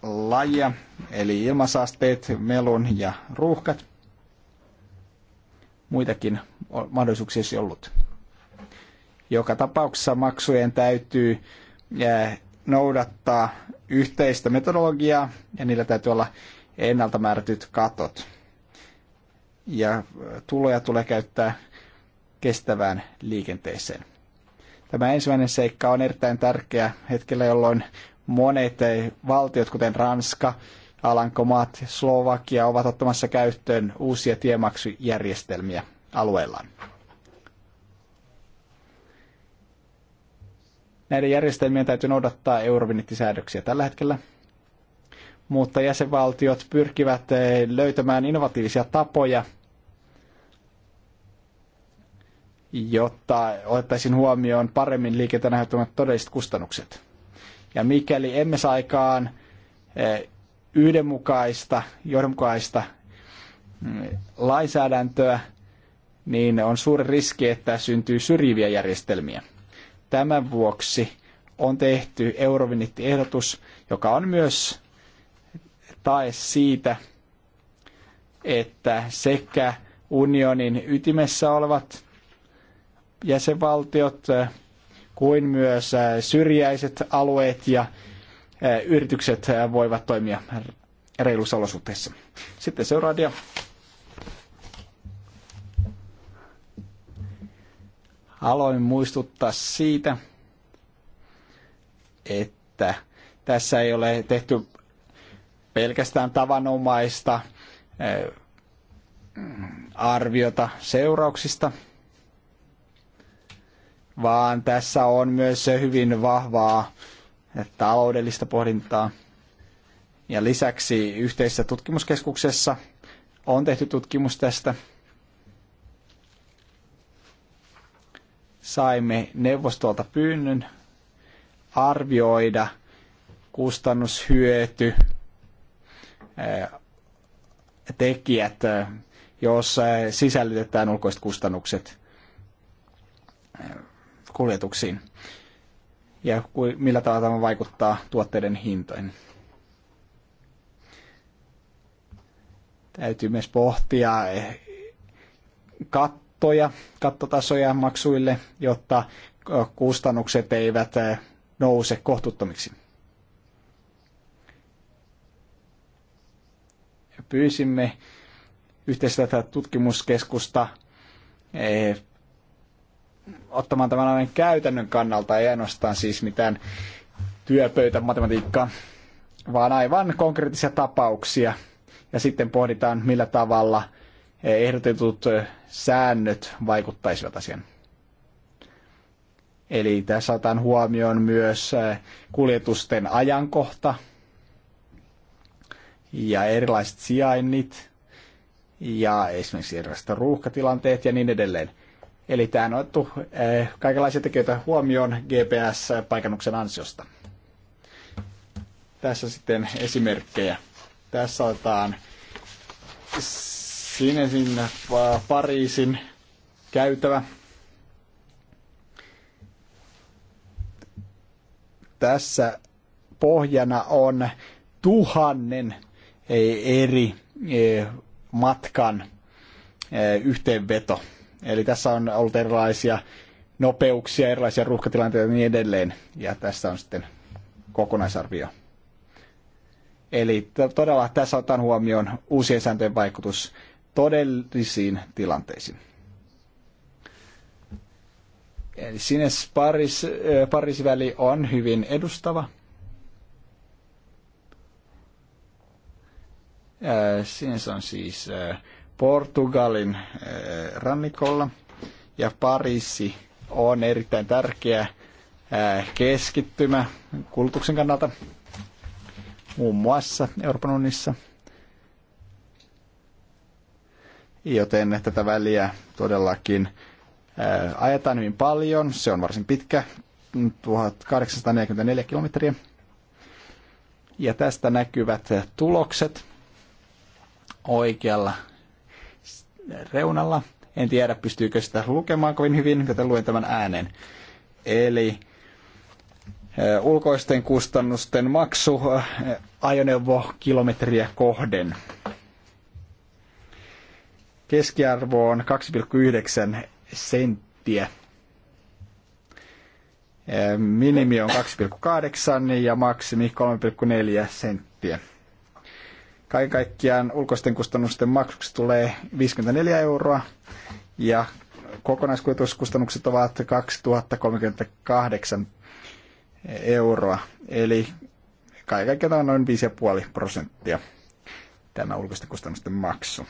lajia, eli ilmasaasteet, melun ja ruuhkat. Muitakin mahdollisuuksia olisi ollut. Joka tapauksessa maksujen täytyy noudattaa yhteistä metodologiaa ja niillä täytyy olla ennalta määrätyt katot. Ja tuloja tulee käyttää kestävään liikenteeseen. Tämä ensimmäinen seikka on erittäin tärkeä hetkellä, jolloin monet valtiot, kuten Ranska, Alankomaat, Slovakia, ovat ottamassa käyttöön uusia tiemaksujärjestelmiä alueellaan. Näiden järjestelmien täytyy noudattaa eurovinittisäädöksiä tällä hetkellä, mutta jäsenvaltiot pyrkivät eh, löytämään innovatiivisia tapoja, jotta otettaisiin huomioon paremmin liikenteen aiheuttamat todelliset kustannukset. Ja mikäli emme saa aikaan eh, yhdenmukaista, johdonmukaista mm, lainsäädäntöä, niin on suuri riski, että syntyy syrjiviä järjestelmiä. Tämän vuoksi on tehty Eurovinitti-ehdotus, joka on myös tae siitä, että sekä unionin ytimessä olevat jäsenvaltiot äh, kuin myös äh, syrjäiset alueet ja äh, yritykset voivat toimia reilussa olosuhteissa. Sitten seuraavia aloin muistuttaa siitä, että tässä ei ole tehty pelkästään tavanomaista eh, arviota seurauksista, vaan tässä on myös hyvin vahvaa eh, taloudellista pohdintaa. Ja lisäksi yhteisessä tutkimuskeskuksessa on tehty tutkimus tästä – saimme neuvostolta pyynnön arvioida kustannushyöty eh, tekijät, eh, jos sisällytetään ulkoiset kustannukset eh, kuljetuksiin ja millä tavalla tämä vaikuttaa tuotteiden hintoihin. Täytyy myös pohtia kattoja, kattotasoja maksuille, jotta kustannukset eivät nouse kohtuuttomiksi. Pyysimme yhteistä tutkimuskeskusta e, ottamaan tämän käytännön kannalta, ei ainoastaan siis mitään työpöytä matematiikkaa, vaan aivan konkreettisia tapauksia. Ja sitten pohditaan, millä tavalla – ehdotetut eh, säännöt vaikuttaisivat asian. Eli tässä otan huomioon myös eh, kuljetusten ajankohta ja erilaiset sijainnit ja esimerkiksi erilaiset ruuhkatilanteet ja niin edelleen. Eli tämä on otettu eh, kaikenlaisia tekijöitä huomioon GPS-paikannuksen ansiosta. Tässä sitten esimerkkejä. Tässä otetaan sinne äh, Pariisin käytävä. Tässä pohjana on tuhannen eri e, matkan e, yhteenveto. Eli tässä on ollut erilaisia nopeuksia, erilaisia ruuhkatilanteita ja niin edelleen. Ja tässä on sitten kokonaisarvio. Eli todella tässä otan huomioon uusien sääntöjen vaikutus todellisiin tilanteisiin. Eli sinnes Paris, äh, Pariisin väli on hyvin edustava. Äh, sinnes on siis äh, Portugalin rannikolla ja Pariisi on erittäin tärkeä keskittymä kulutuksen kannalta muun muassa Euroopan unionissa – joten tätä väliä todellakin ajetaan hyvin paljon. Se on varsin pitkä, 1844 kilometriä. Ja tästä näkyvät tulokset oikealla reunalla. En tiedä, pystyykö sitä lukemaan kovin hyvin, joten luen tämän äänen. Eli ulkoisten kustannusten maksu ajoneuvo kilometriä kohden keskiarvo on 2,9 senttiä. Äh, minimi on 2,8 ja maksimi 3,4 senttiä. Kaiken kaikkiaan ulkoisten kustannusten maksuksi tulee 54 euroa ja kokonaiskuljetuskustannukset ovat 2038 euroa, eli kaiken kaikkiaan noin 5,5 prosenttia tämä ulkoisten kustannusten maksu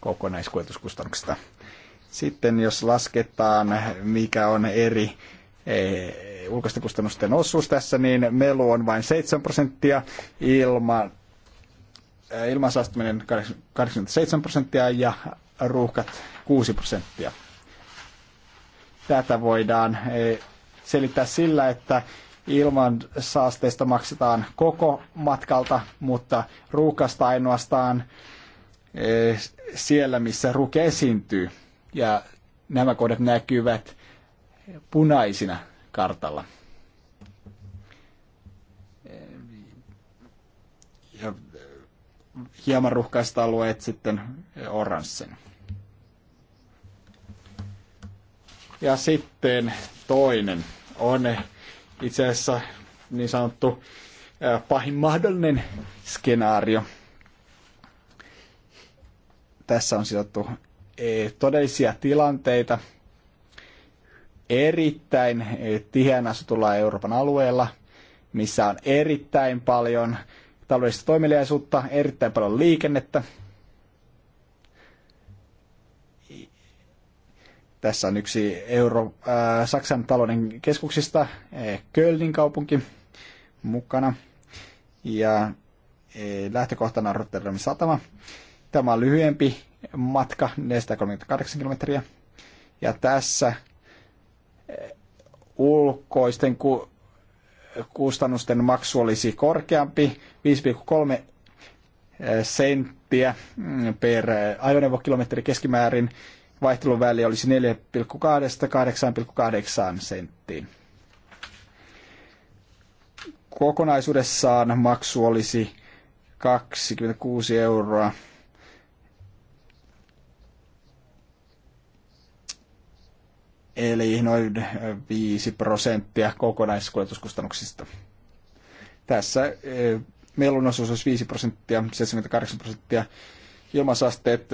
kokonaiskuljetuskustannuksista. Sitten jos lasketaan, mikä on eri e, ulkoisten kustannusten osuus tässä, niin melu on vain 7 prosenttia, ilma, e, ilmansaastuminen 87 prosenttia ja ruuhkat 6 prosenttia. Tätä voidaan e, selittää sillä, että ilman saasteista maksetaan koko matkalta, mutta ruuhkasta ainoastaan Eh, siellä, missä ruke esiintyy. Ja nämä kohdat näkyvät punaisina kartalla. Ja hieman ruhkaista alueet sitten oranssin. Ja sitten toinen on itse asiassa niin sanottu eh, pahin mahdollinen skenaario – tässä on sidottu e, todellisia tilanteita erittäin e, tiheän asutulla Euroopan alueella, missä on erittäin paljon taloudellista toimeliaisuutta, erittäin paljon liikennettä. Tässä on yksi Euro, äh, Saksan talouden keskuksista, e, Kölnin kaupunki mukana. Ja äh, lähtökohtana on Rotterdamin satama. Tämä on lyhyempi matka, 438 kilometriä. Ja tässä eh, ulkoisten ku, kustannusten maksu olisi korkeampi, 5,3 eh, senttiä mm, per eh, ajoneuvokilometri keskimäärin. Vaihtelun väli olisi 4,2-8,8 senttiin. Kokonaisuudessaan maksu olisi 26 euroa eli noin 5 prosenttia kokonaiskuljetuskustannuksista. Tässä melun osuus olisi 5 prosenttia, 78 prosenttia, ilmansasteet,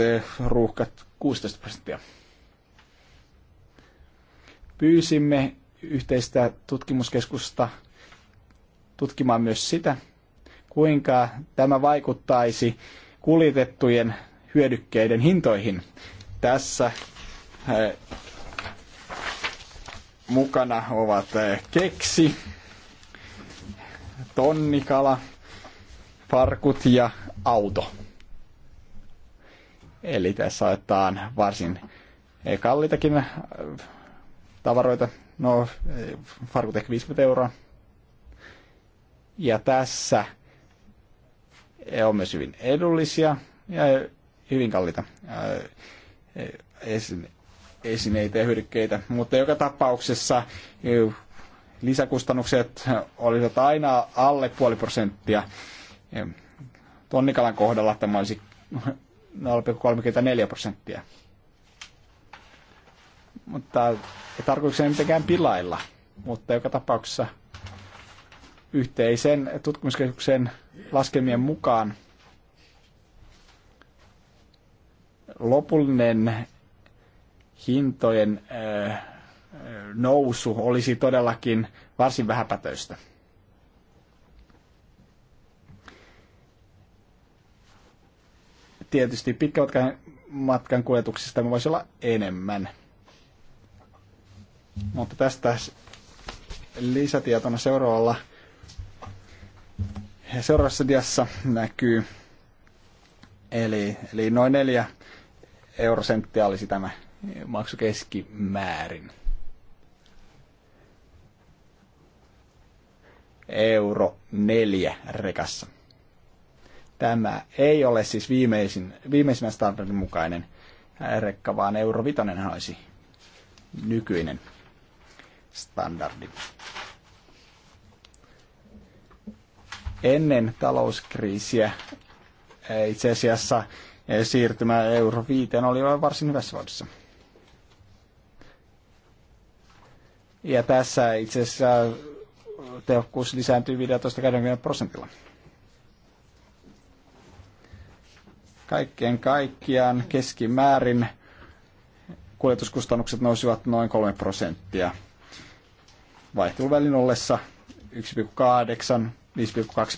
ruuhkat 16 prosenttia. Pyysimme yhteistä tutkimuskeskusta tutkimaan myös sitä, kuinka tämä vaikuttaisi kuljetettujen hyödykkeiden hintoihin. Tässä mukana ovat eh, keksi, tonnikala, parkut ja auto. Eli tässä otetaan varsin eh, kalliitakin eh, tavaroita, no farkut ehkä 50 euroa. Ja tässä on myös hyvin edullisia ja hyvin kalliita esineitä ja hyödykkeitä, mutta joka tapauksessa e, lisäkustannukset olivat aina alle puoli prosenttia. E, Tonnikalan kohdalla tämä olisi 0,34 prosenttia. Mutta ei tarkoituksena mitenkään pilailla, mutta joka tapauksessa yhteisen tutkimuskeskuksen laskemien mukaan lopullinen hintojen nousu olisi todellakin varsin vähäpätöistä. Tietysti pitkän matkan kuljetuksista voisi olla enemmän. Mutta tästä lisätietona seuraavalla seuraavassa diassa näkyy. Eli, eli noin neljä eurosenttiä olisi tämä keskimäärin Euro neljä rekassa. Tämä ei ole siis viimeisin, viimeisimmän standardin mukainen rekka, vaan euro vitonen olisi nykyinen standardi. Ennen talouskriisiä eh, itse asiassa eh, siirtymä euro viiteen oli varsin hyvässä vuodessa. Ja tässä itse asiassa tehokkuus lisääntyy 15-20 prosentilla. Kaikkien kaikkiaan keskimäärin kuljetuskustannukset nousivat noin 3 prosenttia. Vaihteluvälin ollessa 1,8-5,2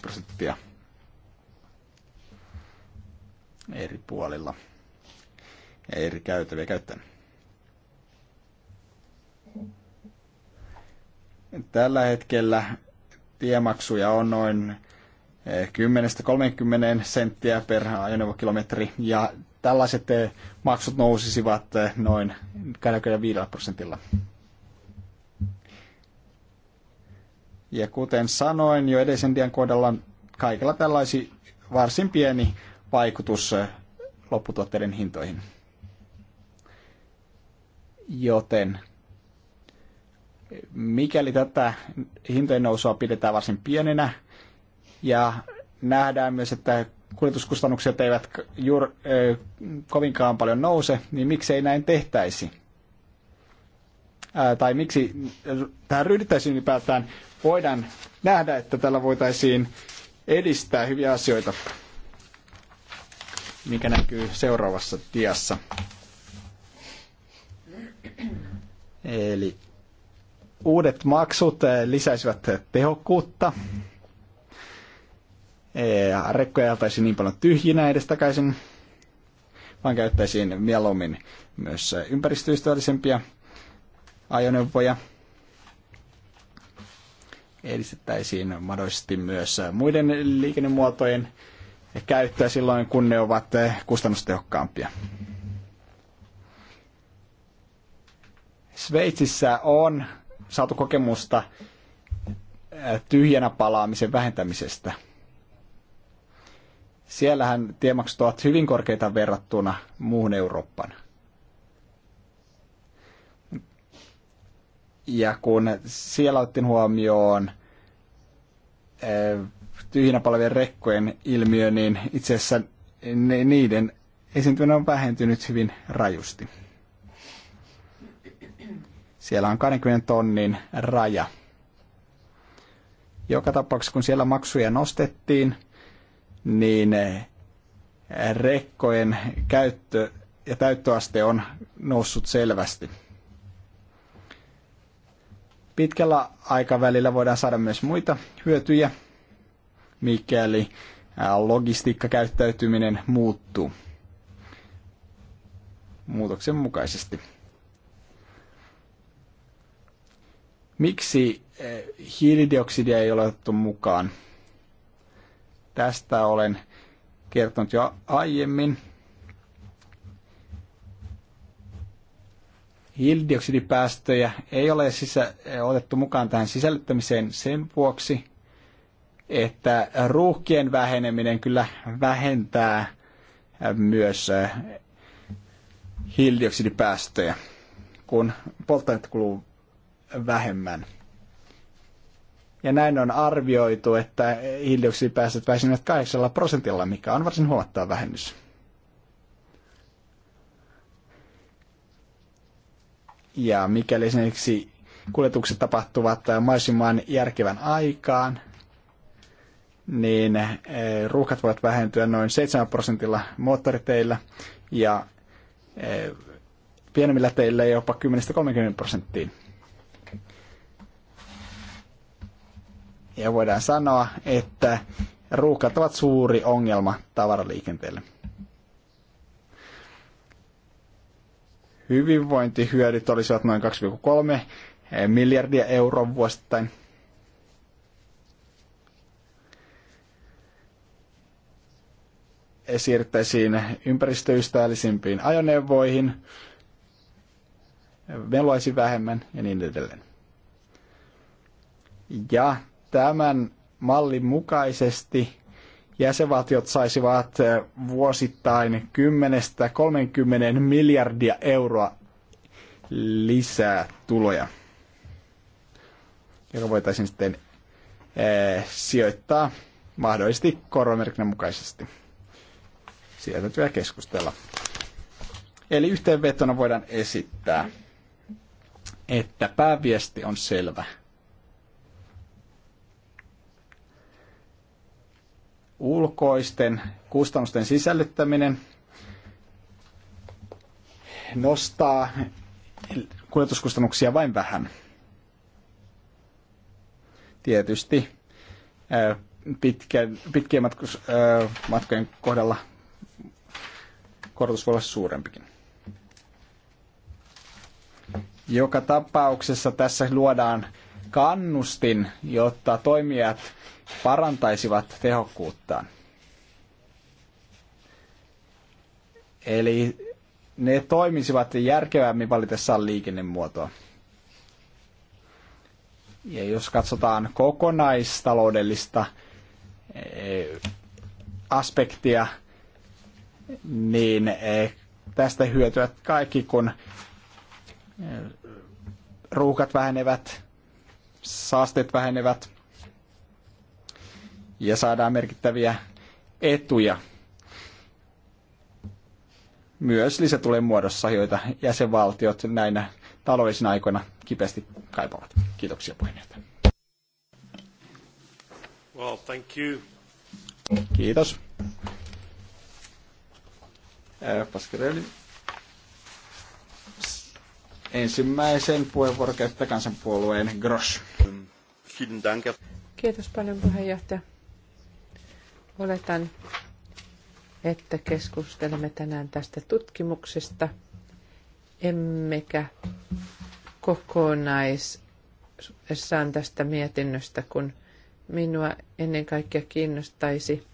prosenttia eri puolilla ja eri käytäviä käyttäen. Tällä hetkellä tiemaksuja on noin 10-30 eh, senttiä per ajoneuvokilometri ja tällaiset eh, maksut nousisivat eh, noin 25 prosentilla. Ja kuten sanoin jo edellisen dian kohdalla, kaikilla tällaisi varsin pieni vaikutus lopputuotteiden hintoihin. Joten Mikäli tätä hintojen nousua pidetään varsin pienenä ja nähdään myös, että kuljetuskustannukset eivät juur, äh, kovinkaan paljon nouse, niin miksei näin tehtäisi? Äh, tai miksi tähän ryhdyttäisiin ylipäätään? Voidaan nähdä, että tällä voitaisiin edistää hyviä asioita, mikä näkyy seuraavassa tiassa. Eli Uudet maksut eh, lisäisivät tehokkuutta. Eh, rekkoja ei niin paljon tyhjinä edestakaisin, vaan käyttäisiin mieluummin myös ympäristöystävällisempiä ajoneuvoja. Edistettäisiin mahdollisesti myös muiden liikennemuotojen käyttöä silloin, kun ne ovat eh, kustannustehokkaampia. Sveitsissä on saatu kokemusta tyhjänä palaamisen vähentämisestä. Siellähän tiemaksut ovat hyvin korkeita verrattuna muuhun Eurooppaan. Ja kun siellä otettiin huomioon tyhjinä palavien rekkojen ilmiö, niin itse asiassa niiden esiintyminen on vähentynyt hyvin rajusti. Siellä on 20 tonnin raja. Joka tapauksessa, kun siellä maksuja nostettiin, niin eh, rekkojen käyttö ja täyttöaste on noussut selvästi. Pitkällä aikavälillä voidaan saada myös muita hyötyjä, mikäli eh, logistiikkakäyttäytyminen muuttuu muutoksen mukaisesti. Miksi eh, hiilidioksidia ei ole otettu mukaan? Tästä olen kertonut jo aiemmin. Hiilidioksidipäästöjä ei ole sisä, eh, otettu mukaan tähän sisällyttämiseen sen vuoksi, että ruuhkien väheneminen kyllä vähentää eh, myös hiilidioksidipäästöjä, kun polttoainetta kuluu vähemmän. Ja näin on arvioitu, että hiilidioksidipäästöt vähenevät 8 prosentilla, mikä on varsin huomattava vähennys. Ja mikäli esimerkiksi kuljetukset tapahtuvat mahdollisimman järkevän aikaan, niin eh, ruuhkat voivat vähentyä noin 7 prosentilla moottoriteillä ja eh, pienemmillä teillä jopa 10-30 prosenttiin. ja voidaan sanoa, että ruuhkat ovat suuri ongelma tavaraliikenteelle. Hyvinvointihyödyt olisivat noin 2,3 miljardia euroa vuosittain. siirryttäisiin ympäristöystävällisimpiin ajoneuvoihin, meluaisi vähemmän ja niin edelleen. Ja Tämän mallin mukaisesti jäsenvaltiot saisivat eh, vuosittain 10-30 miljardia euroa lisää tuloja, joka voitaisiin sitten eh, sijoittaa mahdollisesti korvamerkinnän mukaisesti. Siitä nyt vielä keskustella. Eli yhteenvetona voidaan esittää, että pääviesti on selvä – ulkoisten kustannusten sisällyttäminen nostaa kuljetuskustannuksia vain vähän. Tietysti pitkien, pitkien matkus, matkojen kohdalla korotus voi olla suurempikin. Joka tapauksessa tässä luodaan kannustin, jotta toimijat parantaisivat tehokkuuttaan. Eli ne toimisivat järkevämmin valitessaan liikennemuotoa. Ja jos katsotaan kokonaistaloudellista eh, aspektia, niin eh, tästä hyötyvät kaikki, kun eh, ruuhkat vähenevät, saasteet vähenevät ja saadaan merkittäviä etuja myös lisätulen muodossa, joita jäsenvaltiot näinä taloudellisina aikoina kipeästi kaipaavat. Kiitoksia puhemies. Well, thank you. Kiitos. Pascarelli. Ensimmäisen puheenvuoron käyttää kansanpuolueen Grosch. Kiitos paljon puheenjohtaja. Oletan, että keskustelemme tänään tästä tutkimuksesta, emmekä kokonaisessaan tästä mietinnöstä, kun minua ennen kaikkea kiinnostaisi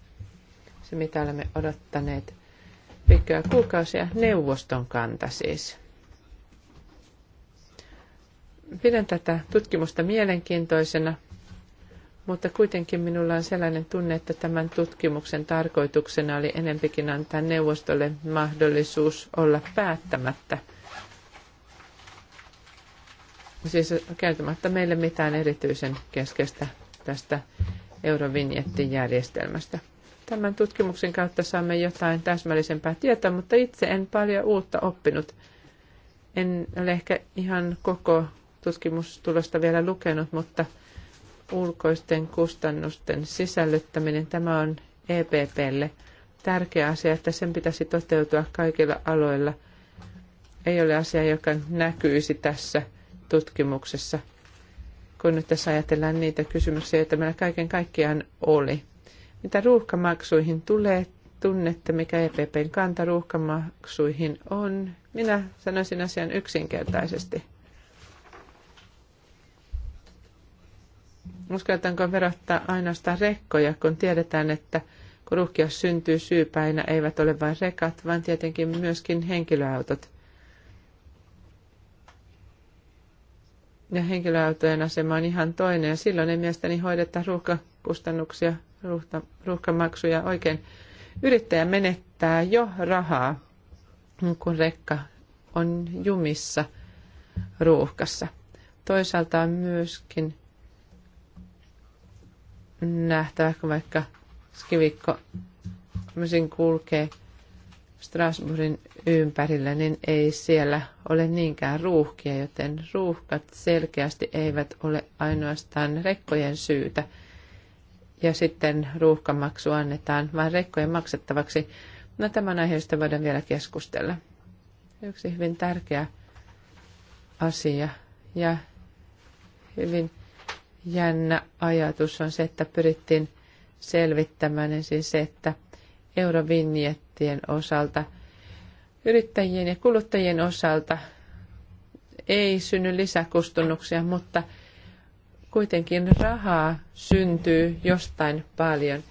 se, mitä olemme odottaneet pikkuja kuukausia neuvoston kanta siis. Pidän tätä tutkimusta mielenkiintoisena, mutta kuitenkin minulla on sellainen tunne, että tämän tutkimuksen tarkoituksena oli enempikin antaa neuvostolle mahdollisuus olla päättämättä. Siis käytämättä meille mitään erityisen keskeistä tästä eurovinjettijärjestelmästä. Tämän tutkimuksen kautta saamme jotain täsmällisempää tietoa, mutta itse en paljon uutta oppinut. En ole ehkä ihan koko tutkimustulosta vielä lukenut, mutta ulkoisten kustannusten sisällyttäminen, tämä on EPPlle tärkeä asia, että sen pitäisi toteutua kaikilla aloilla. Ei ole asia, joka näkyisi tässä tutkimuksessa, kun nyt tässä ajatellaan niitä kysymyksiä, joita meillä kaiken kaikkiaan oli. Mitä ruuhkamaksuihin tulee, tunnette, mikä EPPn kanta ruuhkamaksuihin on. Minä sanoisin asian yksinkertaisesti. uskaltaanko verottaa ainoastaan rekkoja, kun tiedetään, että kun syntyy syypäinä, eivät ole vain rekat, vaan tietenkin myöskin henkilöautot. Ja henkilöautojen asema on ihan toinen, ja silloin ei mielestäni hoideta ruuhkakustannuksia, ruuhka, ruuhkamaksuja oikein. Yrittäjä menettää jo rahaa, kun rekka on jumissa ruuhkassa. Toisaalta on myöskin nähtävä, kun vaikka skivikko myösin kulkee Strasbourgin ympärillä, niin ei siellä ole niinkään ruuhkia, joten ruuhkat selkeästi eivät ole ainoastaan rekkojen syytä. Ja sitten ruuhkamaksu annetaan vain rekkojen maksettavaksi. No tämän aiheesta voidaan vielä keskustella. Yksi hyvin tärkeä asia ja hyvin jännä ajatus on se, että pyrittiin selvittämään ensin se, että eurovinjettien osalta, yrittäjien ja kuluttajien osalta ei synny lisäkustannuksia, mutta kuitenkin rahaa syntyy jostain paljon.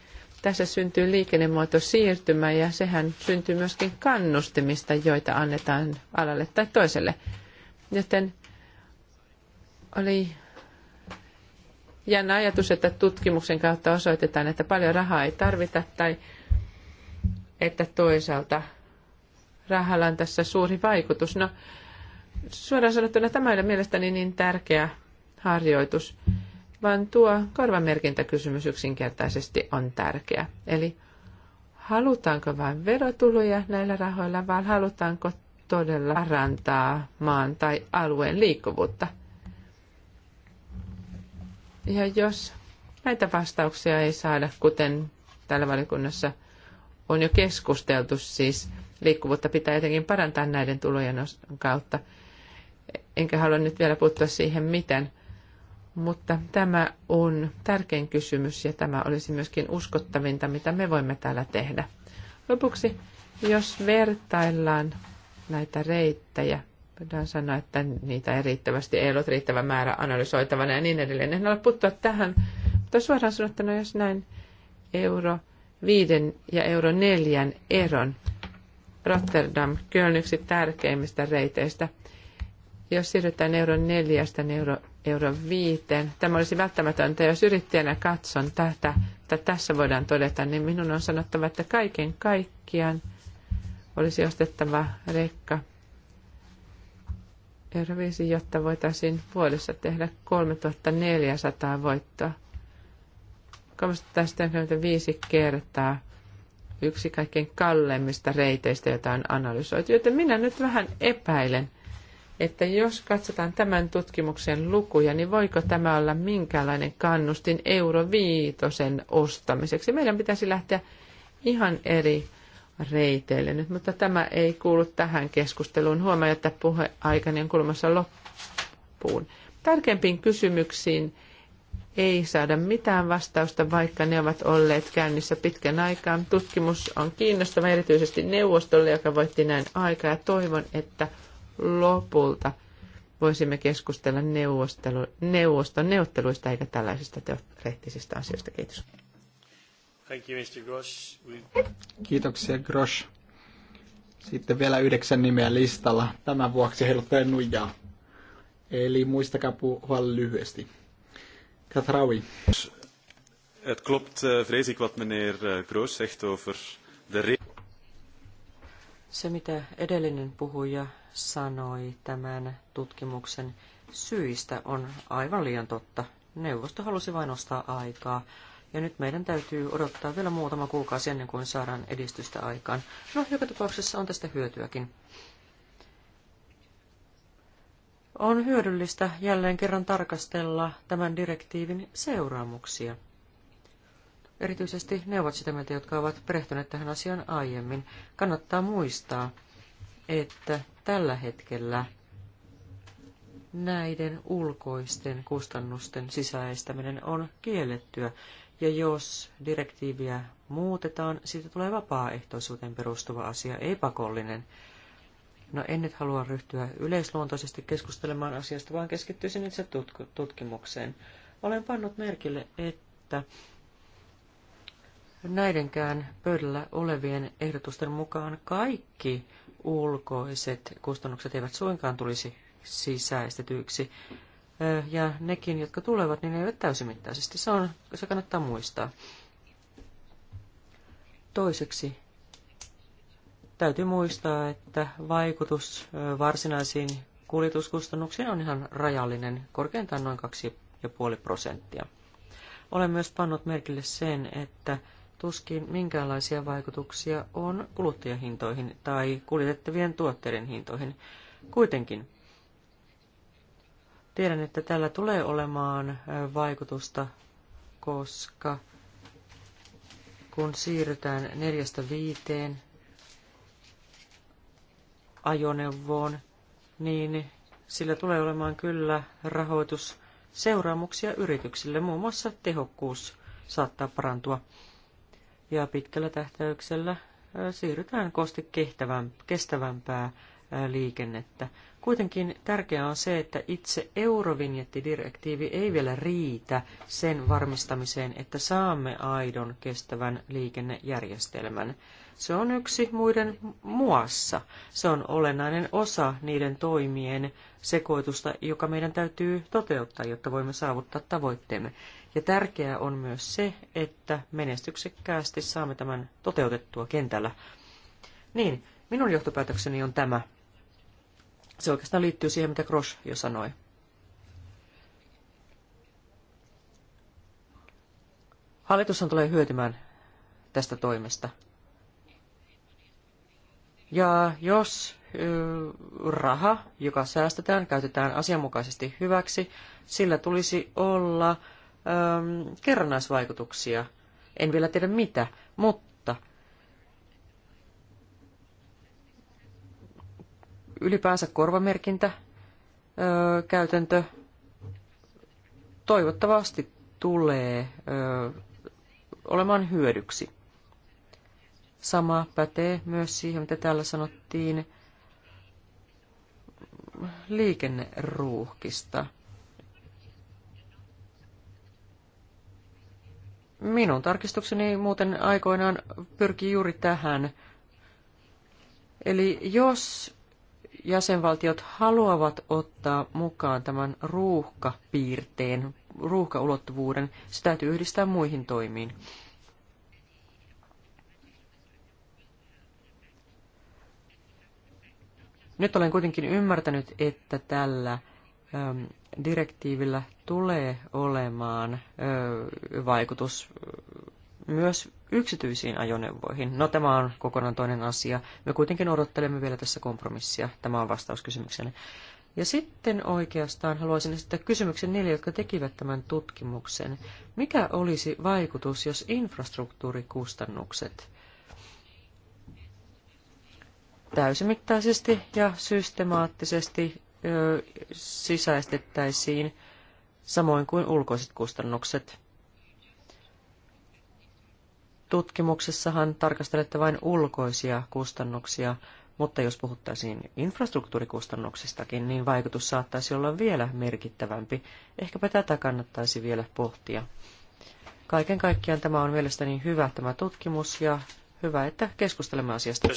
Tässä syntyy liikennemuoto siirtymä ja sehän syntyy myöskin kannustimista, joita annetaan alalle tai toiselle. Joten oli jännä ajatus, että tutkimuksen kautta osoitetaan, että paljon rahaa ei tarvita tai että toisaalta rahalla on tässä suuri vaikutus. No, suoraan sanottuna tämä ei ole mielestäni niin tärkeä harjoitus, vaan tuo korvamerkintäkysymys yksinkertaisesti on tärkeä. Eli halutaanko vain verotuloja näillä rahoilla, vai halutaanko todella parantaa maan tai alueen liikkuvuutta – ja jos näitä vastauksia ei saada, kuten tällä valikunnassa on jo keskusteltu, siis liikkuvuutta pitää jotenkin parantaa näiden tulojen kautta. Enkä halua nyt vielä puuttua siihen, miten, mutta tämä on tärkein kysymys ja tämä olisi myöskin uskottavinta, mitä me voimme täällä tehdä. Lopuksi, jos vertaillaan näitä reittejä, voidaan sanoa, että niitä ei riittävästi, ei ollut riittävä määrä analysoitavana ja niin edelleen. En ole puuttua tähän, mutta suoraan sanottuna, jos näin euro viiden ja euro neljän eron Rotterdam, Köln yksi tärkeimmistä reiteistä. Jos siirrytään euro neljästä euro, euro viiteen, tämä olisi välttämätöntä. Jos yrittäjänä katson tätä, että tässä voidaan todeta, niin minun on sanottava, että kaiken kaikkiaan olisi ostettava rekka euro jotta voitaisiin vuodessa tehdä 3400 voittoa. 375 kertaa yksi kaikkein kalleimmista reiteistä, jota on analysoitu. Joten minä nyt vähän epäilen, että jos katsotaan tämän tutkimuksen lukuja, niin voiko tämä olla minkälainen kannustin euroviitosen ostamiseksi? Meidän pitäisi lähteä ihan eri reiteille nyt, mutta tämä ei kuulu tähän keskusteluun. Huomaa, että puheaikani on kulmassa loppuun. Tärkeimpiin kysymyksiin ei saada mitään vastausta, vaikka ne ovat olleet käynnissä pitkän aikaa. Tutkimus on kiinnostava erityisesti neuvostolle, joka voitti näin aikaa, ja toivon, että lopulta voisimme keskustella neuvoston neuvotteluista eikä tällaisista teoreettisista asioista. Kiitos. Thank you, Mr. Grosh. Kiitoksia, Grosh. Sitten vielä yhdeksän nimeä listalla. Tämän vuoksi heiluttaen nujaa. Eli muistakaa puhua lyhyesti. Katraui. Het klopt, eh, vrees ik, wat meneer eh, Groos zegt over de... Se, mitä edellinen puhuja sanoi tämän tutkimuksen syistä, on aivan liian totta. Neuvosto halusi vain ostaa aikaa. Ja nyt meidän täytyy odottaa vielä muutama kuukausi ennen kuin saadaan edistystä aikaan. No, joka tapauksessa on tästä hyötyäkin. On hyödyllistä jälleen kerran tarkastella tämän direktiivin seuraamuksia. Erityisesti ne ovat sitä mieltä, jotka ovat perehtyneet tähän asiaan aiemmin. Kannattaa muistaa, että tällä hetkellä näiden ulkoisten kustannusten sisäistäminen on kiellettyä. Ja jos direktiiviä muutetaan, siitä tulee vapaaehtoisuuteen perustuva asia, ei pakollinen. No en nyt halua ryhtyä yleisluontoisesti keskustelemaan asiasta, vaan keskittyisin itse tutk- tutkimukseen. Olen pannut merkille, että näidenkään pöydällä olevien ehdotusten mukaan kaikki ulkoiset kustannukset eivät suinkaan tulisi sisäistetyiksi ja nekin, jotka tulevat, niin ne eivät täysimittaisesti. Se, on, se kannattaa muistaa. Toiseksi täytyy muistaa, että vaikutus varsinaisiin kuljetuskustannuksiin on ihan rajallinen, korkeintaan noin 2,5 prosenttia. Olen myös pannut merkille sen, että tuskin minkäänlaisia vaikutuksia on kuluttajahintoihin tai kuljetettavien tuotteiden hintoihin. Kuitenkin Tiedän, että tällä tulee olemaan vaikutusta, koska kun siirrytään neljästä viiteen ajoneuvoon, niin sillä tulee olemaan kyllä seuraamuksia yrityksille. Muun muassa tehokkuus saattaa parantua. Ja pitkällä tähtäyksellä siirrytään kohti kestävämpää liikennettä. Kuitenkin tärkeää on se, että itse eurovinjettidirektiivi ei vielä riitä sen varmistamiseen, että saamme aidon kestävän liikennejärjestelmän. Se on yksi muiden muassa. Se on olennainen osa niiden toimien sekoitusta, joka meidän täytyy toteuttaa, jotta voimme saavuttaa tavoitteemme. Ja tärkeää on myös se, että menestyksekkäästi saamme tämän toteutettua kentällä. Niin, minun johtopäätökseni on tämä – se oikeastaan liittyy siihen, mitä Grosch jo sanoi. Hallitushan tulee hyötymään tästä toimesta. Ja jos raha, joka säästetään, käytetään asianmukaisesti hyväksi, sillä tulisi olla ähm, kerrannaisvaikutuksia. En vielä tiedä mitä, mutta ylipäänsä korvamerkintä käytäntö toivottavasti tulee olemaan hyödyksi. Sama pätee myös siihen, mitä täällä sanottiin liikenneruuhkista. Minun tarkistukseni muuten aikoinaan pyrkii juuri tähän. Eli jos jäsenvaltiot haluavat ottaa mukaan tämän ruuhkapiirteen, ruuhkaulottuvuuden, se täytyy yhdistää muihin toimiin. Nyt olen kuitenkin ymmärtänyt, että tällä ähm, direktiivillä tulee olemaan äh, vaikutus äh, myös yksityisiin ajoneuvoihin. No tämä on kokonaan toinen asia. Me kuitenkin odottelemme vielä tässä kompromissia. Tämä on vastaus kysymykseen. Ja sitten oikeastaan haluaisin esittää kysymyksen niille, jotka tekivät tämän tutkimuksen. Mikä olisi vaikutus, jos infrastruktuurikustannukset täysimittaisesti ja systemaattisesti ö, sisäistettäisiin, samoin kuin ulkoiset kustannukset? tutkimuksessahan tarkastelette vain ulkoisia kustannuksia, mutta jos puhuttaisiin infrastruktuurikustannuksistakin, niin vaikutus saattaisi olla vielä merkittävämpi. Ehkäpä tätä kannattaisi vielä pohtia. Kaiken kaikkiaan tämä on mielestäni hyvä tämä tutkimus ja hyvä, että keskustelemme asiasta.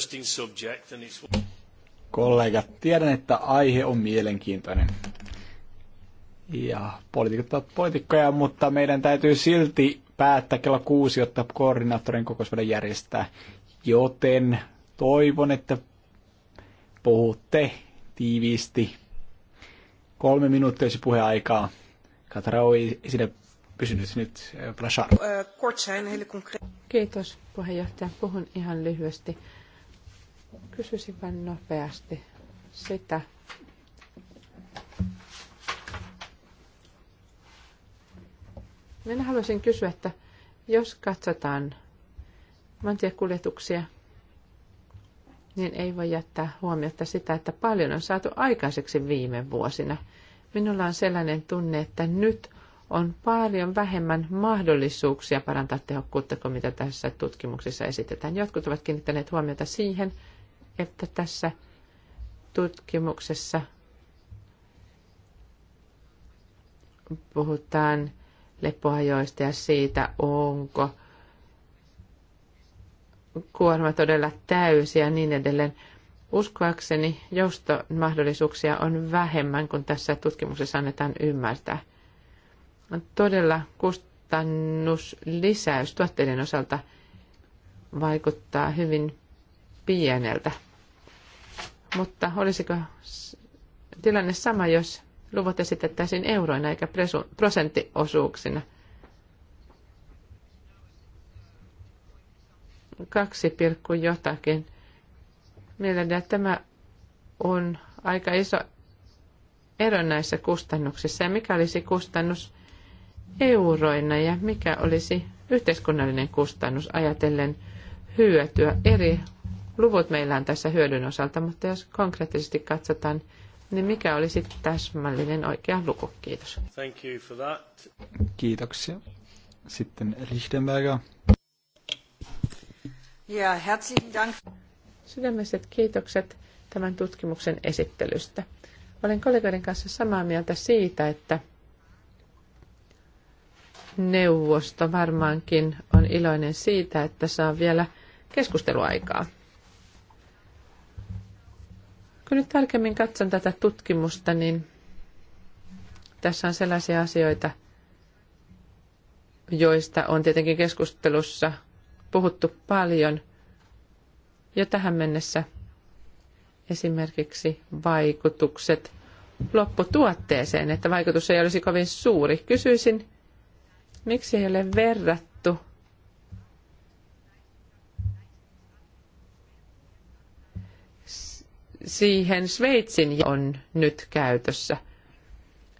Kollegat, tiedän, että aihe on mielenkiintoinen. Ja poliitikot ovat poliitikkoja, mutta meidän täytyy silti päättää kello kuusi, jotta koordinaattorin kokous voidaan järjestää. Joten toivon, että puhutte tiiviisti. Kolme minuuttia olisi puheaikaa. Katara oli siinä pysynyt nyt. Eh, eh, Kiitos puheenjohtaja. Puhun ihan lyhyesti. Kysyisin vain nopeasti sitä, Minä haluaisin kysyä, että jos katsotaan maantiekuljetuksia, niin ei voi jättää huomiota sitä, että paljon on saatu aikaiseksi viime vuosina. Minulla on sellainen tunne, että nyt on paljon vähemmän mahdollisuuksia parantaa tehokkuutta kuin mitä tässä tutkimuksessa esitetään. Jotkut ovat kiinnittäneet huomiota siihen, että tässä tutkimuksessa puhutaan leppoajoista ja siitä, onko kuorma todella täysi ja niin edelleen. Uskoakseni joustomahdollisuuksia on vähemmän kuin tässä tutkimuksessa annetaan ymmärtää. On todella kustannuslisäys tuotteiden osalta vaikuttaa hyvin pieneltä. Mutta olisiko tilanne sama, jos luvut esitettäisiin euroina eikä prosenttiosuuksina. 2, jotakin. Mielestäni tämä on aika iso ero näissä kustannuksissa ja mikä olisi kustannus euroina ja mikä olisi yhteiskunnallinen kustannus ajatellen hyötyä. Eri luvut meillä on tässä hyödyn osalta, mutta jos konkreettisesti katsotaan niin mikä olisi täsmällinen oikea luku? Kiitos. Thank you for that. Kiitoksia. Sitten Richtenberger. Ja herzlichen Dank. Sydämiset kiitokset tämän tutkimuksen esittelystä. Olen kollegoiden kanssa samaa mieltä siitä, että neuvosto varmaankin on iloinen siitä, että saa vielä keskusteluaikaa kun nyt tarkemmin katson tätä tutkimusta, niin tässä on sellaisia asioita, joista on tietenkin keskustelussa puhuttu paljon jo tähän mennessä. Esimerkiksi vaikutukset lopputuotteeseen, että vaikutus ei olisi kovin suuri. Kysyisin, miksi ei ole verrattu siihen Sveitsin on nyt käytössä,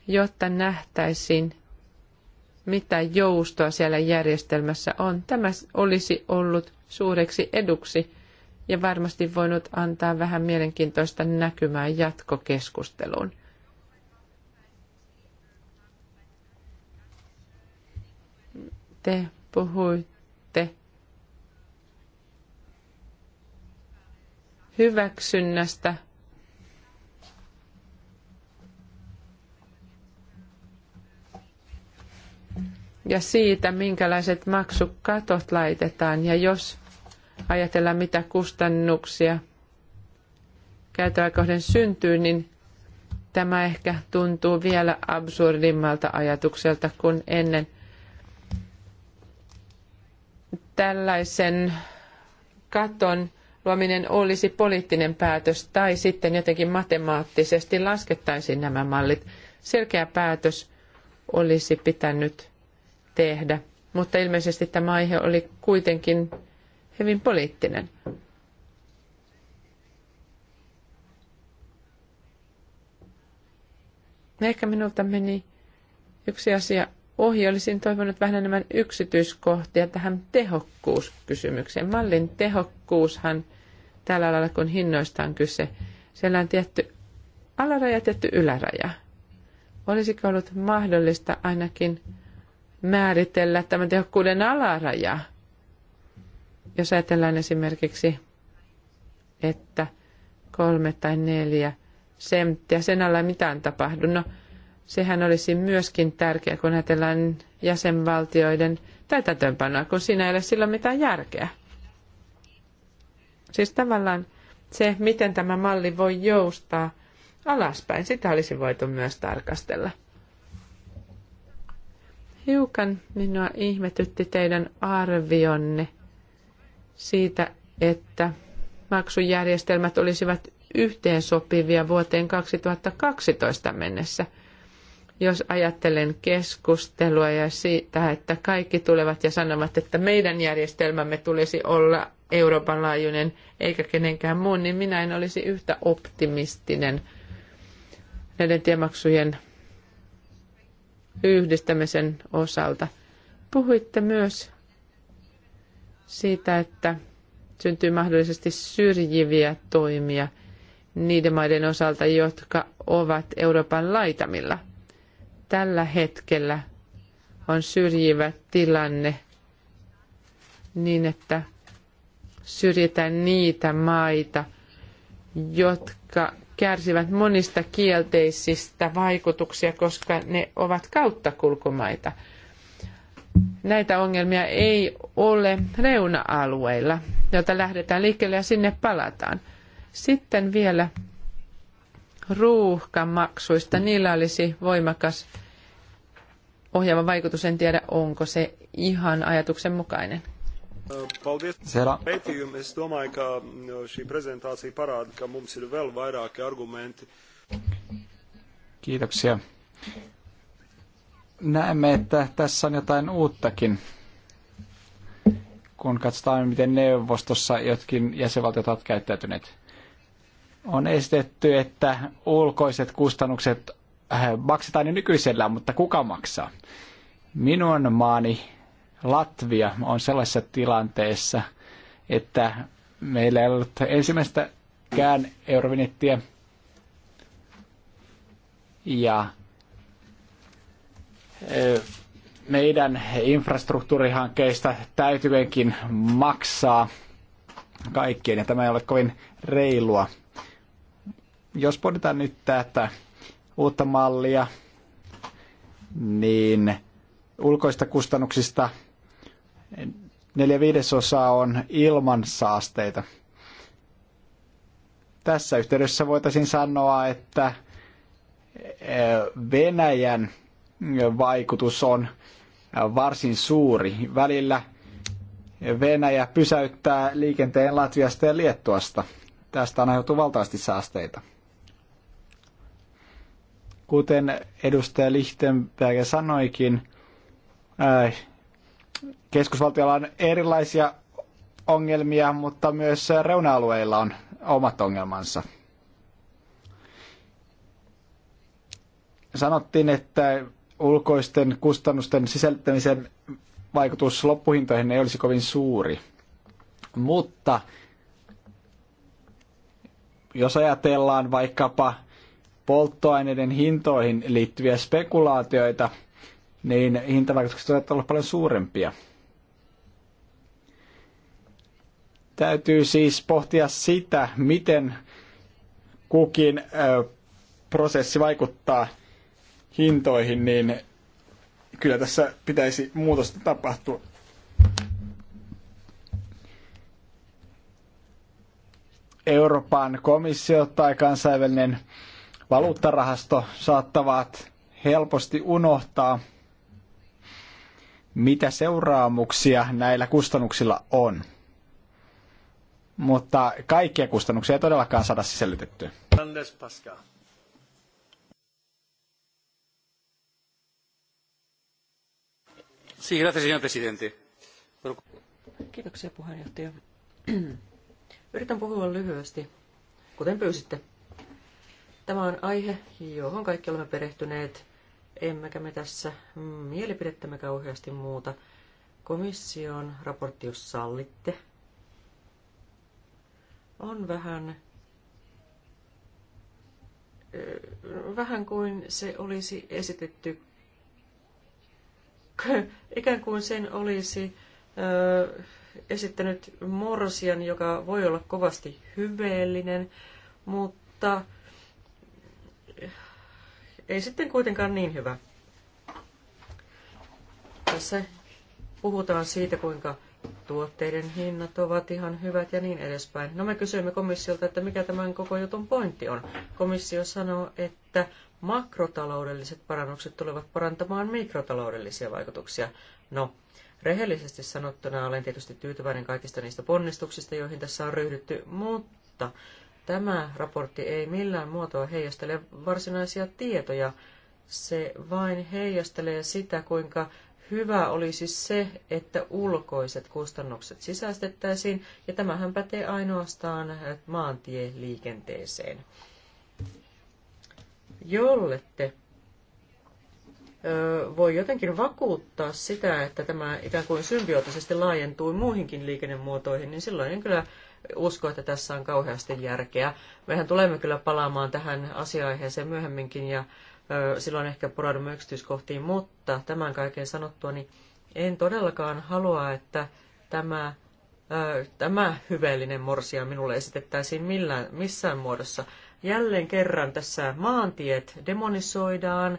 jotta nähtäisiin, mitä joustoa siellä järjestelmässä on. Tämä olisi ollut suureksi eduksi ja varmasti voinut antaa vähän mielenkiintoista näkymää jatkokeskusteluun. Te puhuitte hyväksynnästä. Ja siitä, minkälaiset maksukatot laitetaan ja jos ajatellaan, mitä kustannuksia käytäväkohden syntyy, niin tämä ehkä tuntuu vielä absurdimmalta ajatukselta kuin ennen. Tällaisen katon luominen olisi poliittinen päätös tai sitten jotenkin matemaattisesti laskettaisiin nämä mallit. Selkeä päätös olisi pitänyt tehdä, mutta ilmeisesti tämä aihe oli kuitenkin hyvin poliittinen. Ehkä minulta meni yksi asia ohi. Olisin toivonut vähän enemmän yksityiskohtia tähän tehokkuuskysymykseen. Mallin tehokkuushan – tällä lailla, kun hinnoista on kyse. Siellä on tietty alaraja, tietty yläraja. Olisiko ollut mahdollista ainakin määritellä tämä tehokkuuden alaraja? Jos ajatellaan esimerkiksi, että kolme tai neljä senttiä, sen alla ei mitään tapahdu. No, sehän olisi myöskin tärkeää, kun ajatellaan jäsenvaltioiden täytäntöönpanoa, kun siinä ei ole silloin mitään järkeä. Siis tavallaan se, miten tämä malli voi joustaa alaspäin, sitä olisi voitu myös tarkastella. Hiukan minua ihmetytti teidän arvionne siitä, että maksujärjestelmät olisivat yhteensopivia vuoteen 2012 mennessä. Jos ajattelen keskustelua ja siitä, että kaikki tulevat ja sanovat, että meidän järjestelmämme tulisi olla Euroopan laajuinen eikä kenenkään muun, niin minä en olisi yhtä optimistinen näiden tiemaksujen yhdistämisen osalta. Puhuitte myös siitä, että syntyy mahdollisesti syrjiviä toimia niiden maiden osalta, jotka ovat Euroopan laitamilla. Tällä hetkellä on syrjivä tilanne niin, että syrjitä niitä maita, jotka kärsivät monista kielteisistä vaikutuksia, koska ne ovat kauttakulkumaita. Näitä ongelmia ei ole reuna-alueilla, joilta lähdetään liikkeelle ja sinne palataan. Sitten vielä ruuhkamaksuista. Niillä olisi voimakas ohjaava vaikutus. En tiedä, onko se ihan ajatuksen mukainen. Paldies par pētījumu. Es domāju, ka mm, šī prezentācija parāda, ka mums ir vēl vairāki argumenti. Kiitoksia. Näemme, että tässä on jotain uuttakin. Kun katsotaan, miten neuvostossa jotkin jäsenvaltiot ovat käyttäytyneet. On esitetty, että ulkoiset kustannukset äh, maksetaan jo nykyisellään, mutta kuka maksaa? Minun maani Latvia on sellaisessa tilanteessa, että meillä ei ollut ensimmäistäkään eurovinettiä. Ja meidän infrastruktuurihankkeista täytyykin maksaa kaikkien, ja tämä ei ole kovin reilua. Jos pohditaan nyt tätä uutta mallia, niin ulkoista kustannuksista – neljä viidesosaa on ilman saasteita. Tässä yhteydessä voitaisiin sanoa, että e, Venäjän vaikutus on varsin suuri. Välillä Venäjä pysäyttää liikenteen Latviasta ja Liettuasta. Tästä on aiheutunut valtavasti saasteita. Kuten edustaja Lichtenberg sanoikin, keskusvaltiolla on erilaisia ongelmia, mutta myös reuna-alueilla on omat ongelmansa. Sanottiin, että ulkoisten kustannusten sisältämisen vaikutus loppuhintoihin ei olisi kovin suuri. Mutta jos ajatellaan vaikkapa polttoaineiden hintoihin liittyviä spekulaatioita, niin hintavaikutukset ovat olleet paljon suurempia – Täytyy siis pohtia sitä, miten kukin prosessi vaikuttaa hintoihin, niin kyllä tässä pitäisi muutosta tapahtua. Euroopan komissio tai kansainvälinen valuuttarahasto saattavat helposti unohtaa, mitä seuraamuksia näillä kustannuksilla on mutta kaikkia kustannuksia ei todellakaan saada sisällytettyä. Anders Kiitoksia puheenjohtaja. Yritän puhua lyhyesti, kuten pyysitte. Tämä on aihe, johon kaikki olemme perehtyneet, emmekä me tässä mielipidettämme kauheasti muuta. Komission raportti, jos sallitte, on vähän, vähän kuin se olisi esitetty, ikään kuin sen olisi esittänyt morsian, joka voi olla kovasti hyveellinen, mutta ei sitten kuitenkaan niin hyvä. Tässä puhutaan siitä, kuinka tuotteiden hinnat ovat ihan hyvät ja niin edespäin. No me kysyimme komissiolta, että mikä tämän koko jutun pointti on. Komissio sanoo, että makrotaloudelliset parannukset tulevat parantamaan mikrotaloudellisia vaikutuksia. No, rehellisesti sanottuna olen tietysti tyytyväinen kaikista niistä ponnistuksista, joihin tässä on ryhdytty, mutta tämä raportti ei millään muotoa heijastele varsinaisia tietoja. Se vain heijastelee sitä, kuinka Hyvä olisi se, että ulkoiset kustannukset sisäistettäisiin, ja tämähän pätee ainoastaan maantieliikenteeseen. Jollette voi jotenkin vakuuttaa sitä, että tämä ikään kuin symbioottisesti laajentuu muihinkin liikennemuotoihin, niin silloin en kyllä usko, että tässä on kauheasti järkeä. Mehän tulemme kyllä palaamaan tähän asiaiheeseen myöhemminkin ja silloin ehkä poraudumme yksityiskohtiin, mutta tämän kaiken sanottua, niin en todellakaan halua, että tämä, tämä hyveellinen morsia minulle esitettäisiin millään, missään muodossa. Jälleen kerran tässä maantiet demonisoidaan,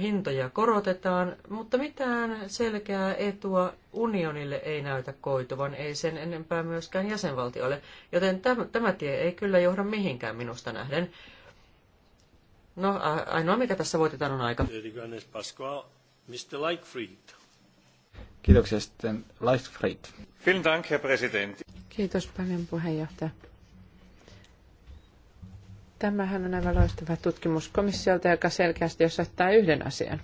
hintoja korotetaan, mutta mitään selkeää etua unionille ei näytä koituvan, ei sen enempää myöskään jäsenvaltioille, joten tämä tie ei kyllä johda mihinkään minusta nähden. No, ainoa mikä tässä voitetaan on aika. Mr. Leichfried. Kiitoksia sitten Leichfried. Vielen Dank, Herr Präsident. Kiitos paljon puheenjohtaja. Tämähän on aivan loistava tutkimus komissiolta, joka selkeästi osoittaa yhden asian.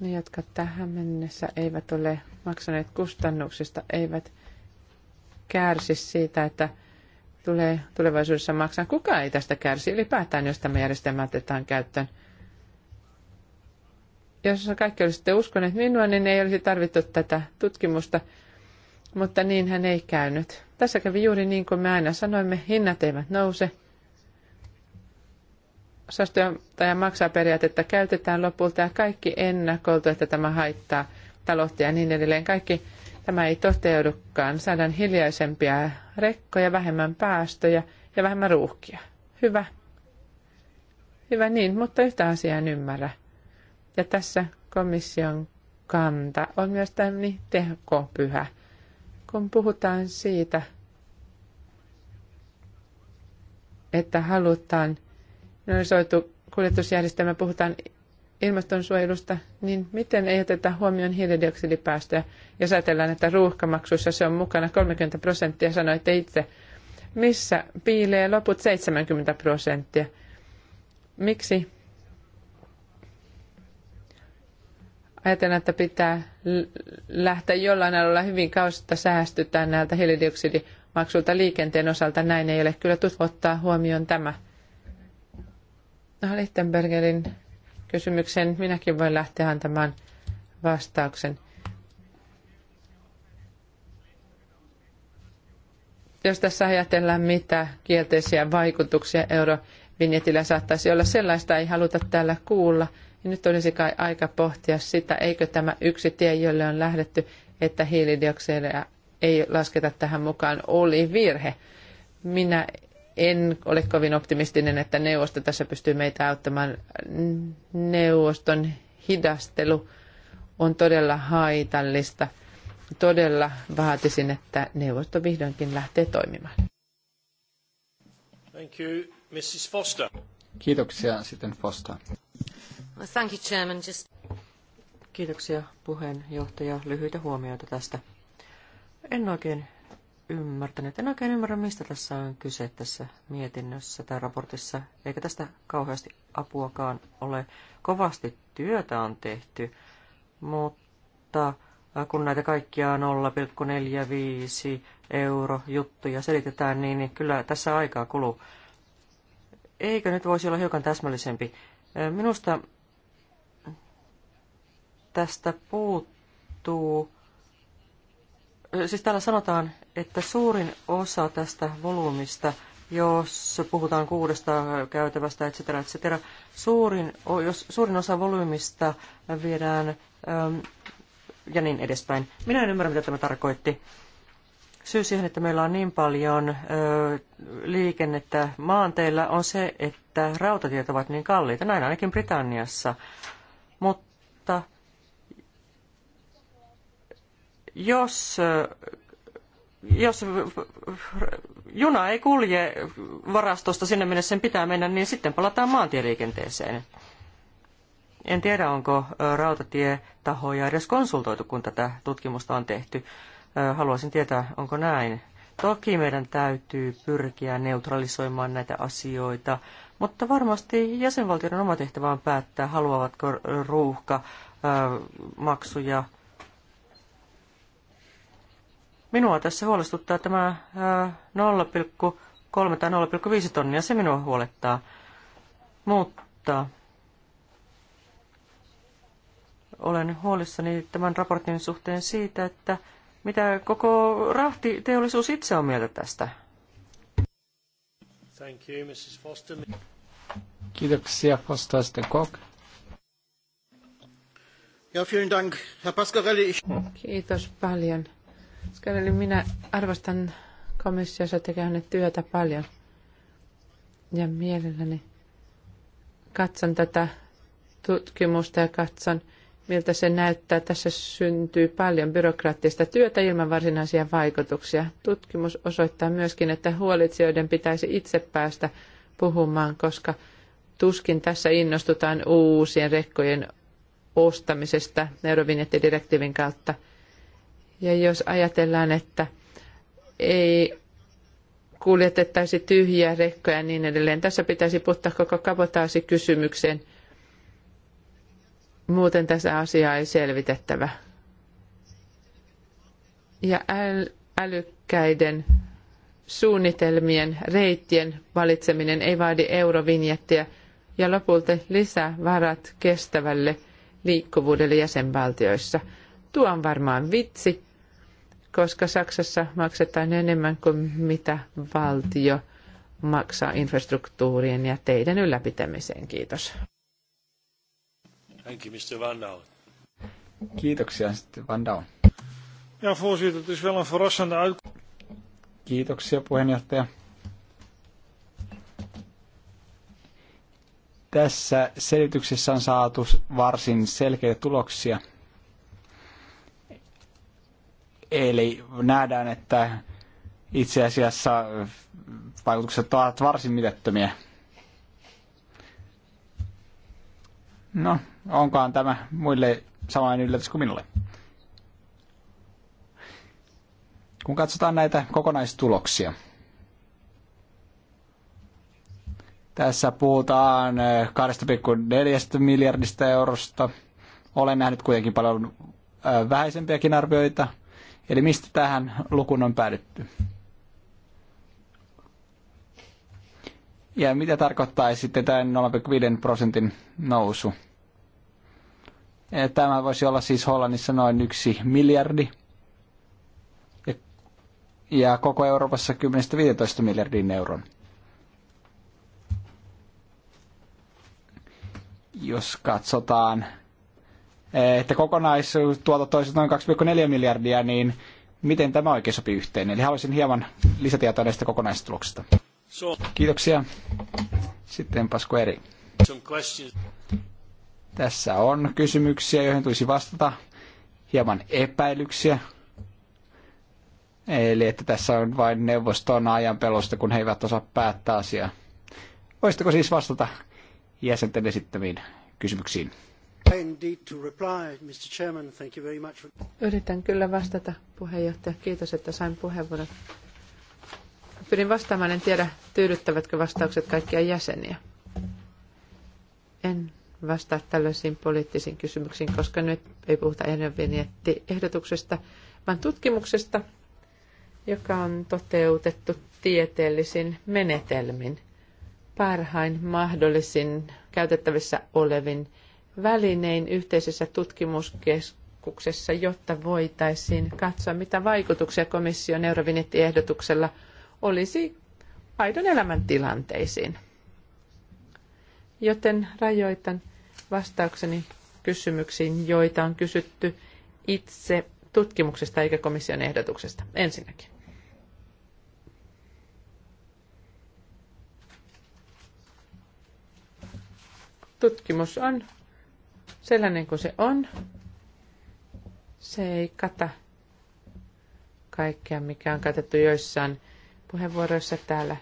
Ne, jotka tähän mennessä eivät ole maksaneet kustannuksista, eivät kärsi siitä, että – tulee tulevaisuudessa maksaa. Kuka ei tästä kärsi ylipäätään, jos tämä järjestelmä otetaan käyttöön? Jos kaikki olisitte uskoneet minua, niin ei olisi tarvittu tätä tutkimusta, mutta niin hän ei käynyt. Tässä kävi juuri niin kuin me aina sanoimme, hinnat eivät nouse. tai maksaa periaatetta käytetään lopulta ja kaikki ennakoltu, että tämä haittaa taloutta ja niin edelleen. Kaikki tämä ei toteudukaan. Saadaan hiljaisempia rekkoja, vähemmän päästöjä ja vähemmän ruuhkia. Hyvä. Hyvä niin, mutta yhtä asiaa en ymmärrä. Ja tässä komission kanta on myös tämmöinen pyhä, Kun puhutaan siitä, että halutaan, no soitu kuljetusjärjestelmä, puhutaan ilmastonsuojelusta, niin miten ei oteta huomioon hiilidioksidipäästöjä? ja ajatellaan, että ruuhkamaksuissa se on mukana 30 prosenttia, sanoitte itse, missä piilee loput 70 prosenttia? Miksi ajatellaan, että pitää lähteä jollain alueella hyvin kausta säästytään näiltä hiilidioksidimaksulta liikenteen osalta. Näin ei ole kyllä ottaa huomioon tämä. No, Lichtenbergerin kysymykseen minäkin voin lähteä antamaan vastauksen. Jos tässä ajatellaan, mitä kielteisiä vaikutuksia eurovinjetillä saattaisi olla, sellaista ei haluta täällä kuulla, niin nyt olisi kai aika pohtia sitä, eikö tämä yksi tie, jolle on lähdetty, että hiilidioksidia ei lasketa tähän mukaan, oli virhe. Minä en ole kovin optimistinen, että neuvosto tässä pystyy meitä auttamaan. Neuvoston hidastelu on todella haitallista. Todella vaatisin, että neuvosto vihdoinkin lähtee toimimaan. Thank you, Mrs. Foster. Kiitoksia sitten Foster. thank you, Chairman. Just... Kiitoksia puheenjohtaja. Lyhyitä huomioita tästä. En oikein ymmärtänyt. En oikein ymmärrä, mistä tässä on kyse tässä mietinnössä tai raportissa, eikä tästä kauheasti apuakaan ole. Kovasti työtä on tehty, mutta äh, kun näitä kaikkia 0,45 euro juttuja selitetään, niin, niin kyllä tässä aikaa kuluu. Eikö nyt voisi olla hiukan täsmällisempi? Äh, minusta tästä puuttuu siis täällä sanotaan, että suurin osa tästä volyymista, jos puhutaan kuudesta käytävästä, etc., etc., suurin, jos suurin osa volyymista viedään ähm, ja niin edespäin. Minä en ymmärrä, mitä tämä tarkoitti. Syy siihen, että meillä on niin paljon äh, liikennettä maanteilla, on se, että rautatiet ovat niin kalliita, näin ainakin Britanniassa. Mutta jos, jos juna ei kulje varastosta sinne, minne sen pitää mennä, niin sitten palataan maantieliikenteeseen. En tiedä, onko rautatietahoja edes konsultoitu, kun tätä tutkimusta on tehty. Haluaisin tietää, onko näin. Toki meidän täytyy pyrkiä neutralisoimaan näitä asioita, mutta varmasti jäsenvaltioiden oma tehtävä on päättää, haluavatko ruuhka maksuja Minua tässä huolestuttaa tämä 0,3 tai 0,5 tonnia, se minua huolettaa. Mutta olen huolissani tämän raportin suhteen siitä, että mitä koko rahtiteollisuus itse on mieltä tästä. Thank you, Mrs. Foster. Kiitoksia, Foster Stenkok. Ja, vielen Dank, Herr Pascarelli. Kiitos paljon. Skareli, minä arvostan komissiossa tekemään työtä paljon. Ja mielelläni katson tätä tutkimusta ja katson, miltä se näyttää. Tässä syntyy paljon byrokraattista työtä ilman varsinaisia vaikutuksia. Tutkimus osoittaa myöskin, että huolitsijoiden pitäisi itse päästä puhumaan, koska tuskin tässä innostutaan uusien rekkojen ostamisesta Eurovinjettidirektiivin kautta – ja jos ajatellaan, että ei kuljetettaisi tyhjiä rekkoja ja niin edelleen. Tässä pitäisi puuttaa koko kabotaasi kysymykseen. Muuten tässä asiaa ei selvitettävä. Ja älykkäiden suunnitelmien, reittien valitseminen ei vaadi eurovinjettiä ja lopulta lisää varat kestävälle liikkuvuudelle jäsenvaltioissa. Tuo on varmaan vitsi, koska Saksassa maksetaan enemmän kuin mitä valtio maksaa infrastruktuurien ja teidän ylläpitämiseen. Kiitos. Thank you, Mr. Van Daun. Kiitoksia, sitten Van Dau. Ja, voorzitter, het is wel een verrassende Kiitoksia, puheenjohtaja. Tässä selityksessä on saatu varsin selkeitä tuloksia – Eli nähdään, että itse asiassa vaikutukset ovat varsin mitättömiä. No, onkaan tämä muille samanlainen yllätys kuin minulle. Kun katsotaan näitä kokonaistuloksia, tässä puhutaan 2,4 eh, miljardista eurosta. Olen nähnyt kuitenkin paljon eh, vähäisempiäkin arvioita – Eli mistä tähän lukuun on päädytty? Ja mitä tarkoittaa sitten tämä 0,5 prosentin nousu? Tämä voisi olla siis Hollannissa noin yksi miljardi ja koko Euroopassa 10-15 miljardin euron. Jos katsotaan Eh, että kokonaisuustuotot toisi noin 2,4 miljardia, niin miten tämä oikein sopii yhteen? Eli haluaisin hieman lisätietoa näistä kokonaistuloksista. Kiitoksia. Sitten Pasko Eri. Tässä on kysymyksiä, joihin tulisi vastata. Hieman epäilyksiä. Eli että tässä on vain neuvoston ajan pelosta, kun he eivät osaa päättää asiaa. Voisitteko siis vastata jäsenten esittämiin kysymyksiin? Yritän kyllä vastata, puheenjohtaja. Kiitos, että sain puheenvuoron. Pyrin vastaamaan, en tiedä, tyydyttävätkö vastaukset kaikkia jäseniä. En vastaa tällaisiin poliittisiin kysymyksiin, koska nyt ei puhuta ehdotuksesta, vaan tutkimuksesta, joka on toteutettu tieteellisin menetelmin, parhain mahdollisin käytettävissä olevin välinein yhteisessä tutkimuskeskuksessa, jotta voitaisiin katsoa, mitä vaikutuksia komission eurovinettiehdotuksella olisi aidon elämän tilanteisiin. Joten rajoitan vastaukseni kysymyksiin, joita on kysytty itse tutkimuksesta eikä komission ehdotuksesta ensinnäkin. Tutkimus on sellainen kuin se on. Se ei kata kaikkea, mikä on katettu joissain puheenvuoroissa täällä.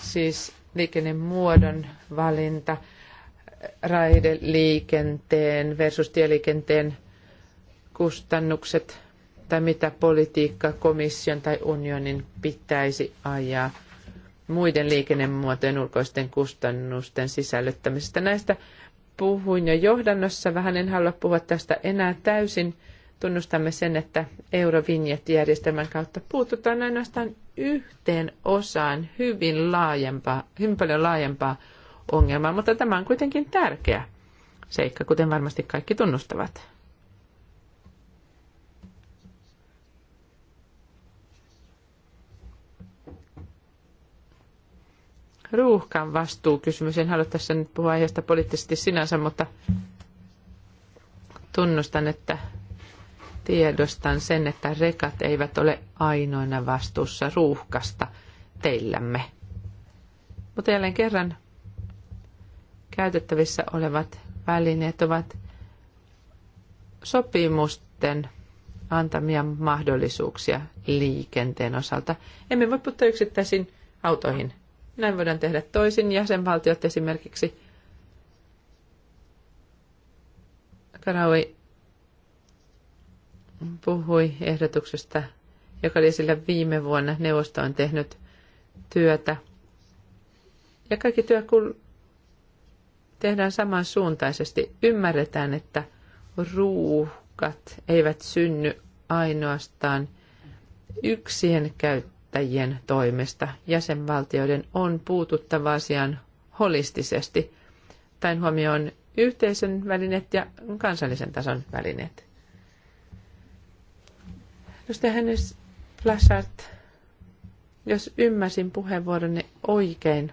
Siis liikennemuodon valinta, raideliikenteen versus tieliikenteen kustannukset tai mitä politiikka komission tai unionin pitäisi ajaa muiden liikennemuotojen ulkoisten kustannusten sisällyttämisestä. Näistä puhuin jo johdannossa vähän, en halua puhua tästä enää täysin. Tunnustamme sen, että Eurovinjet-järjestelmän kautta puututaan ainoastaan yhteen osaan hyvin, laajempaa, hyvin paljon laajempaa ongelmaa, mutta tämä on kuitenkin tärkeä seikka, kuten varmasti kaikki tunnustavat. ruuhkan vastuukysymys. En halua tässä nyt puhua aiheesta poliittisesti sinänsä, mutta tunnustan, että tiedostan sen, että rekat eivät ole ainoina vastuussa ruuhkasta teillämme. Mutta jälleen kerran käytettävissä olevat välineet ovat sopimusten antamia mahdollisuuksia liikenteen osalta. Emme voi puuttua yksittäisiin autoihin näin voidaan tehdä toisin. Jäsenvaltiot esimerkiksi Karaui puhui ehdotuksesta, joka oli sillä viime vuonna. Neuvosto on tehnyt työtä. Ja kaikki työ kun tehdään samansuuntaisesti. Ymmärretään, että ruuhkat eivät synny ainoastaan yksien käyttöön päättäjien toimesta. Jäsenvaltioiden on puututtava asiaan holistisesti, tai huomioon yhteisön välineet ja kansallisen tason välineet. Edustaja Hennis flashart, jos ymmärsin puheenvuoronne oikein,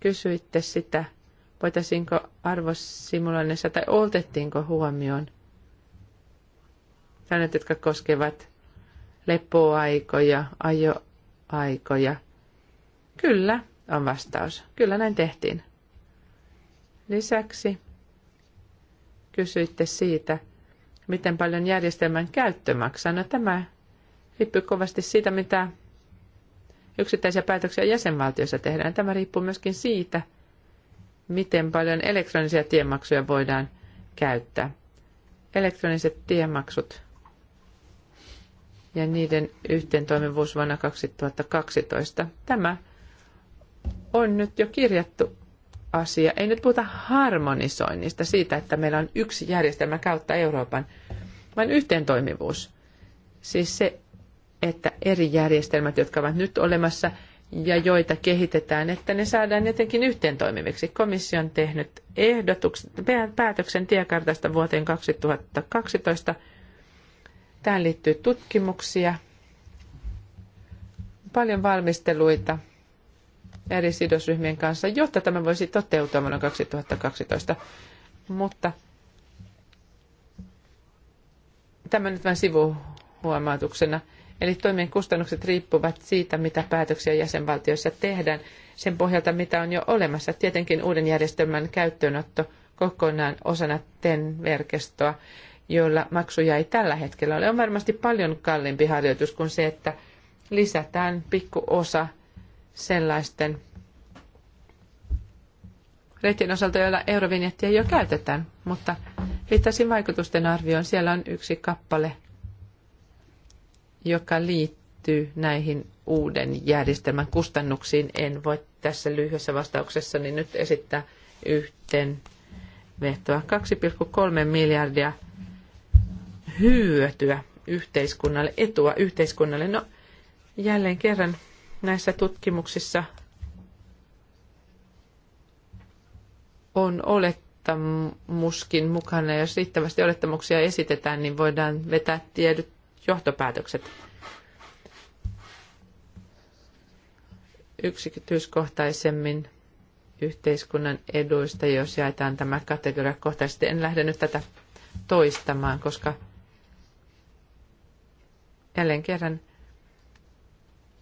kysyitte sitä, voitaisiinko arvosimuloinnissa tai oltettiinko huomioon säännöt, jotka koskevat lepoaikoja, ajoaikoja. Kyllä, on vastaus. Kyllä näin tehtiin. Lisäksi kysyitte siitä, miten paljon järjestelmän käyttö maksaa. No tämä riippuu kovasti siitä, mitä yksittäisiä päätöksiä jäsenvaltiossa tehdään. Tämä riippuu myöskin siitä, miten paljon elektronisia tiemaksuja voidaan käyttää. Elektroniset tiemaksut ja niiden yhteentoimivuus vuonna 2012. Tämä on nyt jo kirjattu asia. Ei nyt puhuta harmonisoinnista siitä, että meillä on yksi järjestelmä kautta Euroopan, vaan yhteentoimivuus. Siis se, että eri järjestelmät, jotka ovat nyt olemassa ja joita kehitetään, että ne saadaan jotenkin yhteentoimiviksi. Komissio on tehnyt ehdotuksen, päätöksen tiekartasta vuoteen 2012 Tähän liittyy tutkimuksia, paljon valmisteluita eri sidosryhmien kanssa, jotta tämä voisi toteutua vuonna 2012. Mutta tämä nyt vain sivuhuomautuksena. Eli toimien kustannukset riippuvat siitä, mitä päätöksiä jäsenvaltioissa tehdään, sen pohjalta mitä on jo olemassa. Tietenkin uuden järjestelmän käyttöönotto kokonaan osana TEN-verkestoa joilla maksuja ei tällä hetkellä ole, on varmasti paljon kalliimpi harjoitus kuin se, että lisätään pikkuosa sellaisten reitin osalta, joilla eurovinjettiä jo käytetään, mutta viittasin vaikutusten arvioon. Siellä on yksi kappale, joka liittyy näihin uuden järjestelmän kustannuksiin. En voi tässä lyhyessä vastauksessani nyt esittää yhteen vehtoa. 2,3 miljardia – hyötyä yhteiskunnalle, etua yhteiskunnalle. No, jälleen kerran näissä tutkimuksissa on olettamuskin mukana. Jos riittävästi olettamuksia esitetään, niin voidaan vetää tiedyt johtopäätökset. Yksityiskohtaisemmin yhteiskunnan eduista, jos jaetaan tämä kohtaisesti. En lähde nyt tätä toistamaan, koska Jälleen kerran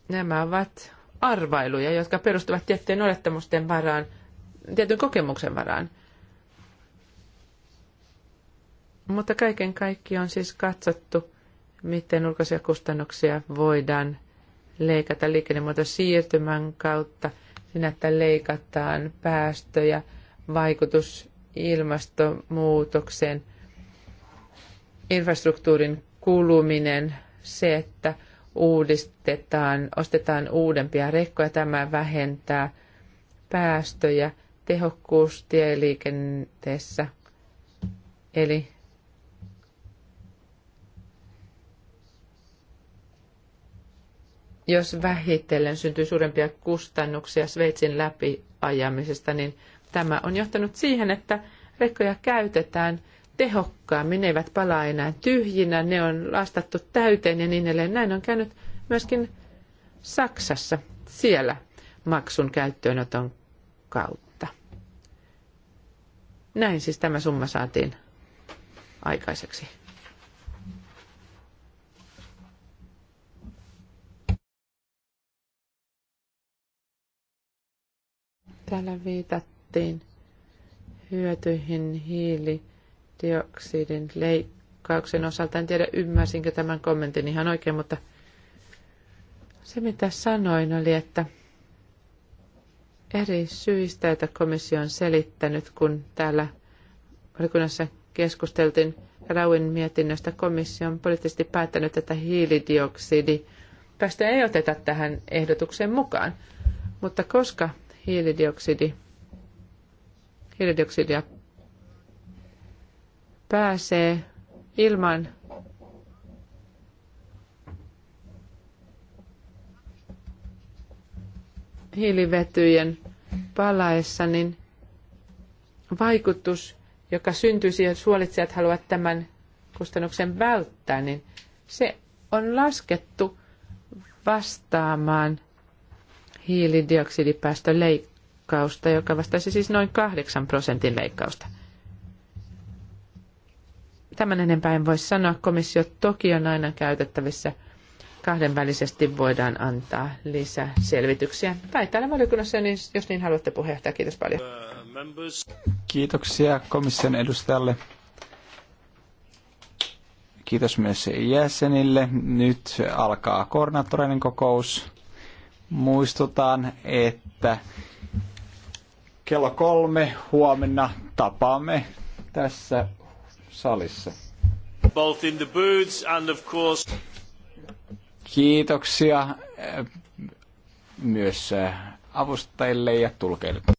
nämä ovat arvailuja, jotka perustuvat tiettyjen olettamusten varaan, tietyn kokemuksen varaan. Mutta kaiken kaikki on siis katsottu, miten ulkoisia kustannuksia voidaan leikata liikennemuoto siirtymän kautta, sinä niin että leikataan päästöjä, vaikutus ilmastonmuutokseen, infrastruktuurin kuluminen, se, että uudistetaan, ostetaan uudempia rekkoja. Tämä vähentää päästöjä, tehokkuus tieliikenteessä. Eli jos vähitellen syntyy suurempia kustannuksia Sveitsin läpiajamisesta, niin tämä on johtanut siihen, että rekkoja käytetään – tehokkaammin, ne eivät palaa enää tyhjinä, ne on lastattu täyteen ja niin edelleen. Näin on käynyt myöskin Saksassa siellä maksun käyttöönoton kautta. Näin siis tämä summa saatiin aikaiseksi. Täällä viitattiin hyötyihin hiili dioksidin leikkauksen osalta. En tiedä, ymmärsinkö tämän kommentin ihan oikein, mutta se mitä sanoin oli, että eri syistä, joita komissio on selittänyt, kun täällä valiokunnassa keskusteltiin Rauin mietinnöstä, komissio on poliittisesti päättänyt, että hiilidioksidi päästöjä ei oteta tähän ehdotukseen mukaan. Mutta koska hiilidioksidi, hiilidioksidia pääsee ilman hiilivetyjen palaessa, niin vaikutus, joka syntyisi, jos suolitsijat haluavat tämän kustannuksen välttää, niin se on laskettu vastaamaan hiilidioksidipäästöleikkausta, joka vastaisi siis noin 8 prosentin leikkausta tämän enempää en voi sanoa. Komissio toki on aina käytettävissä. Kahdenvälisesti voidaan antaa lisää selvityksiä. Tai täällä valiokunnassa, niin jos niin haluatte puheenjohtaja. Kiitos paljon. Kiitoksia komission edustajalle. Kiitos myös jäsenille. Nyt alkaa koordinaattoreiden kokous. Muistutan, että kello kolme huomenna tapaamme tässä salissa. Both in the booths and of course... Kiitoksia eh, myös eh, avustajille ja tulkeille.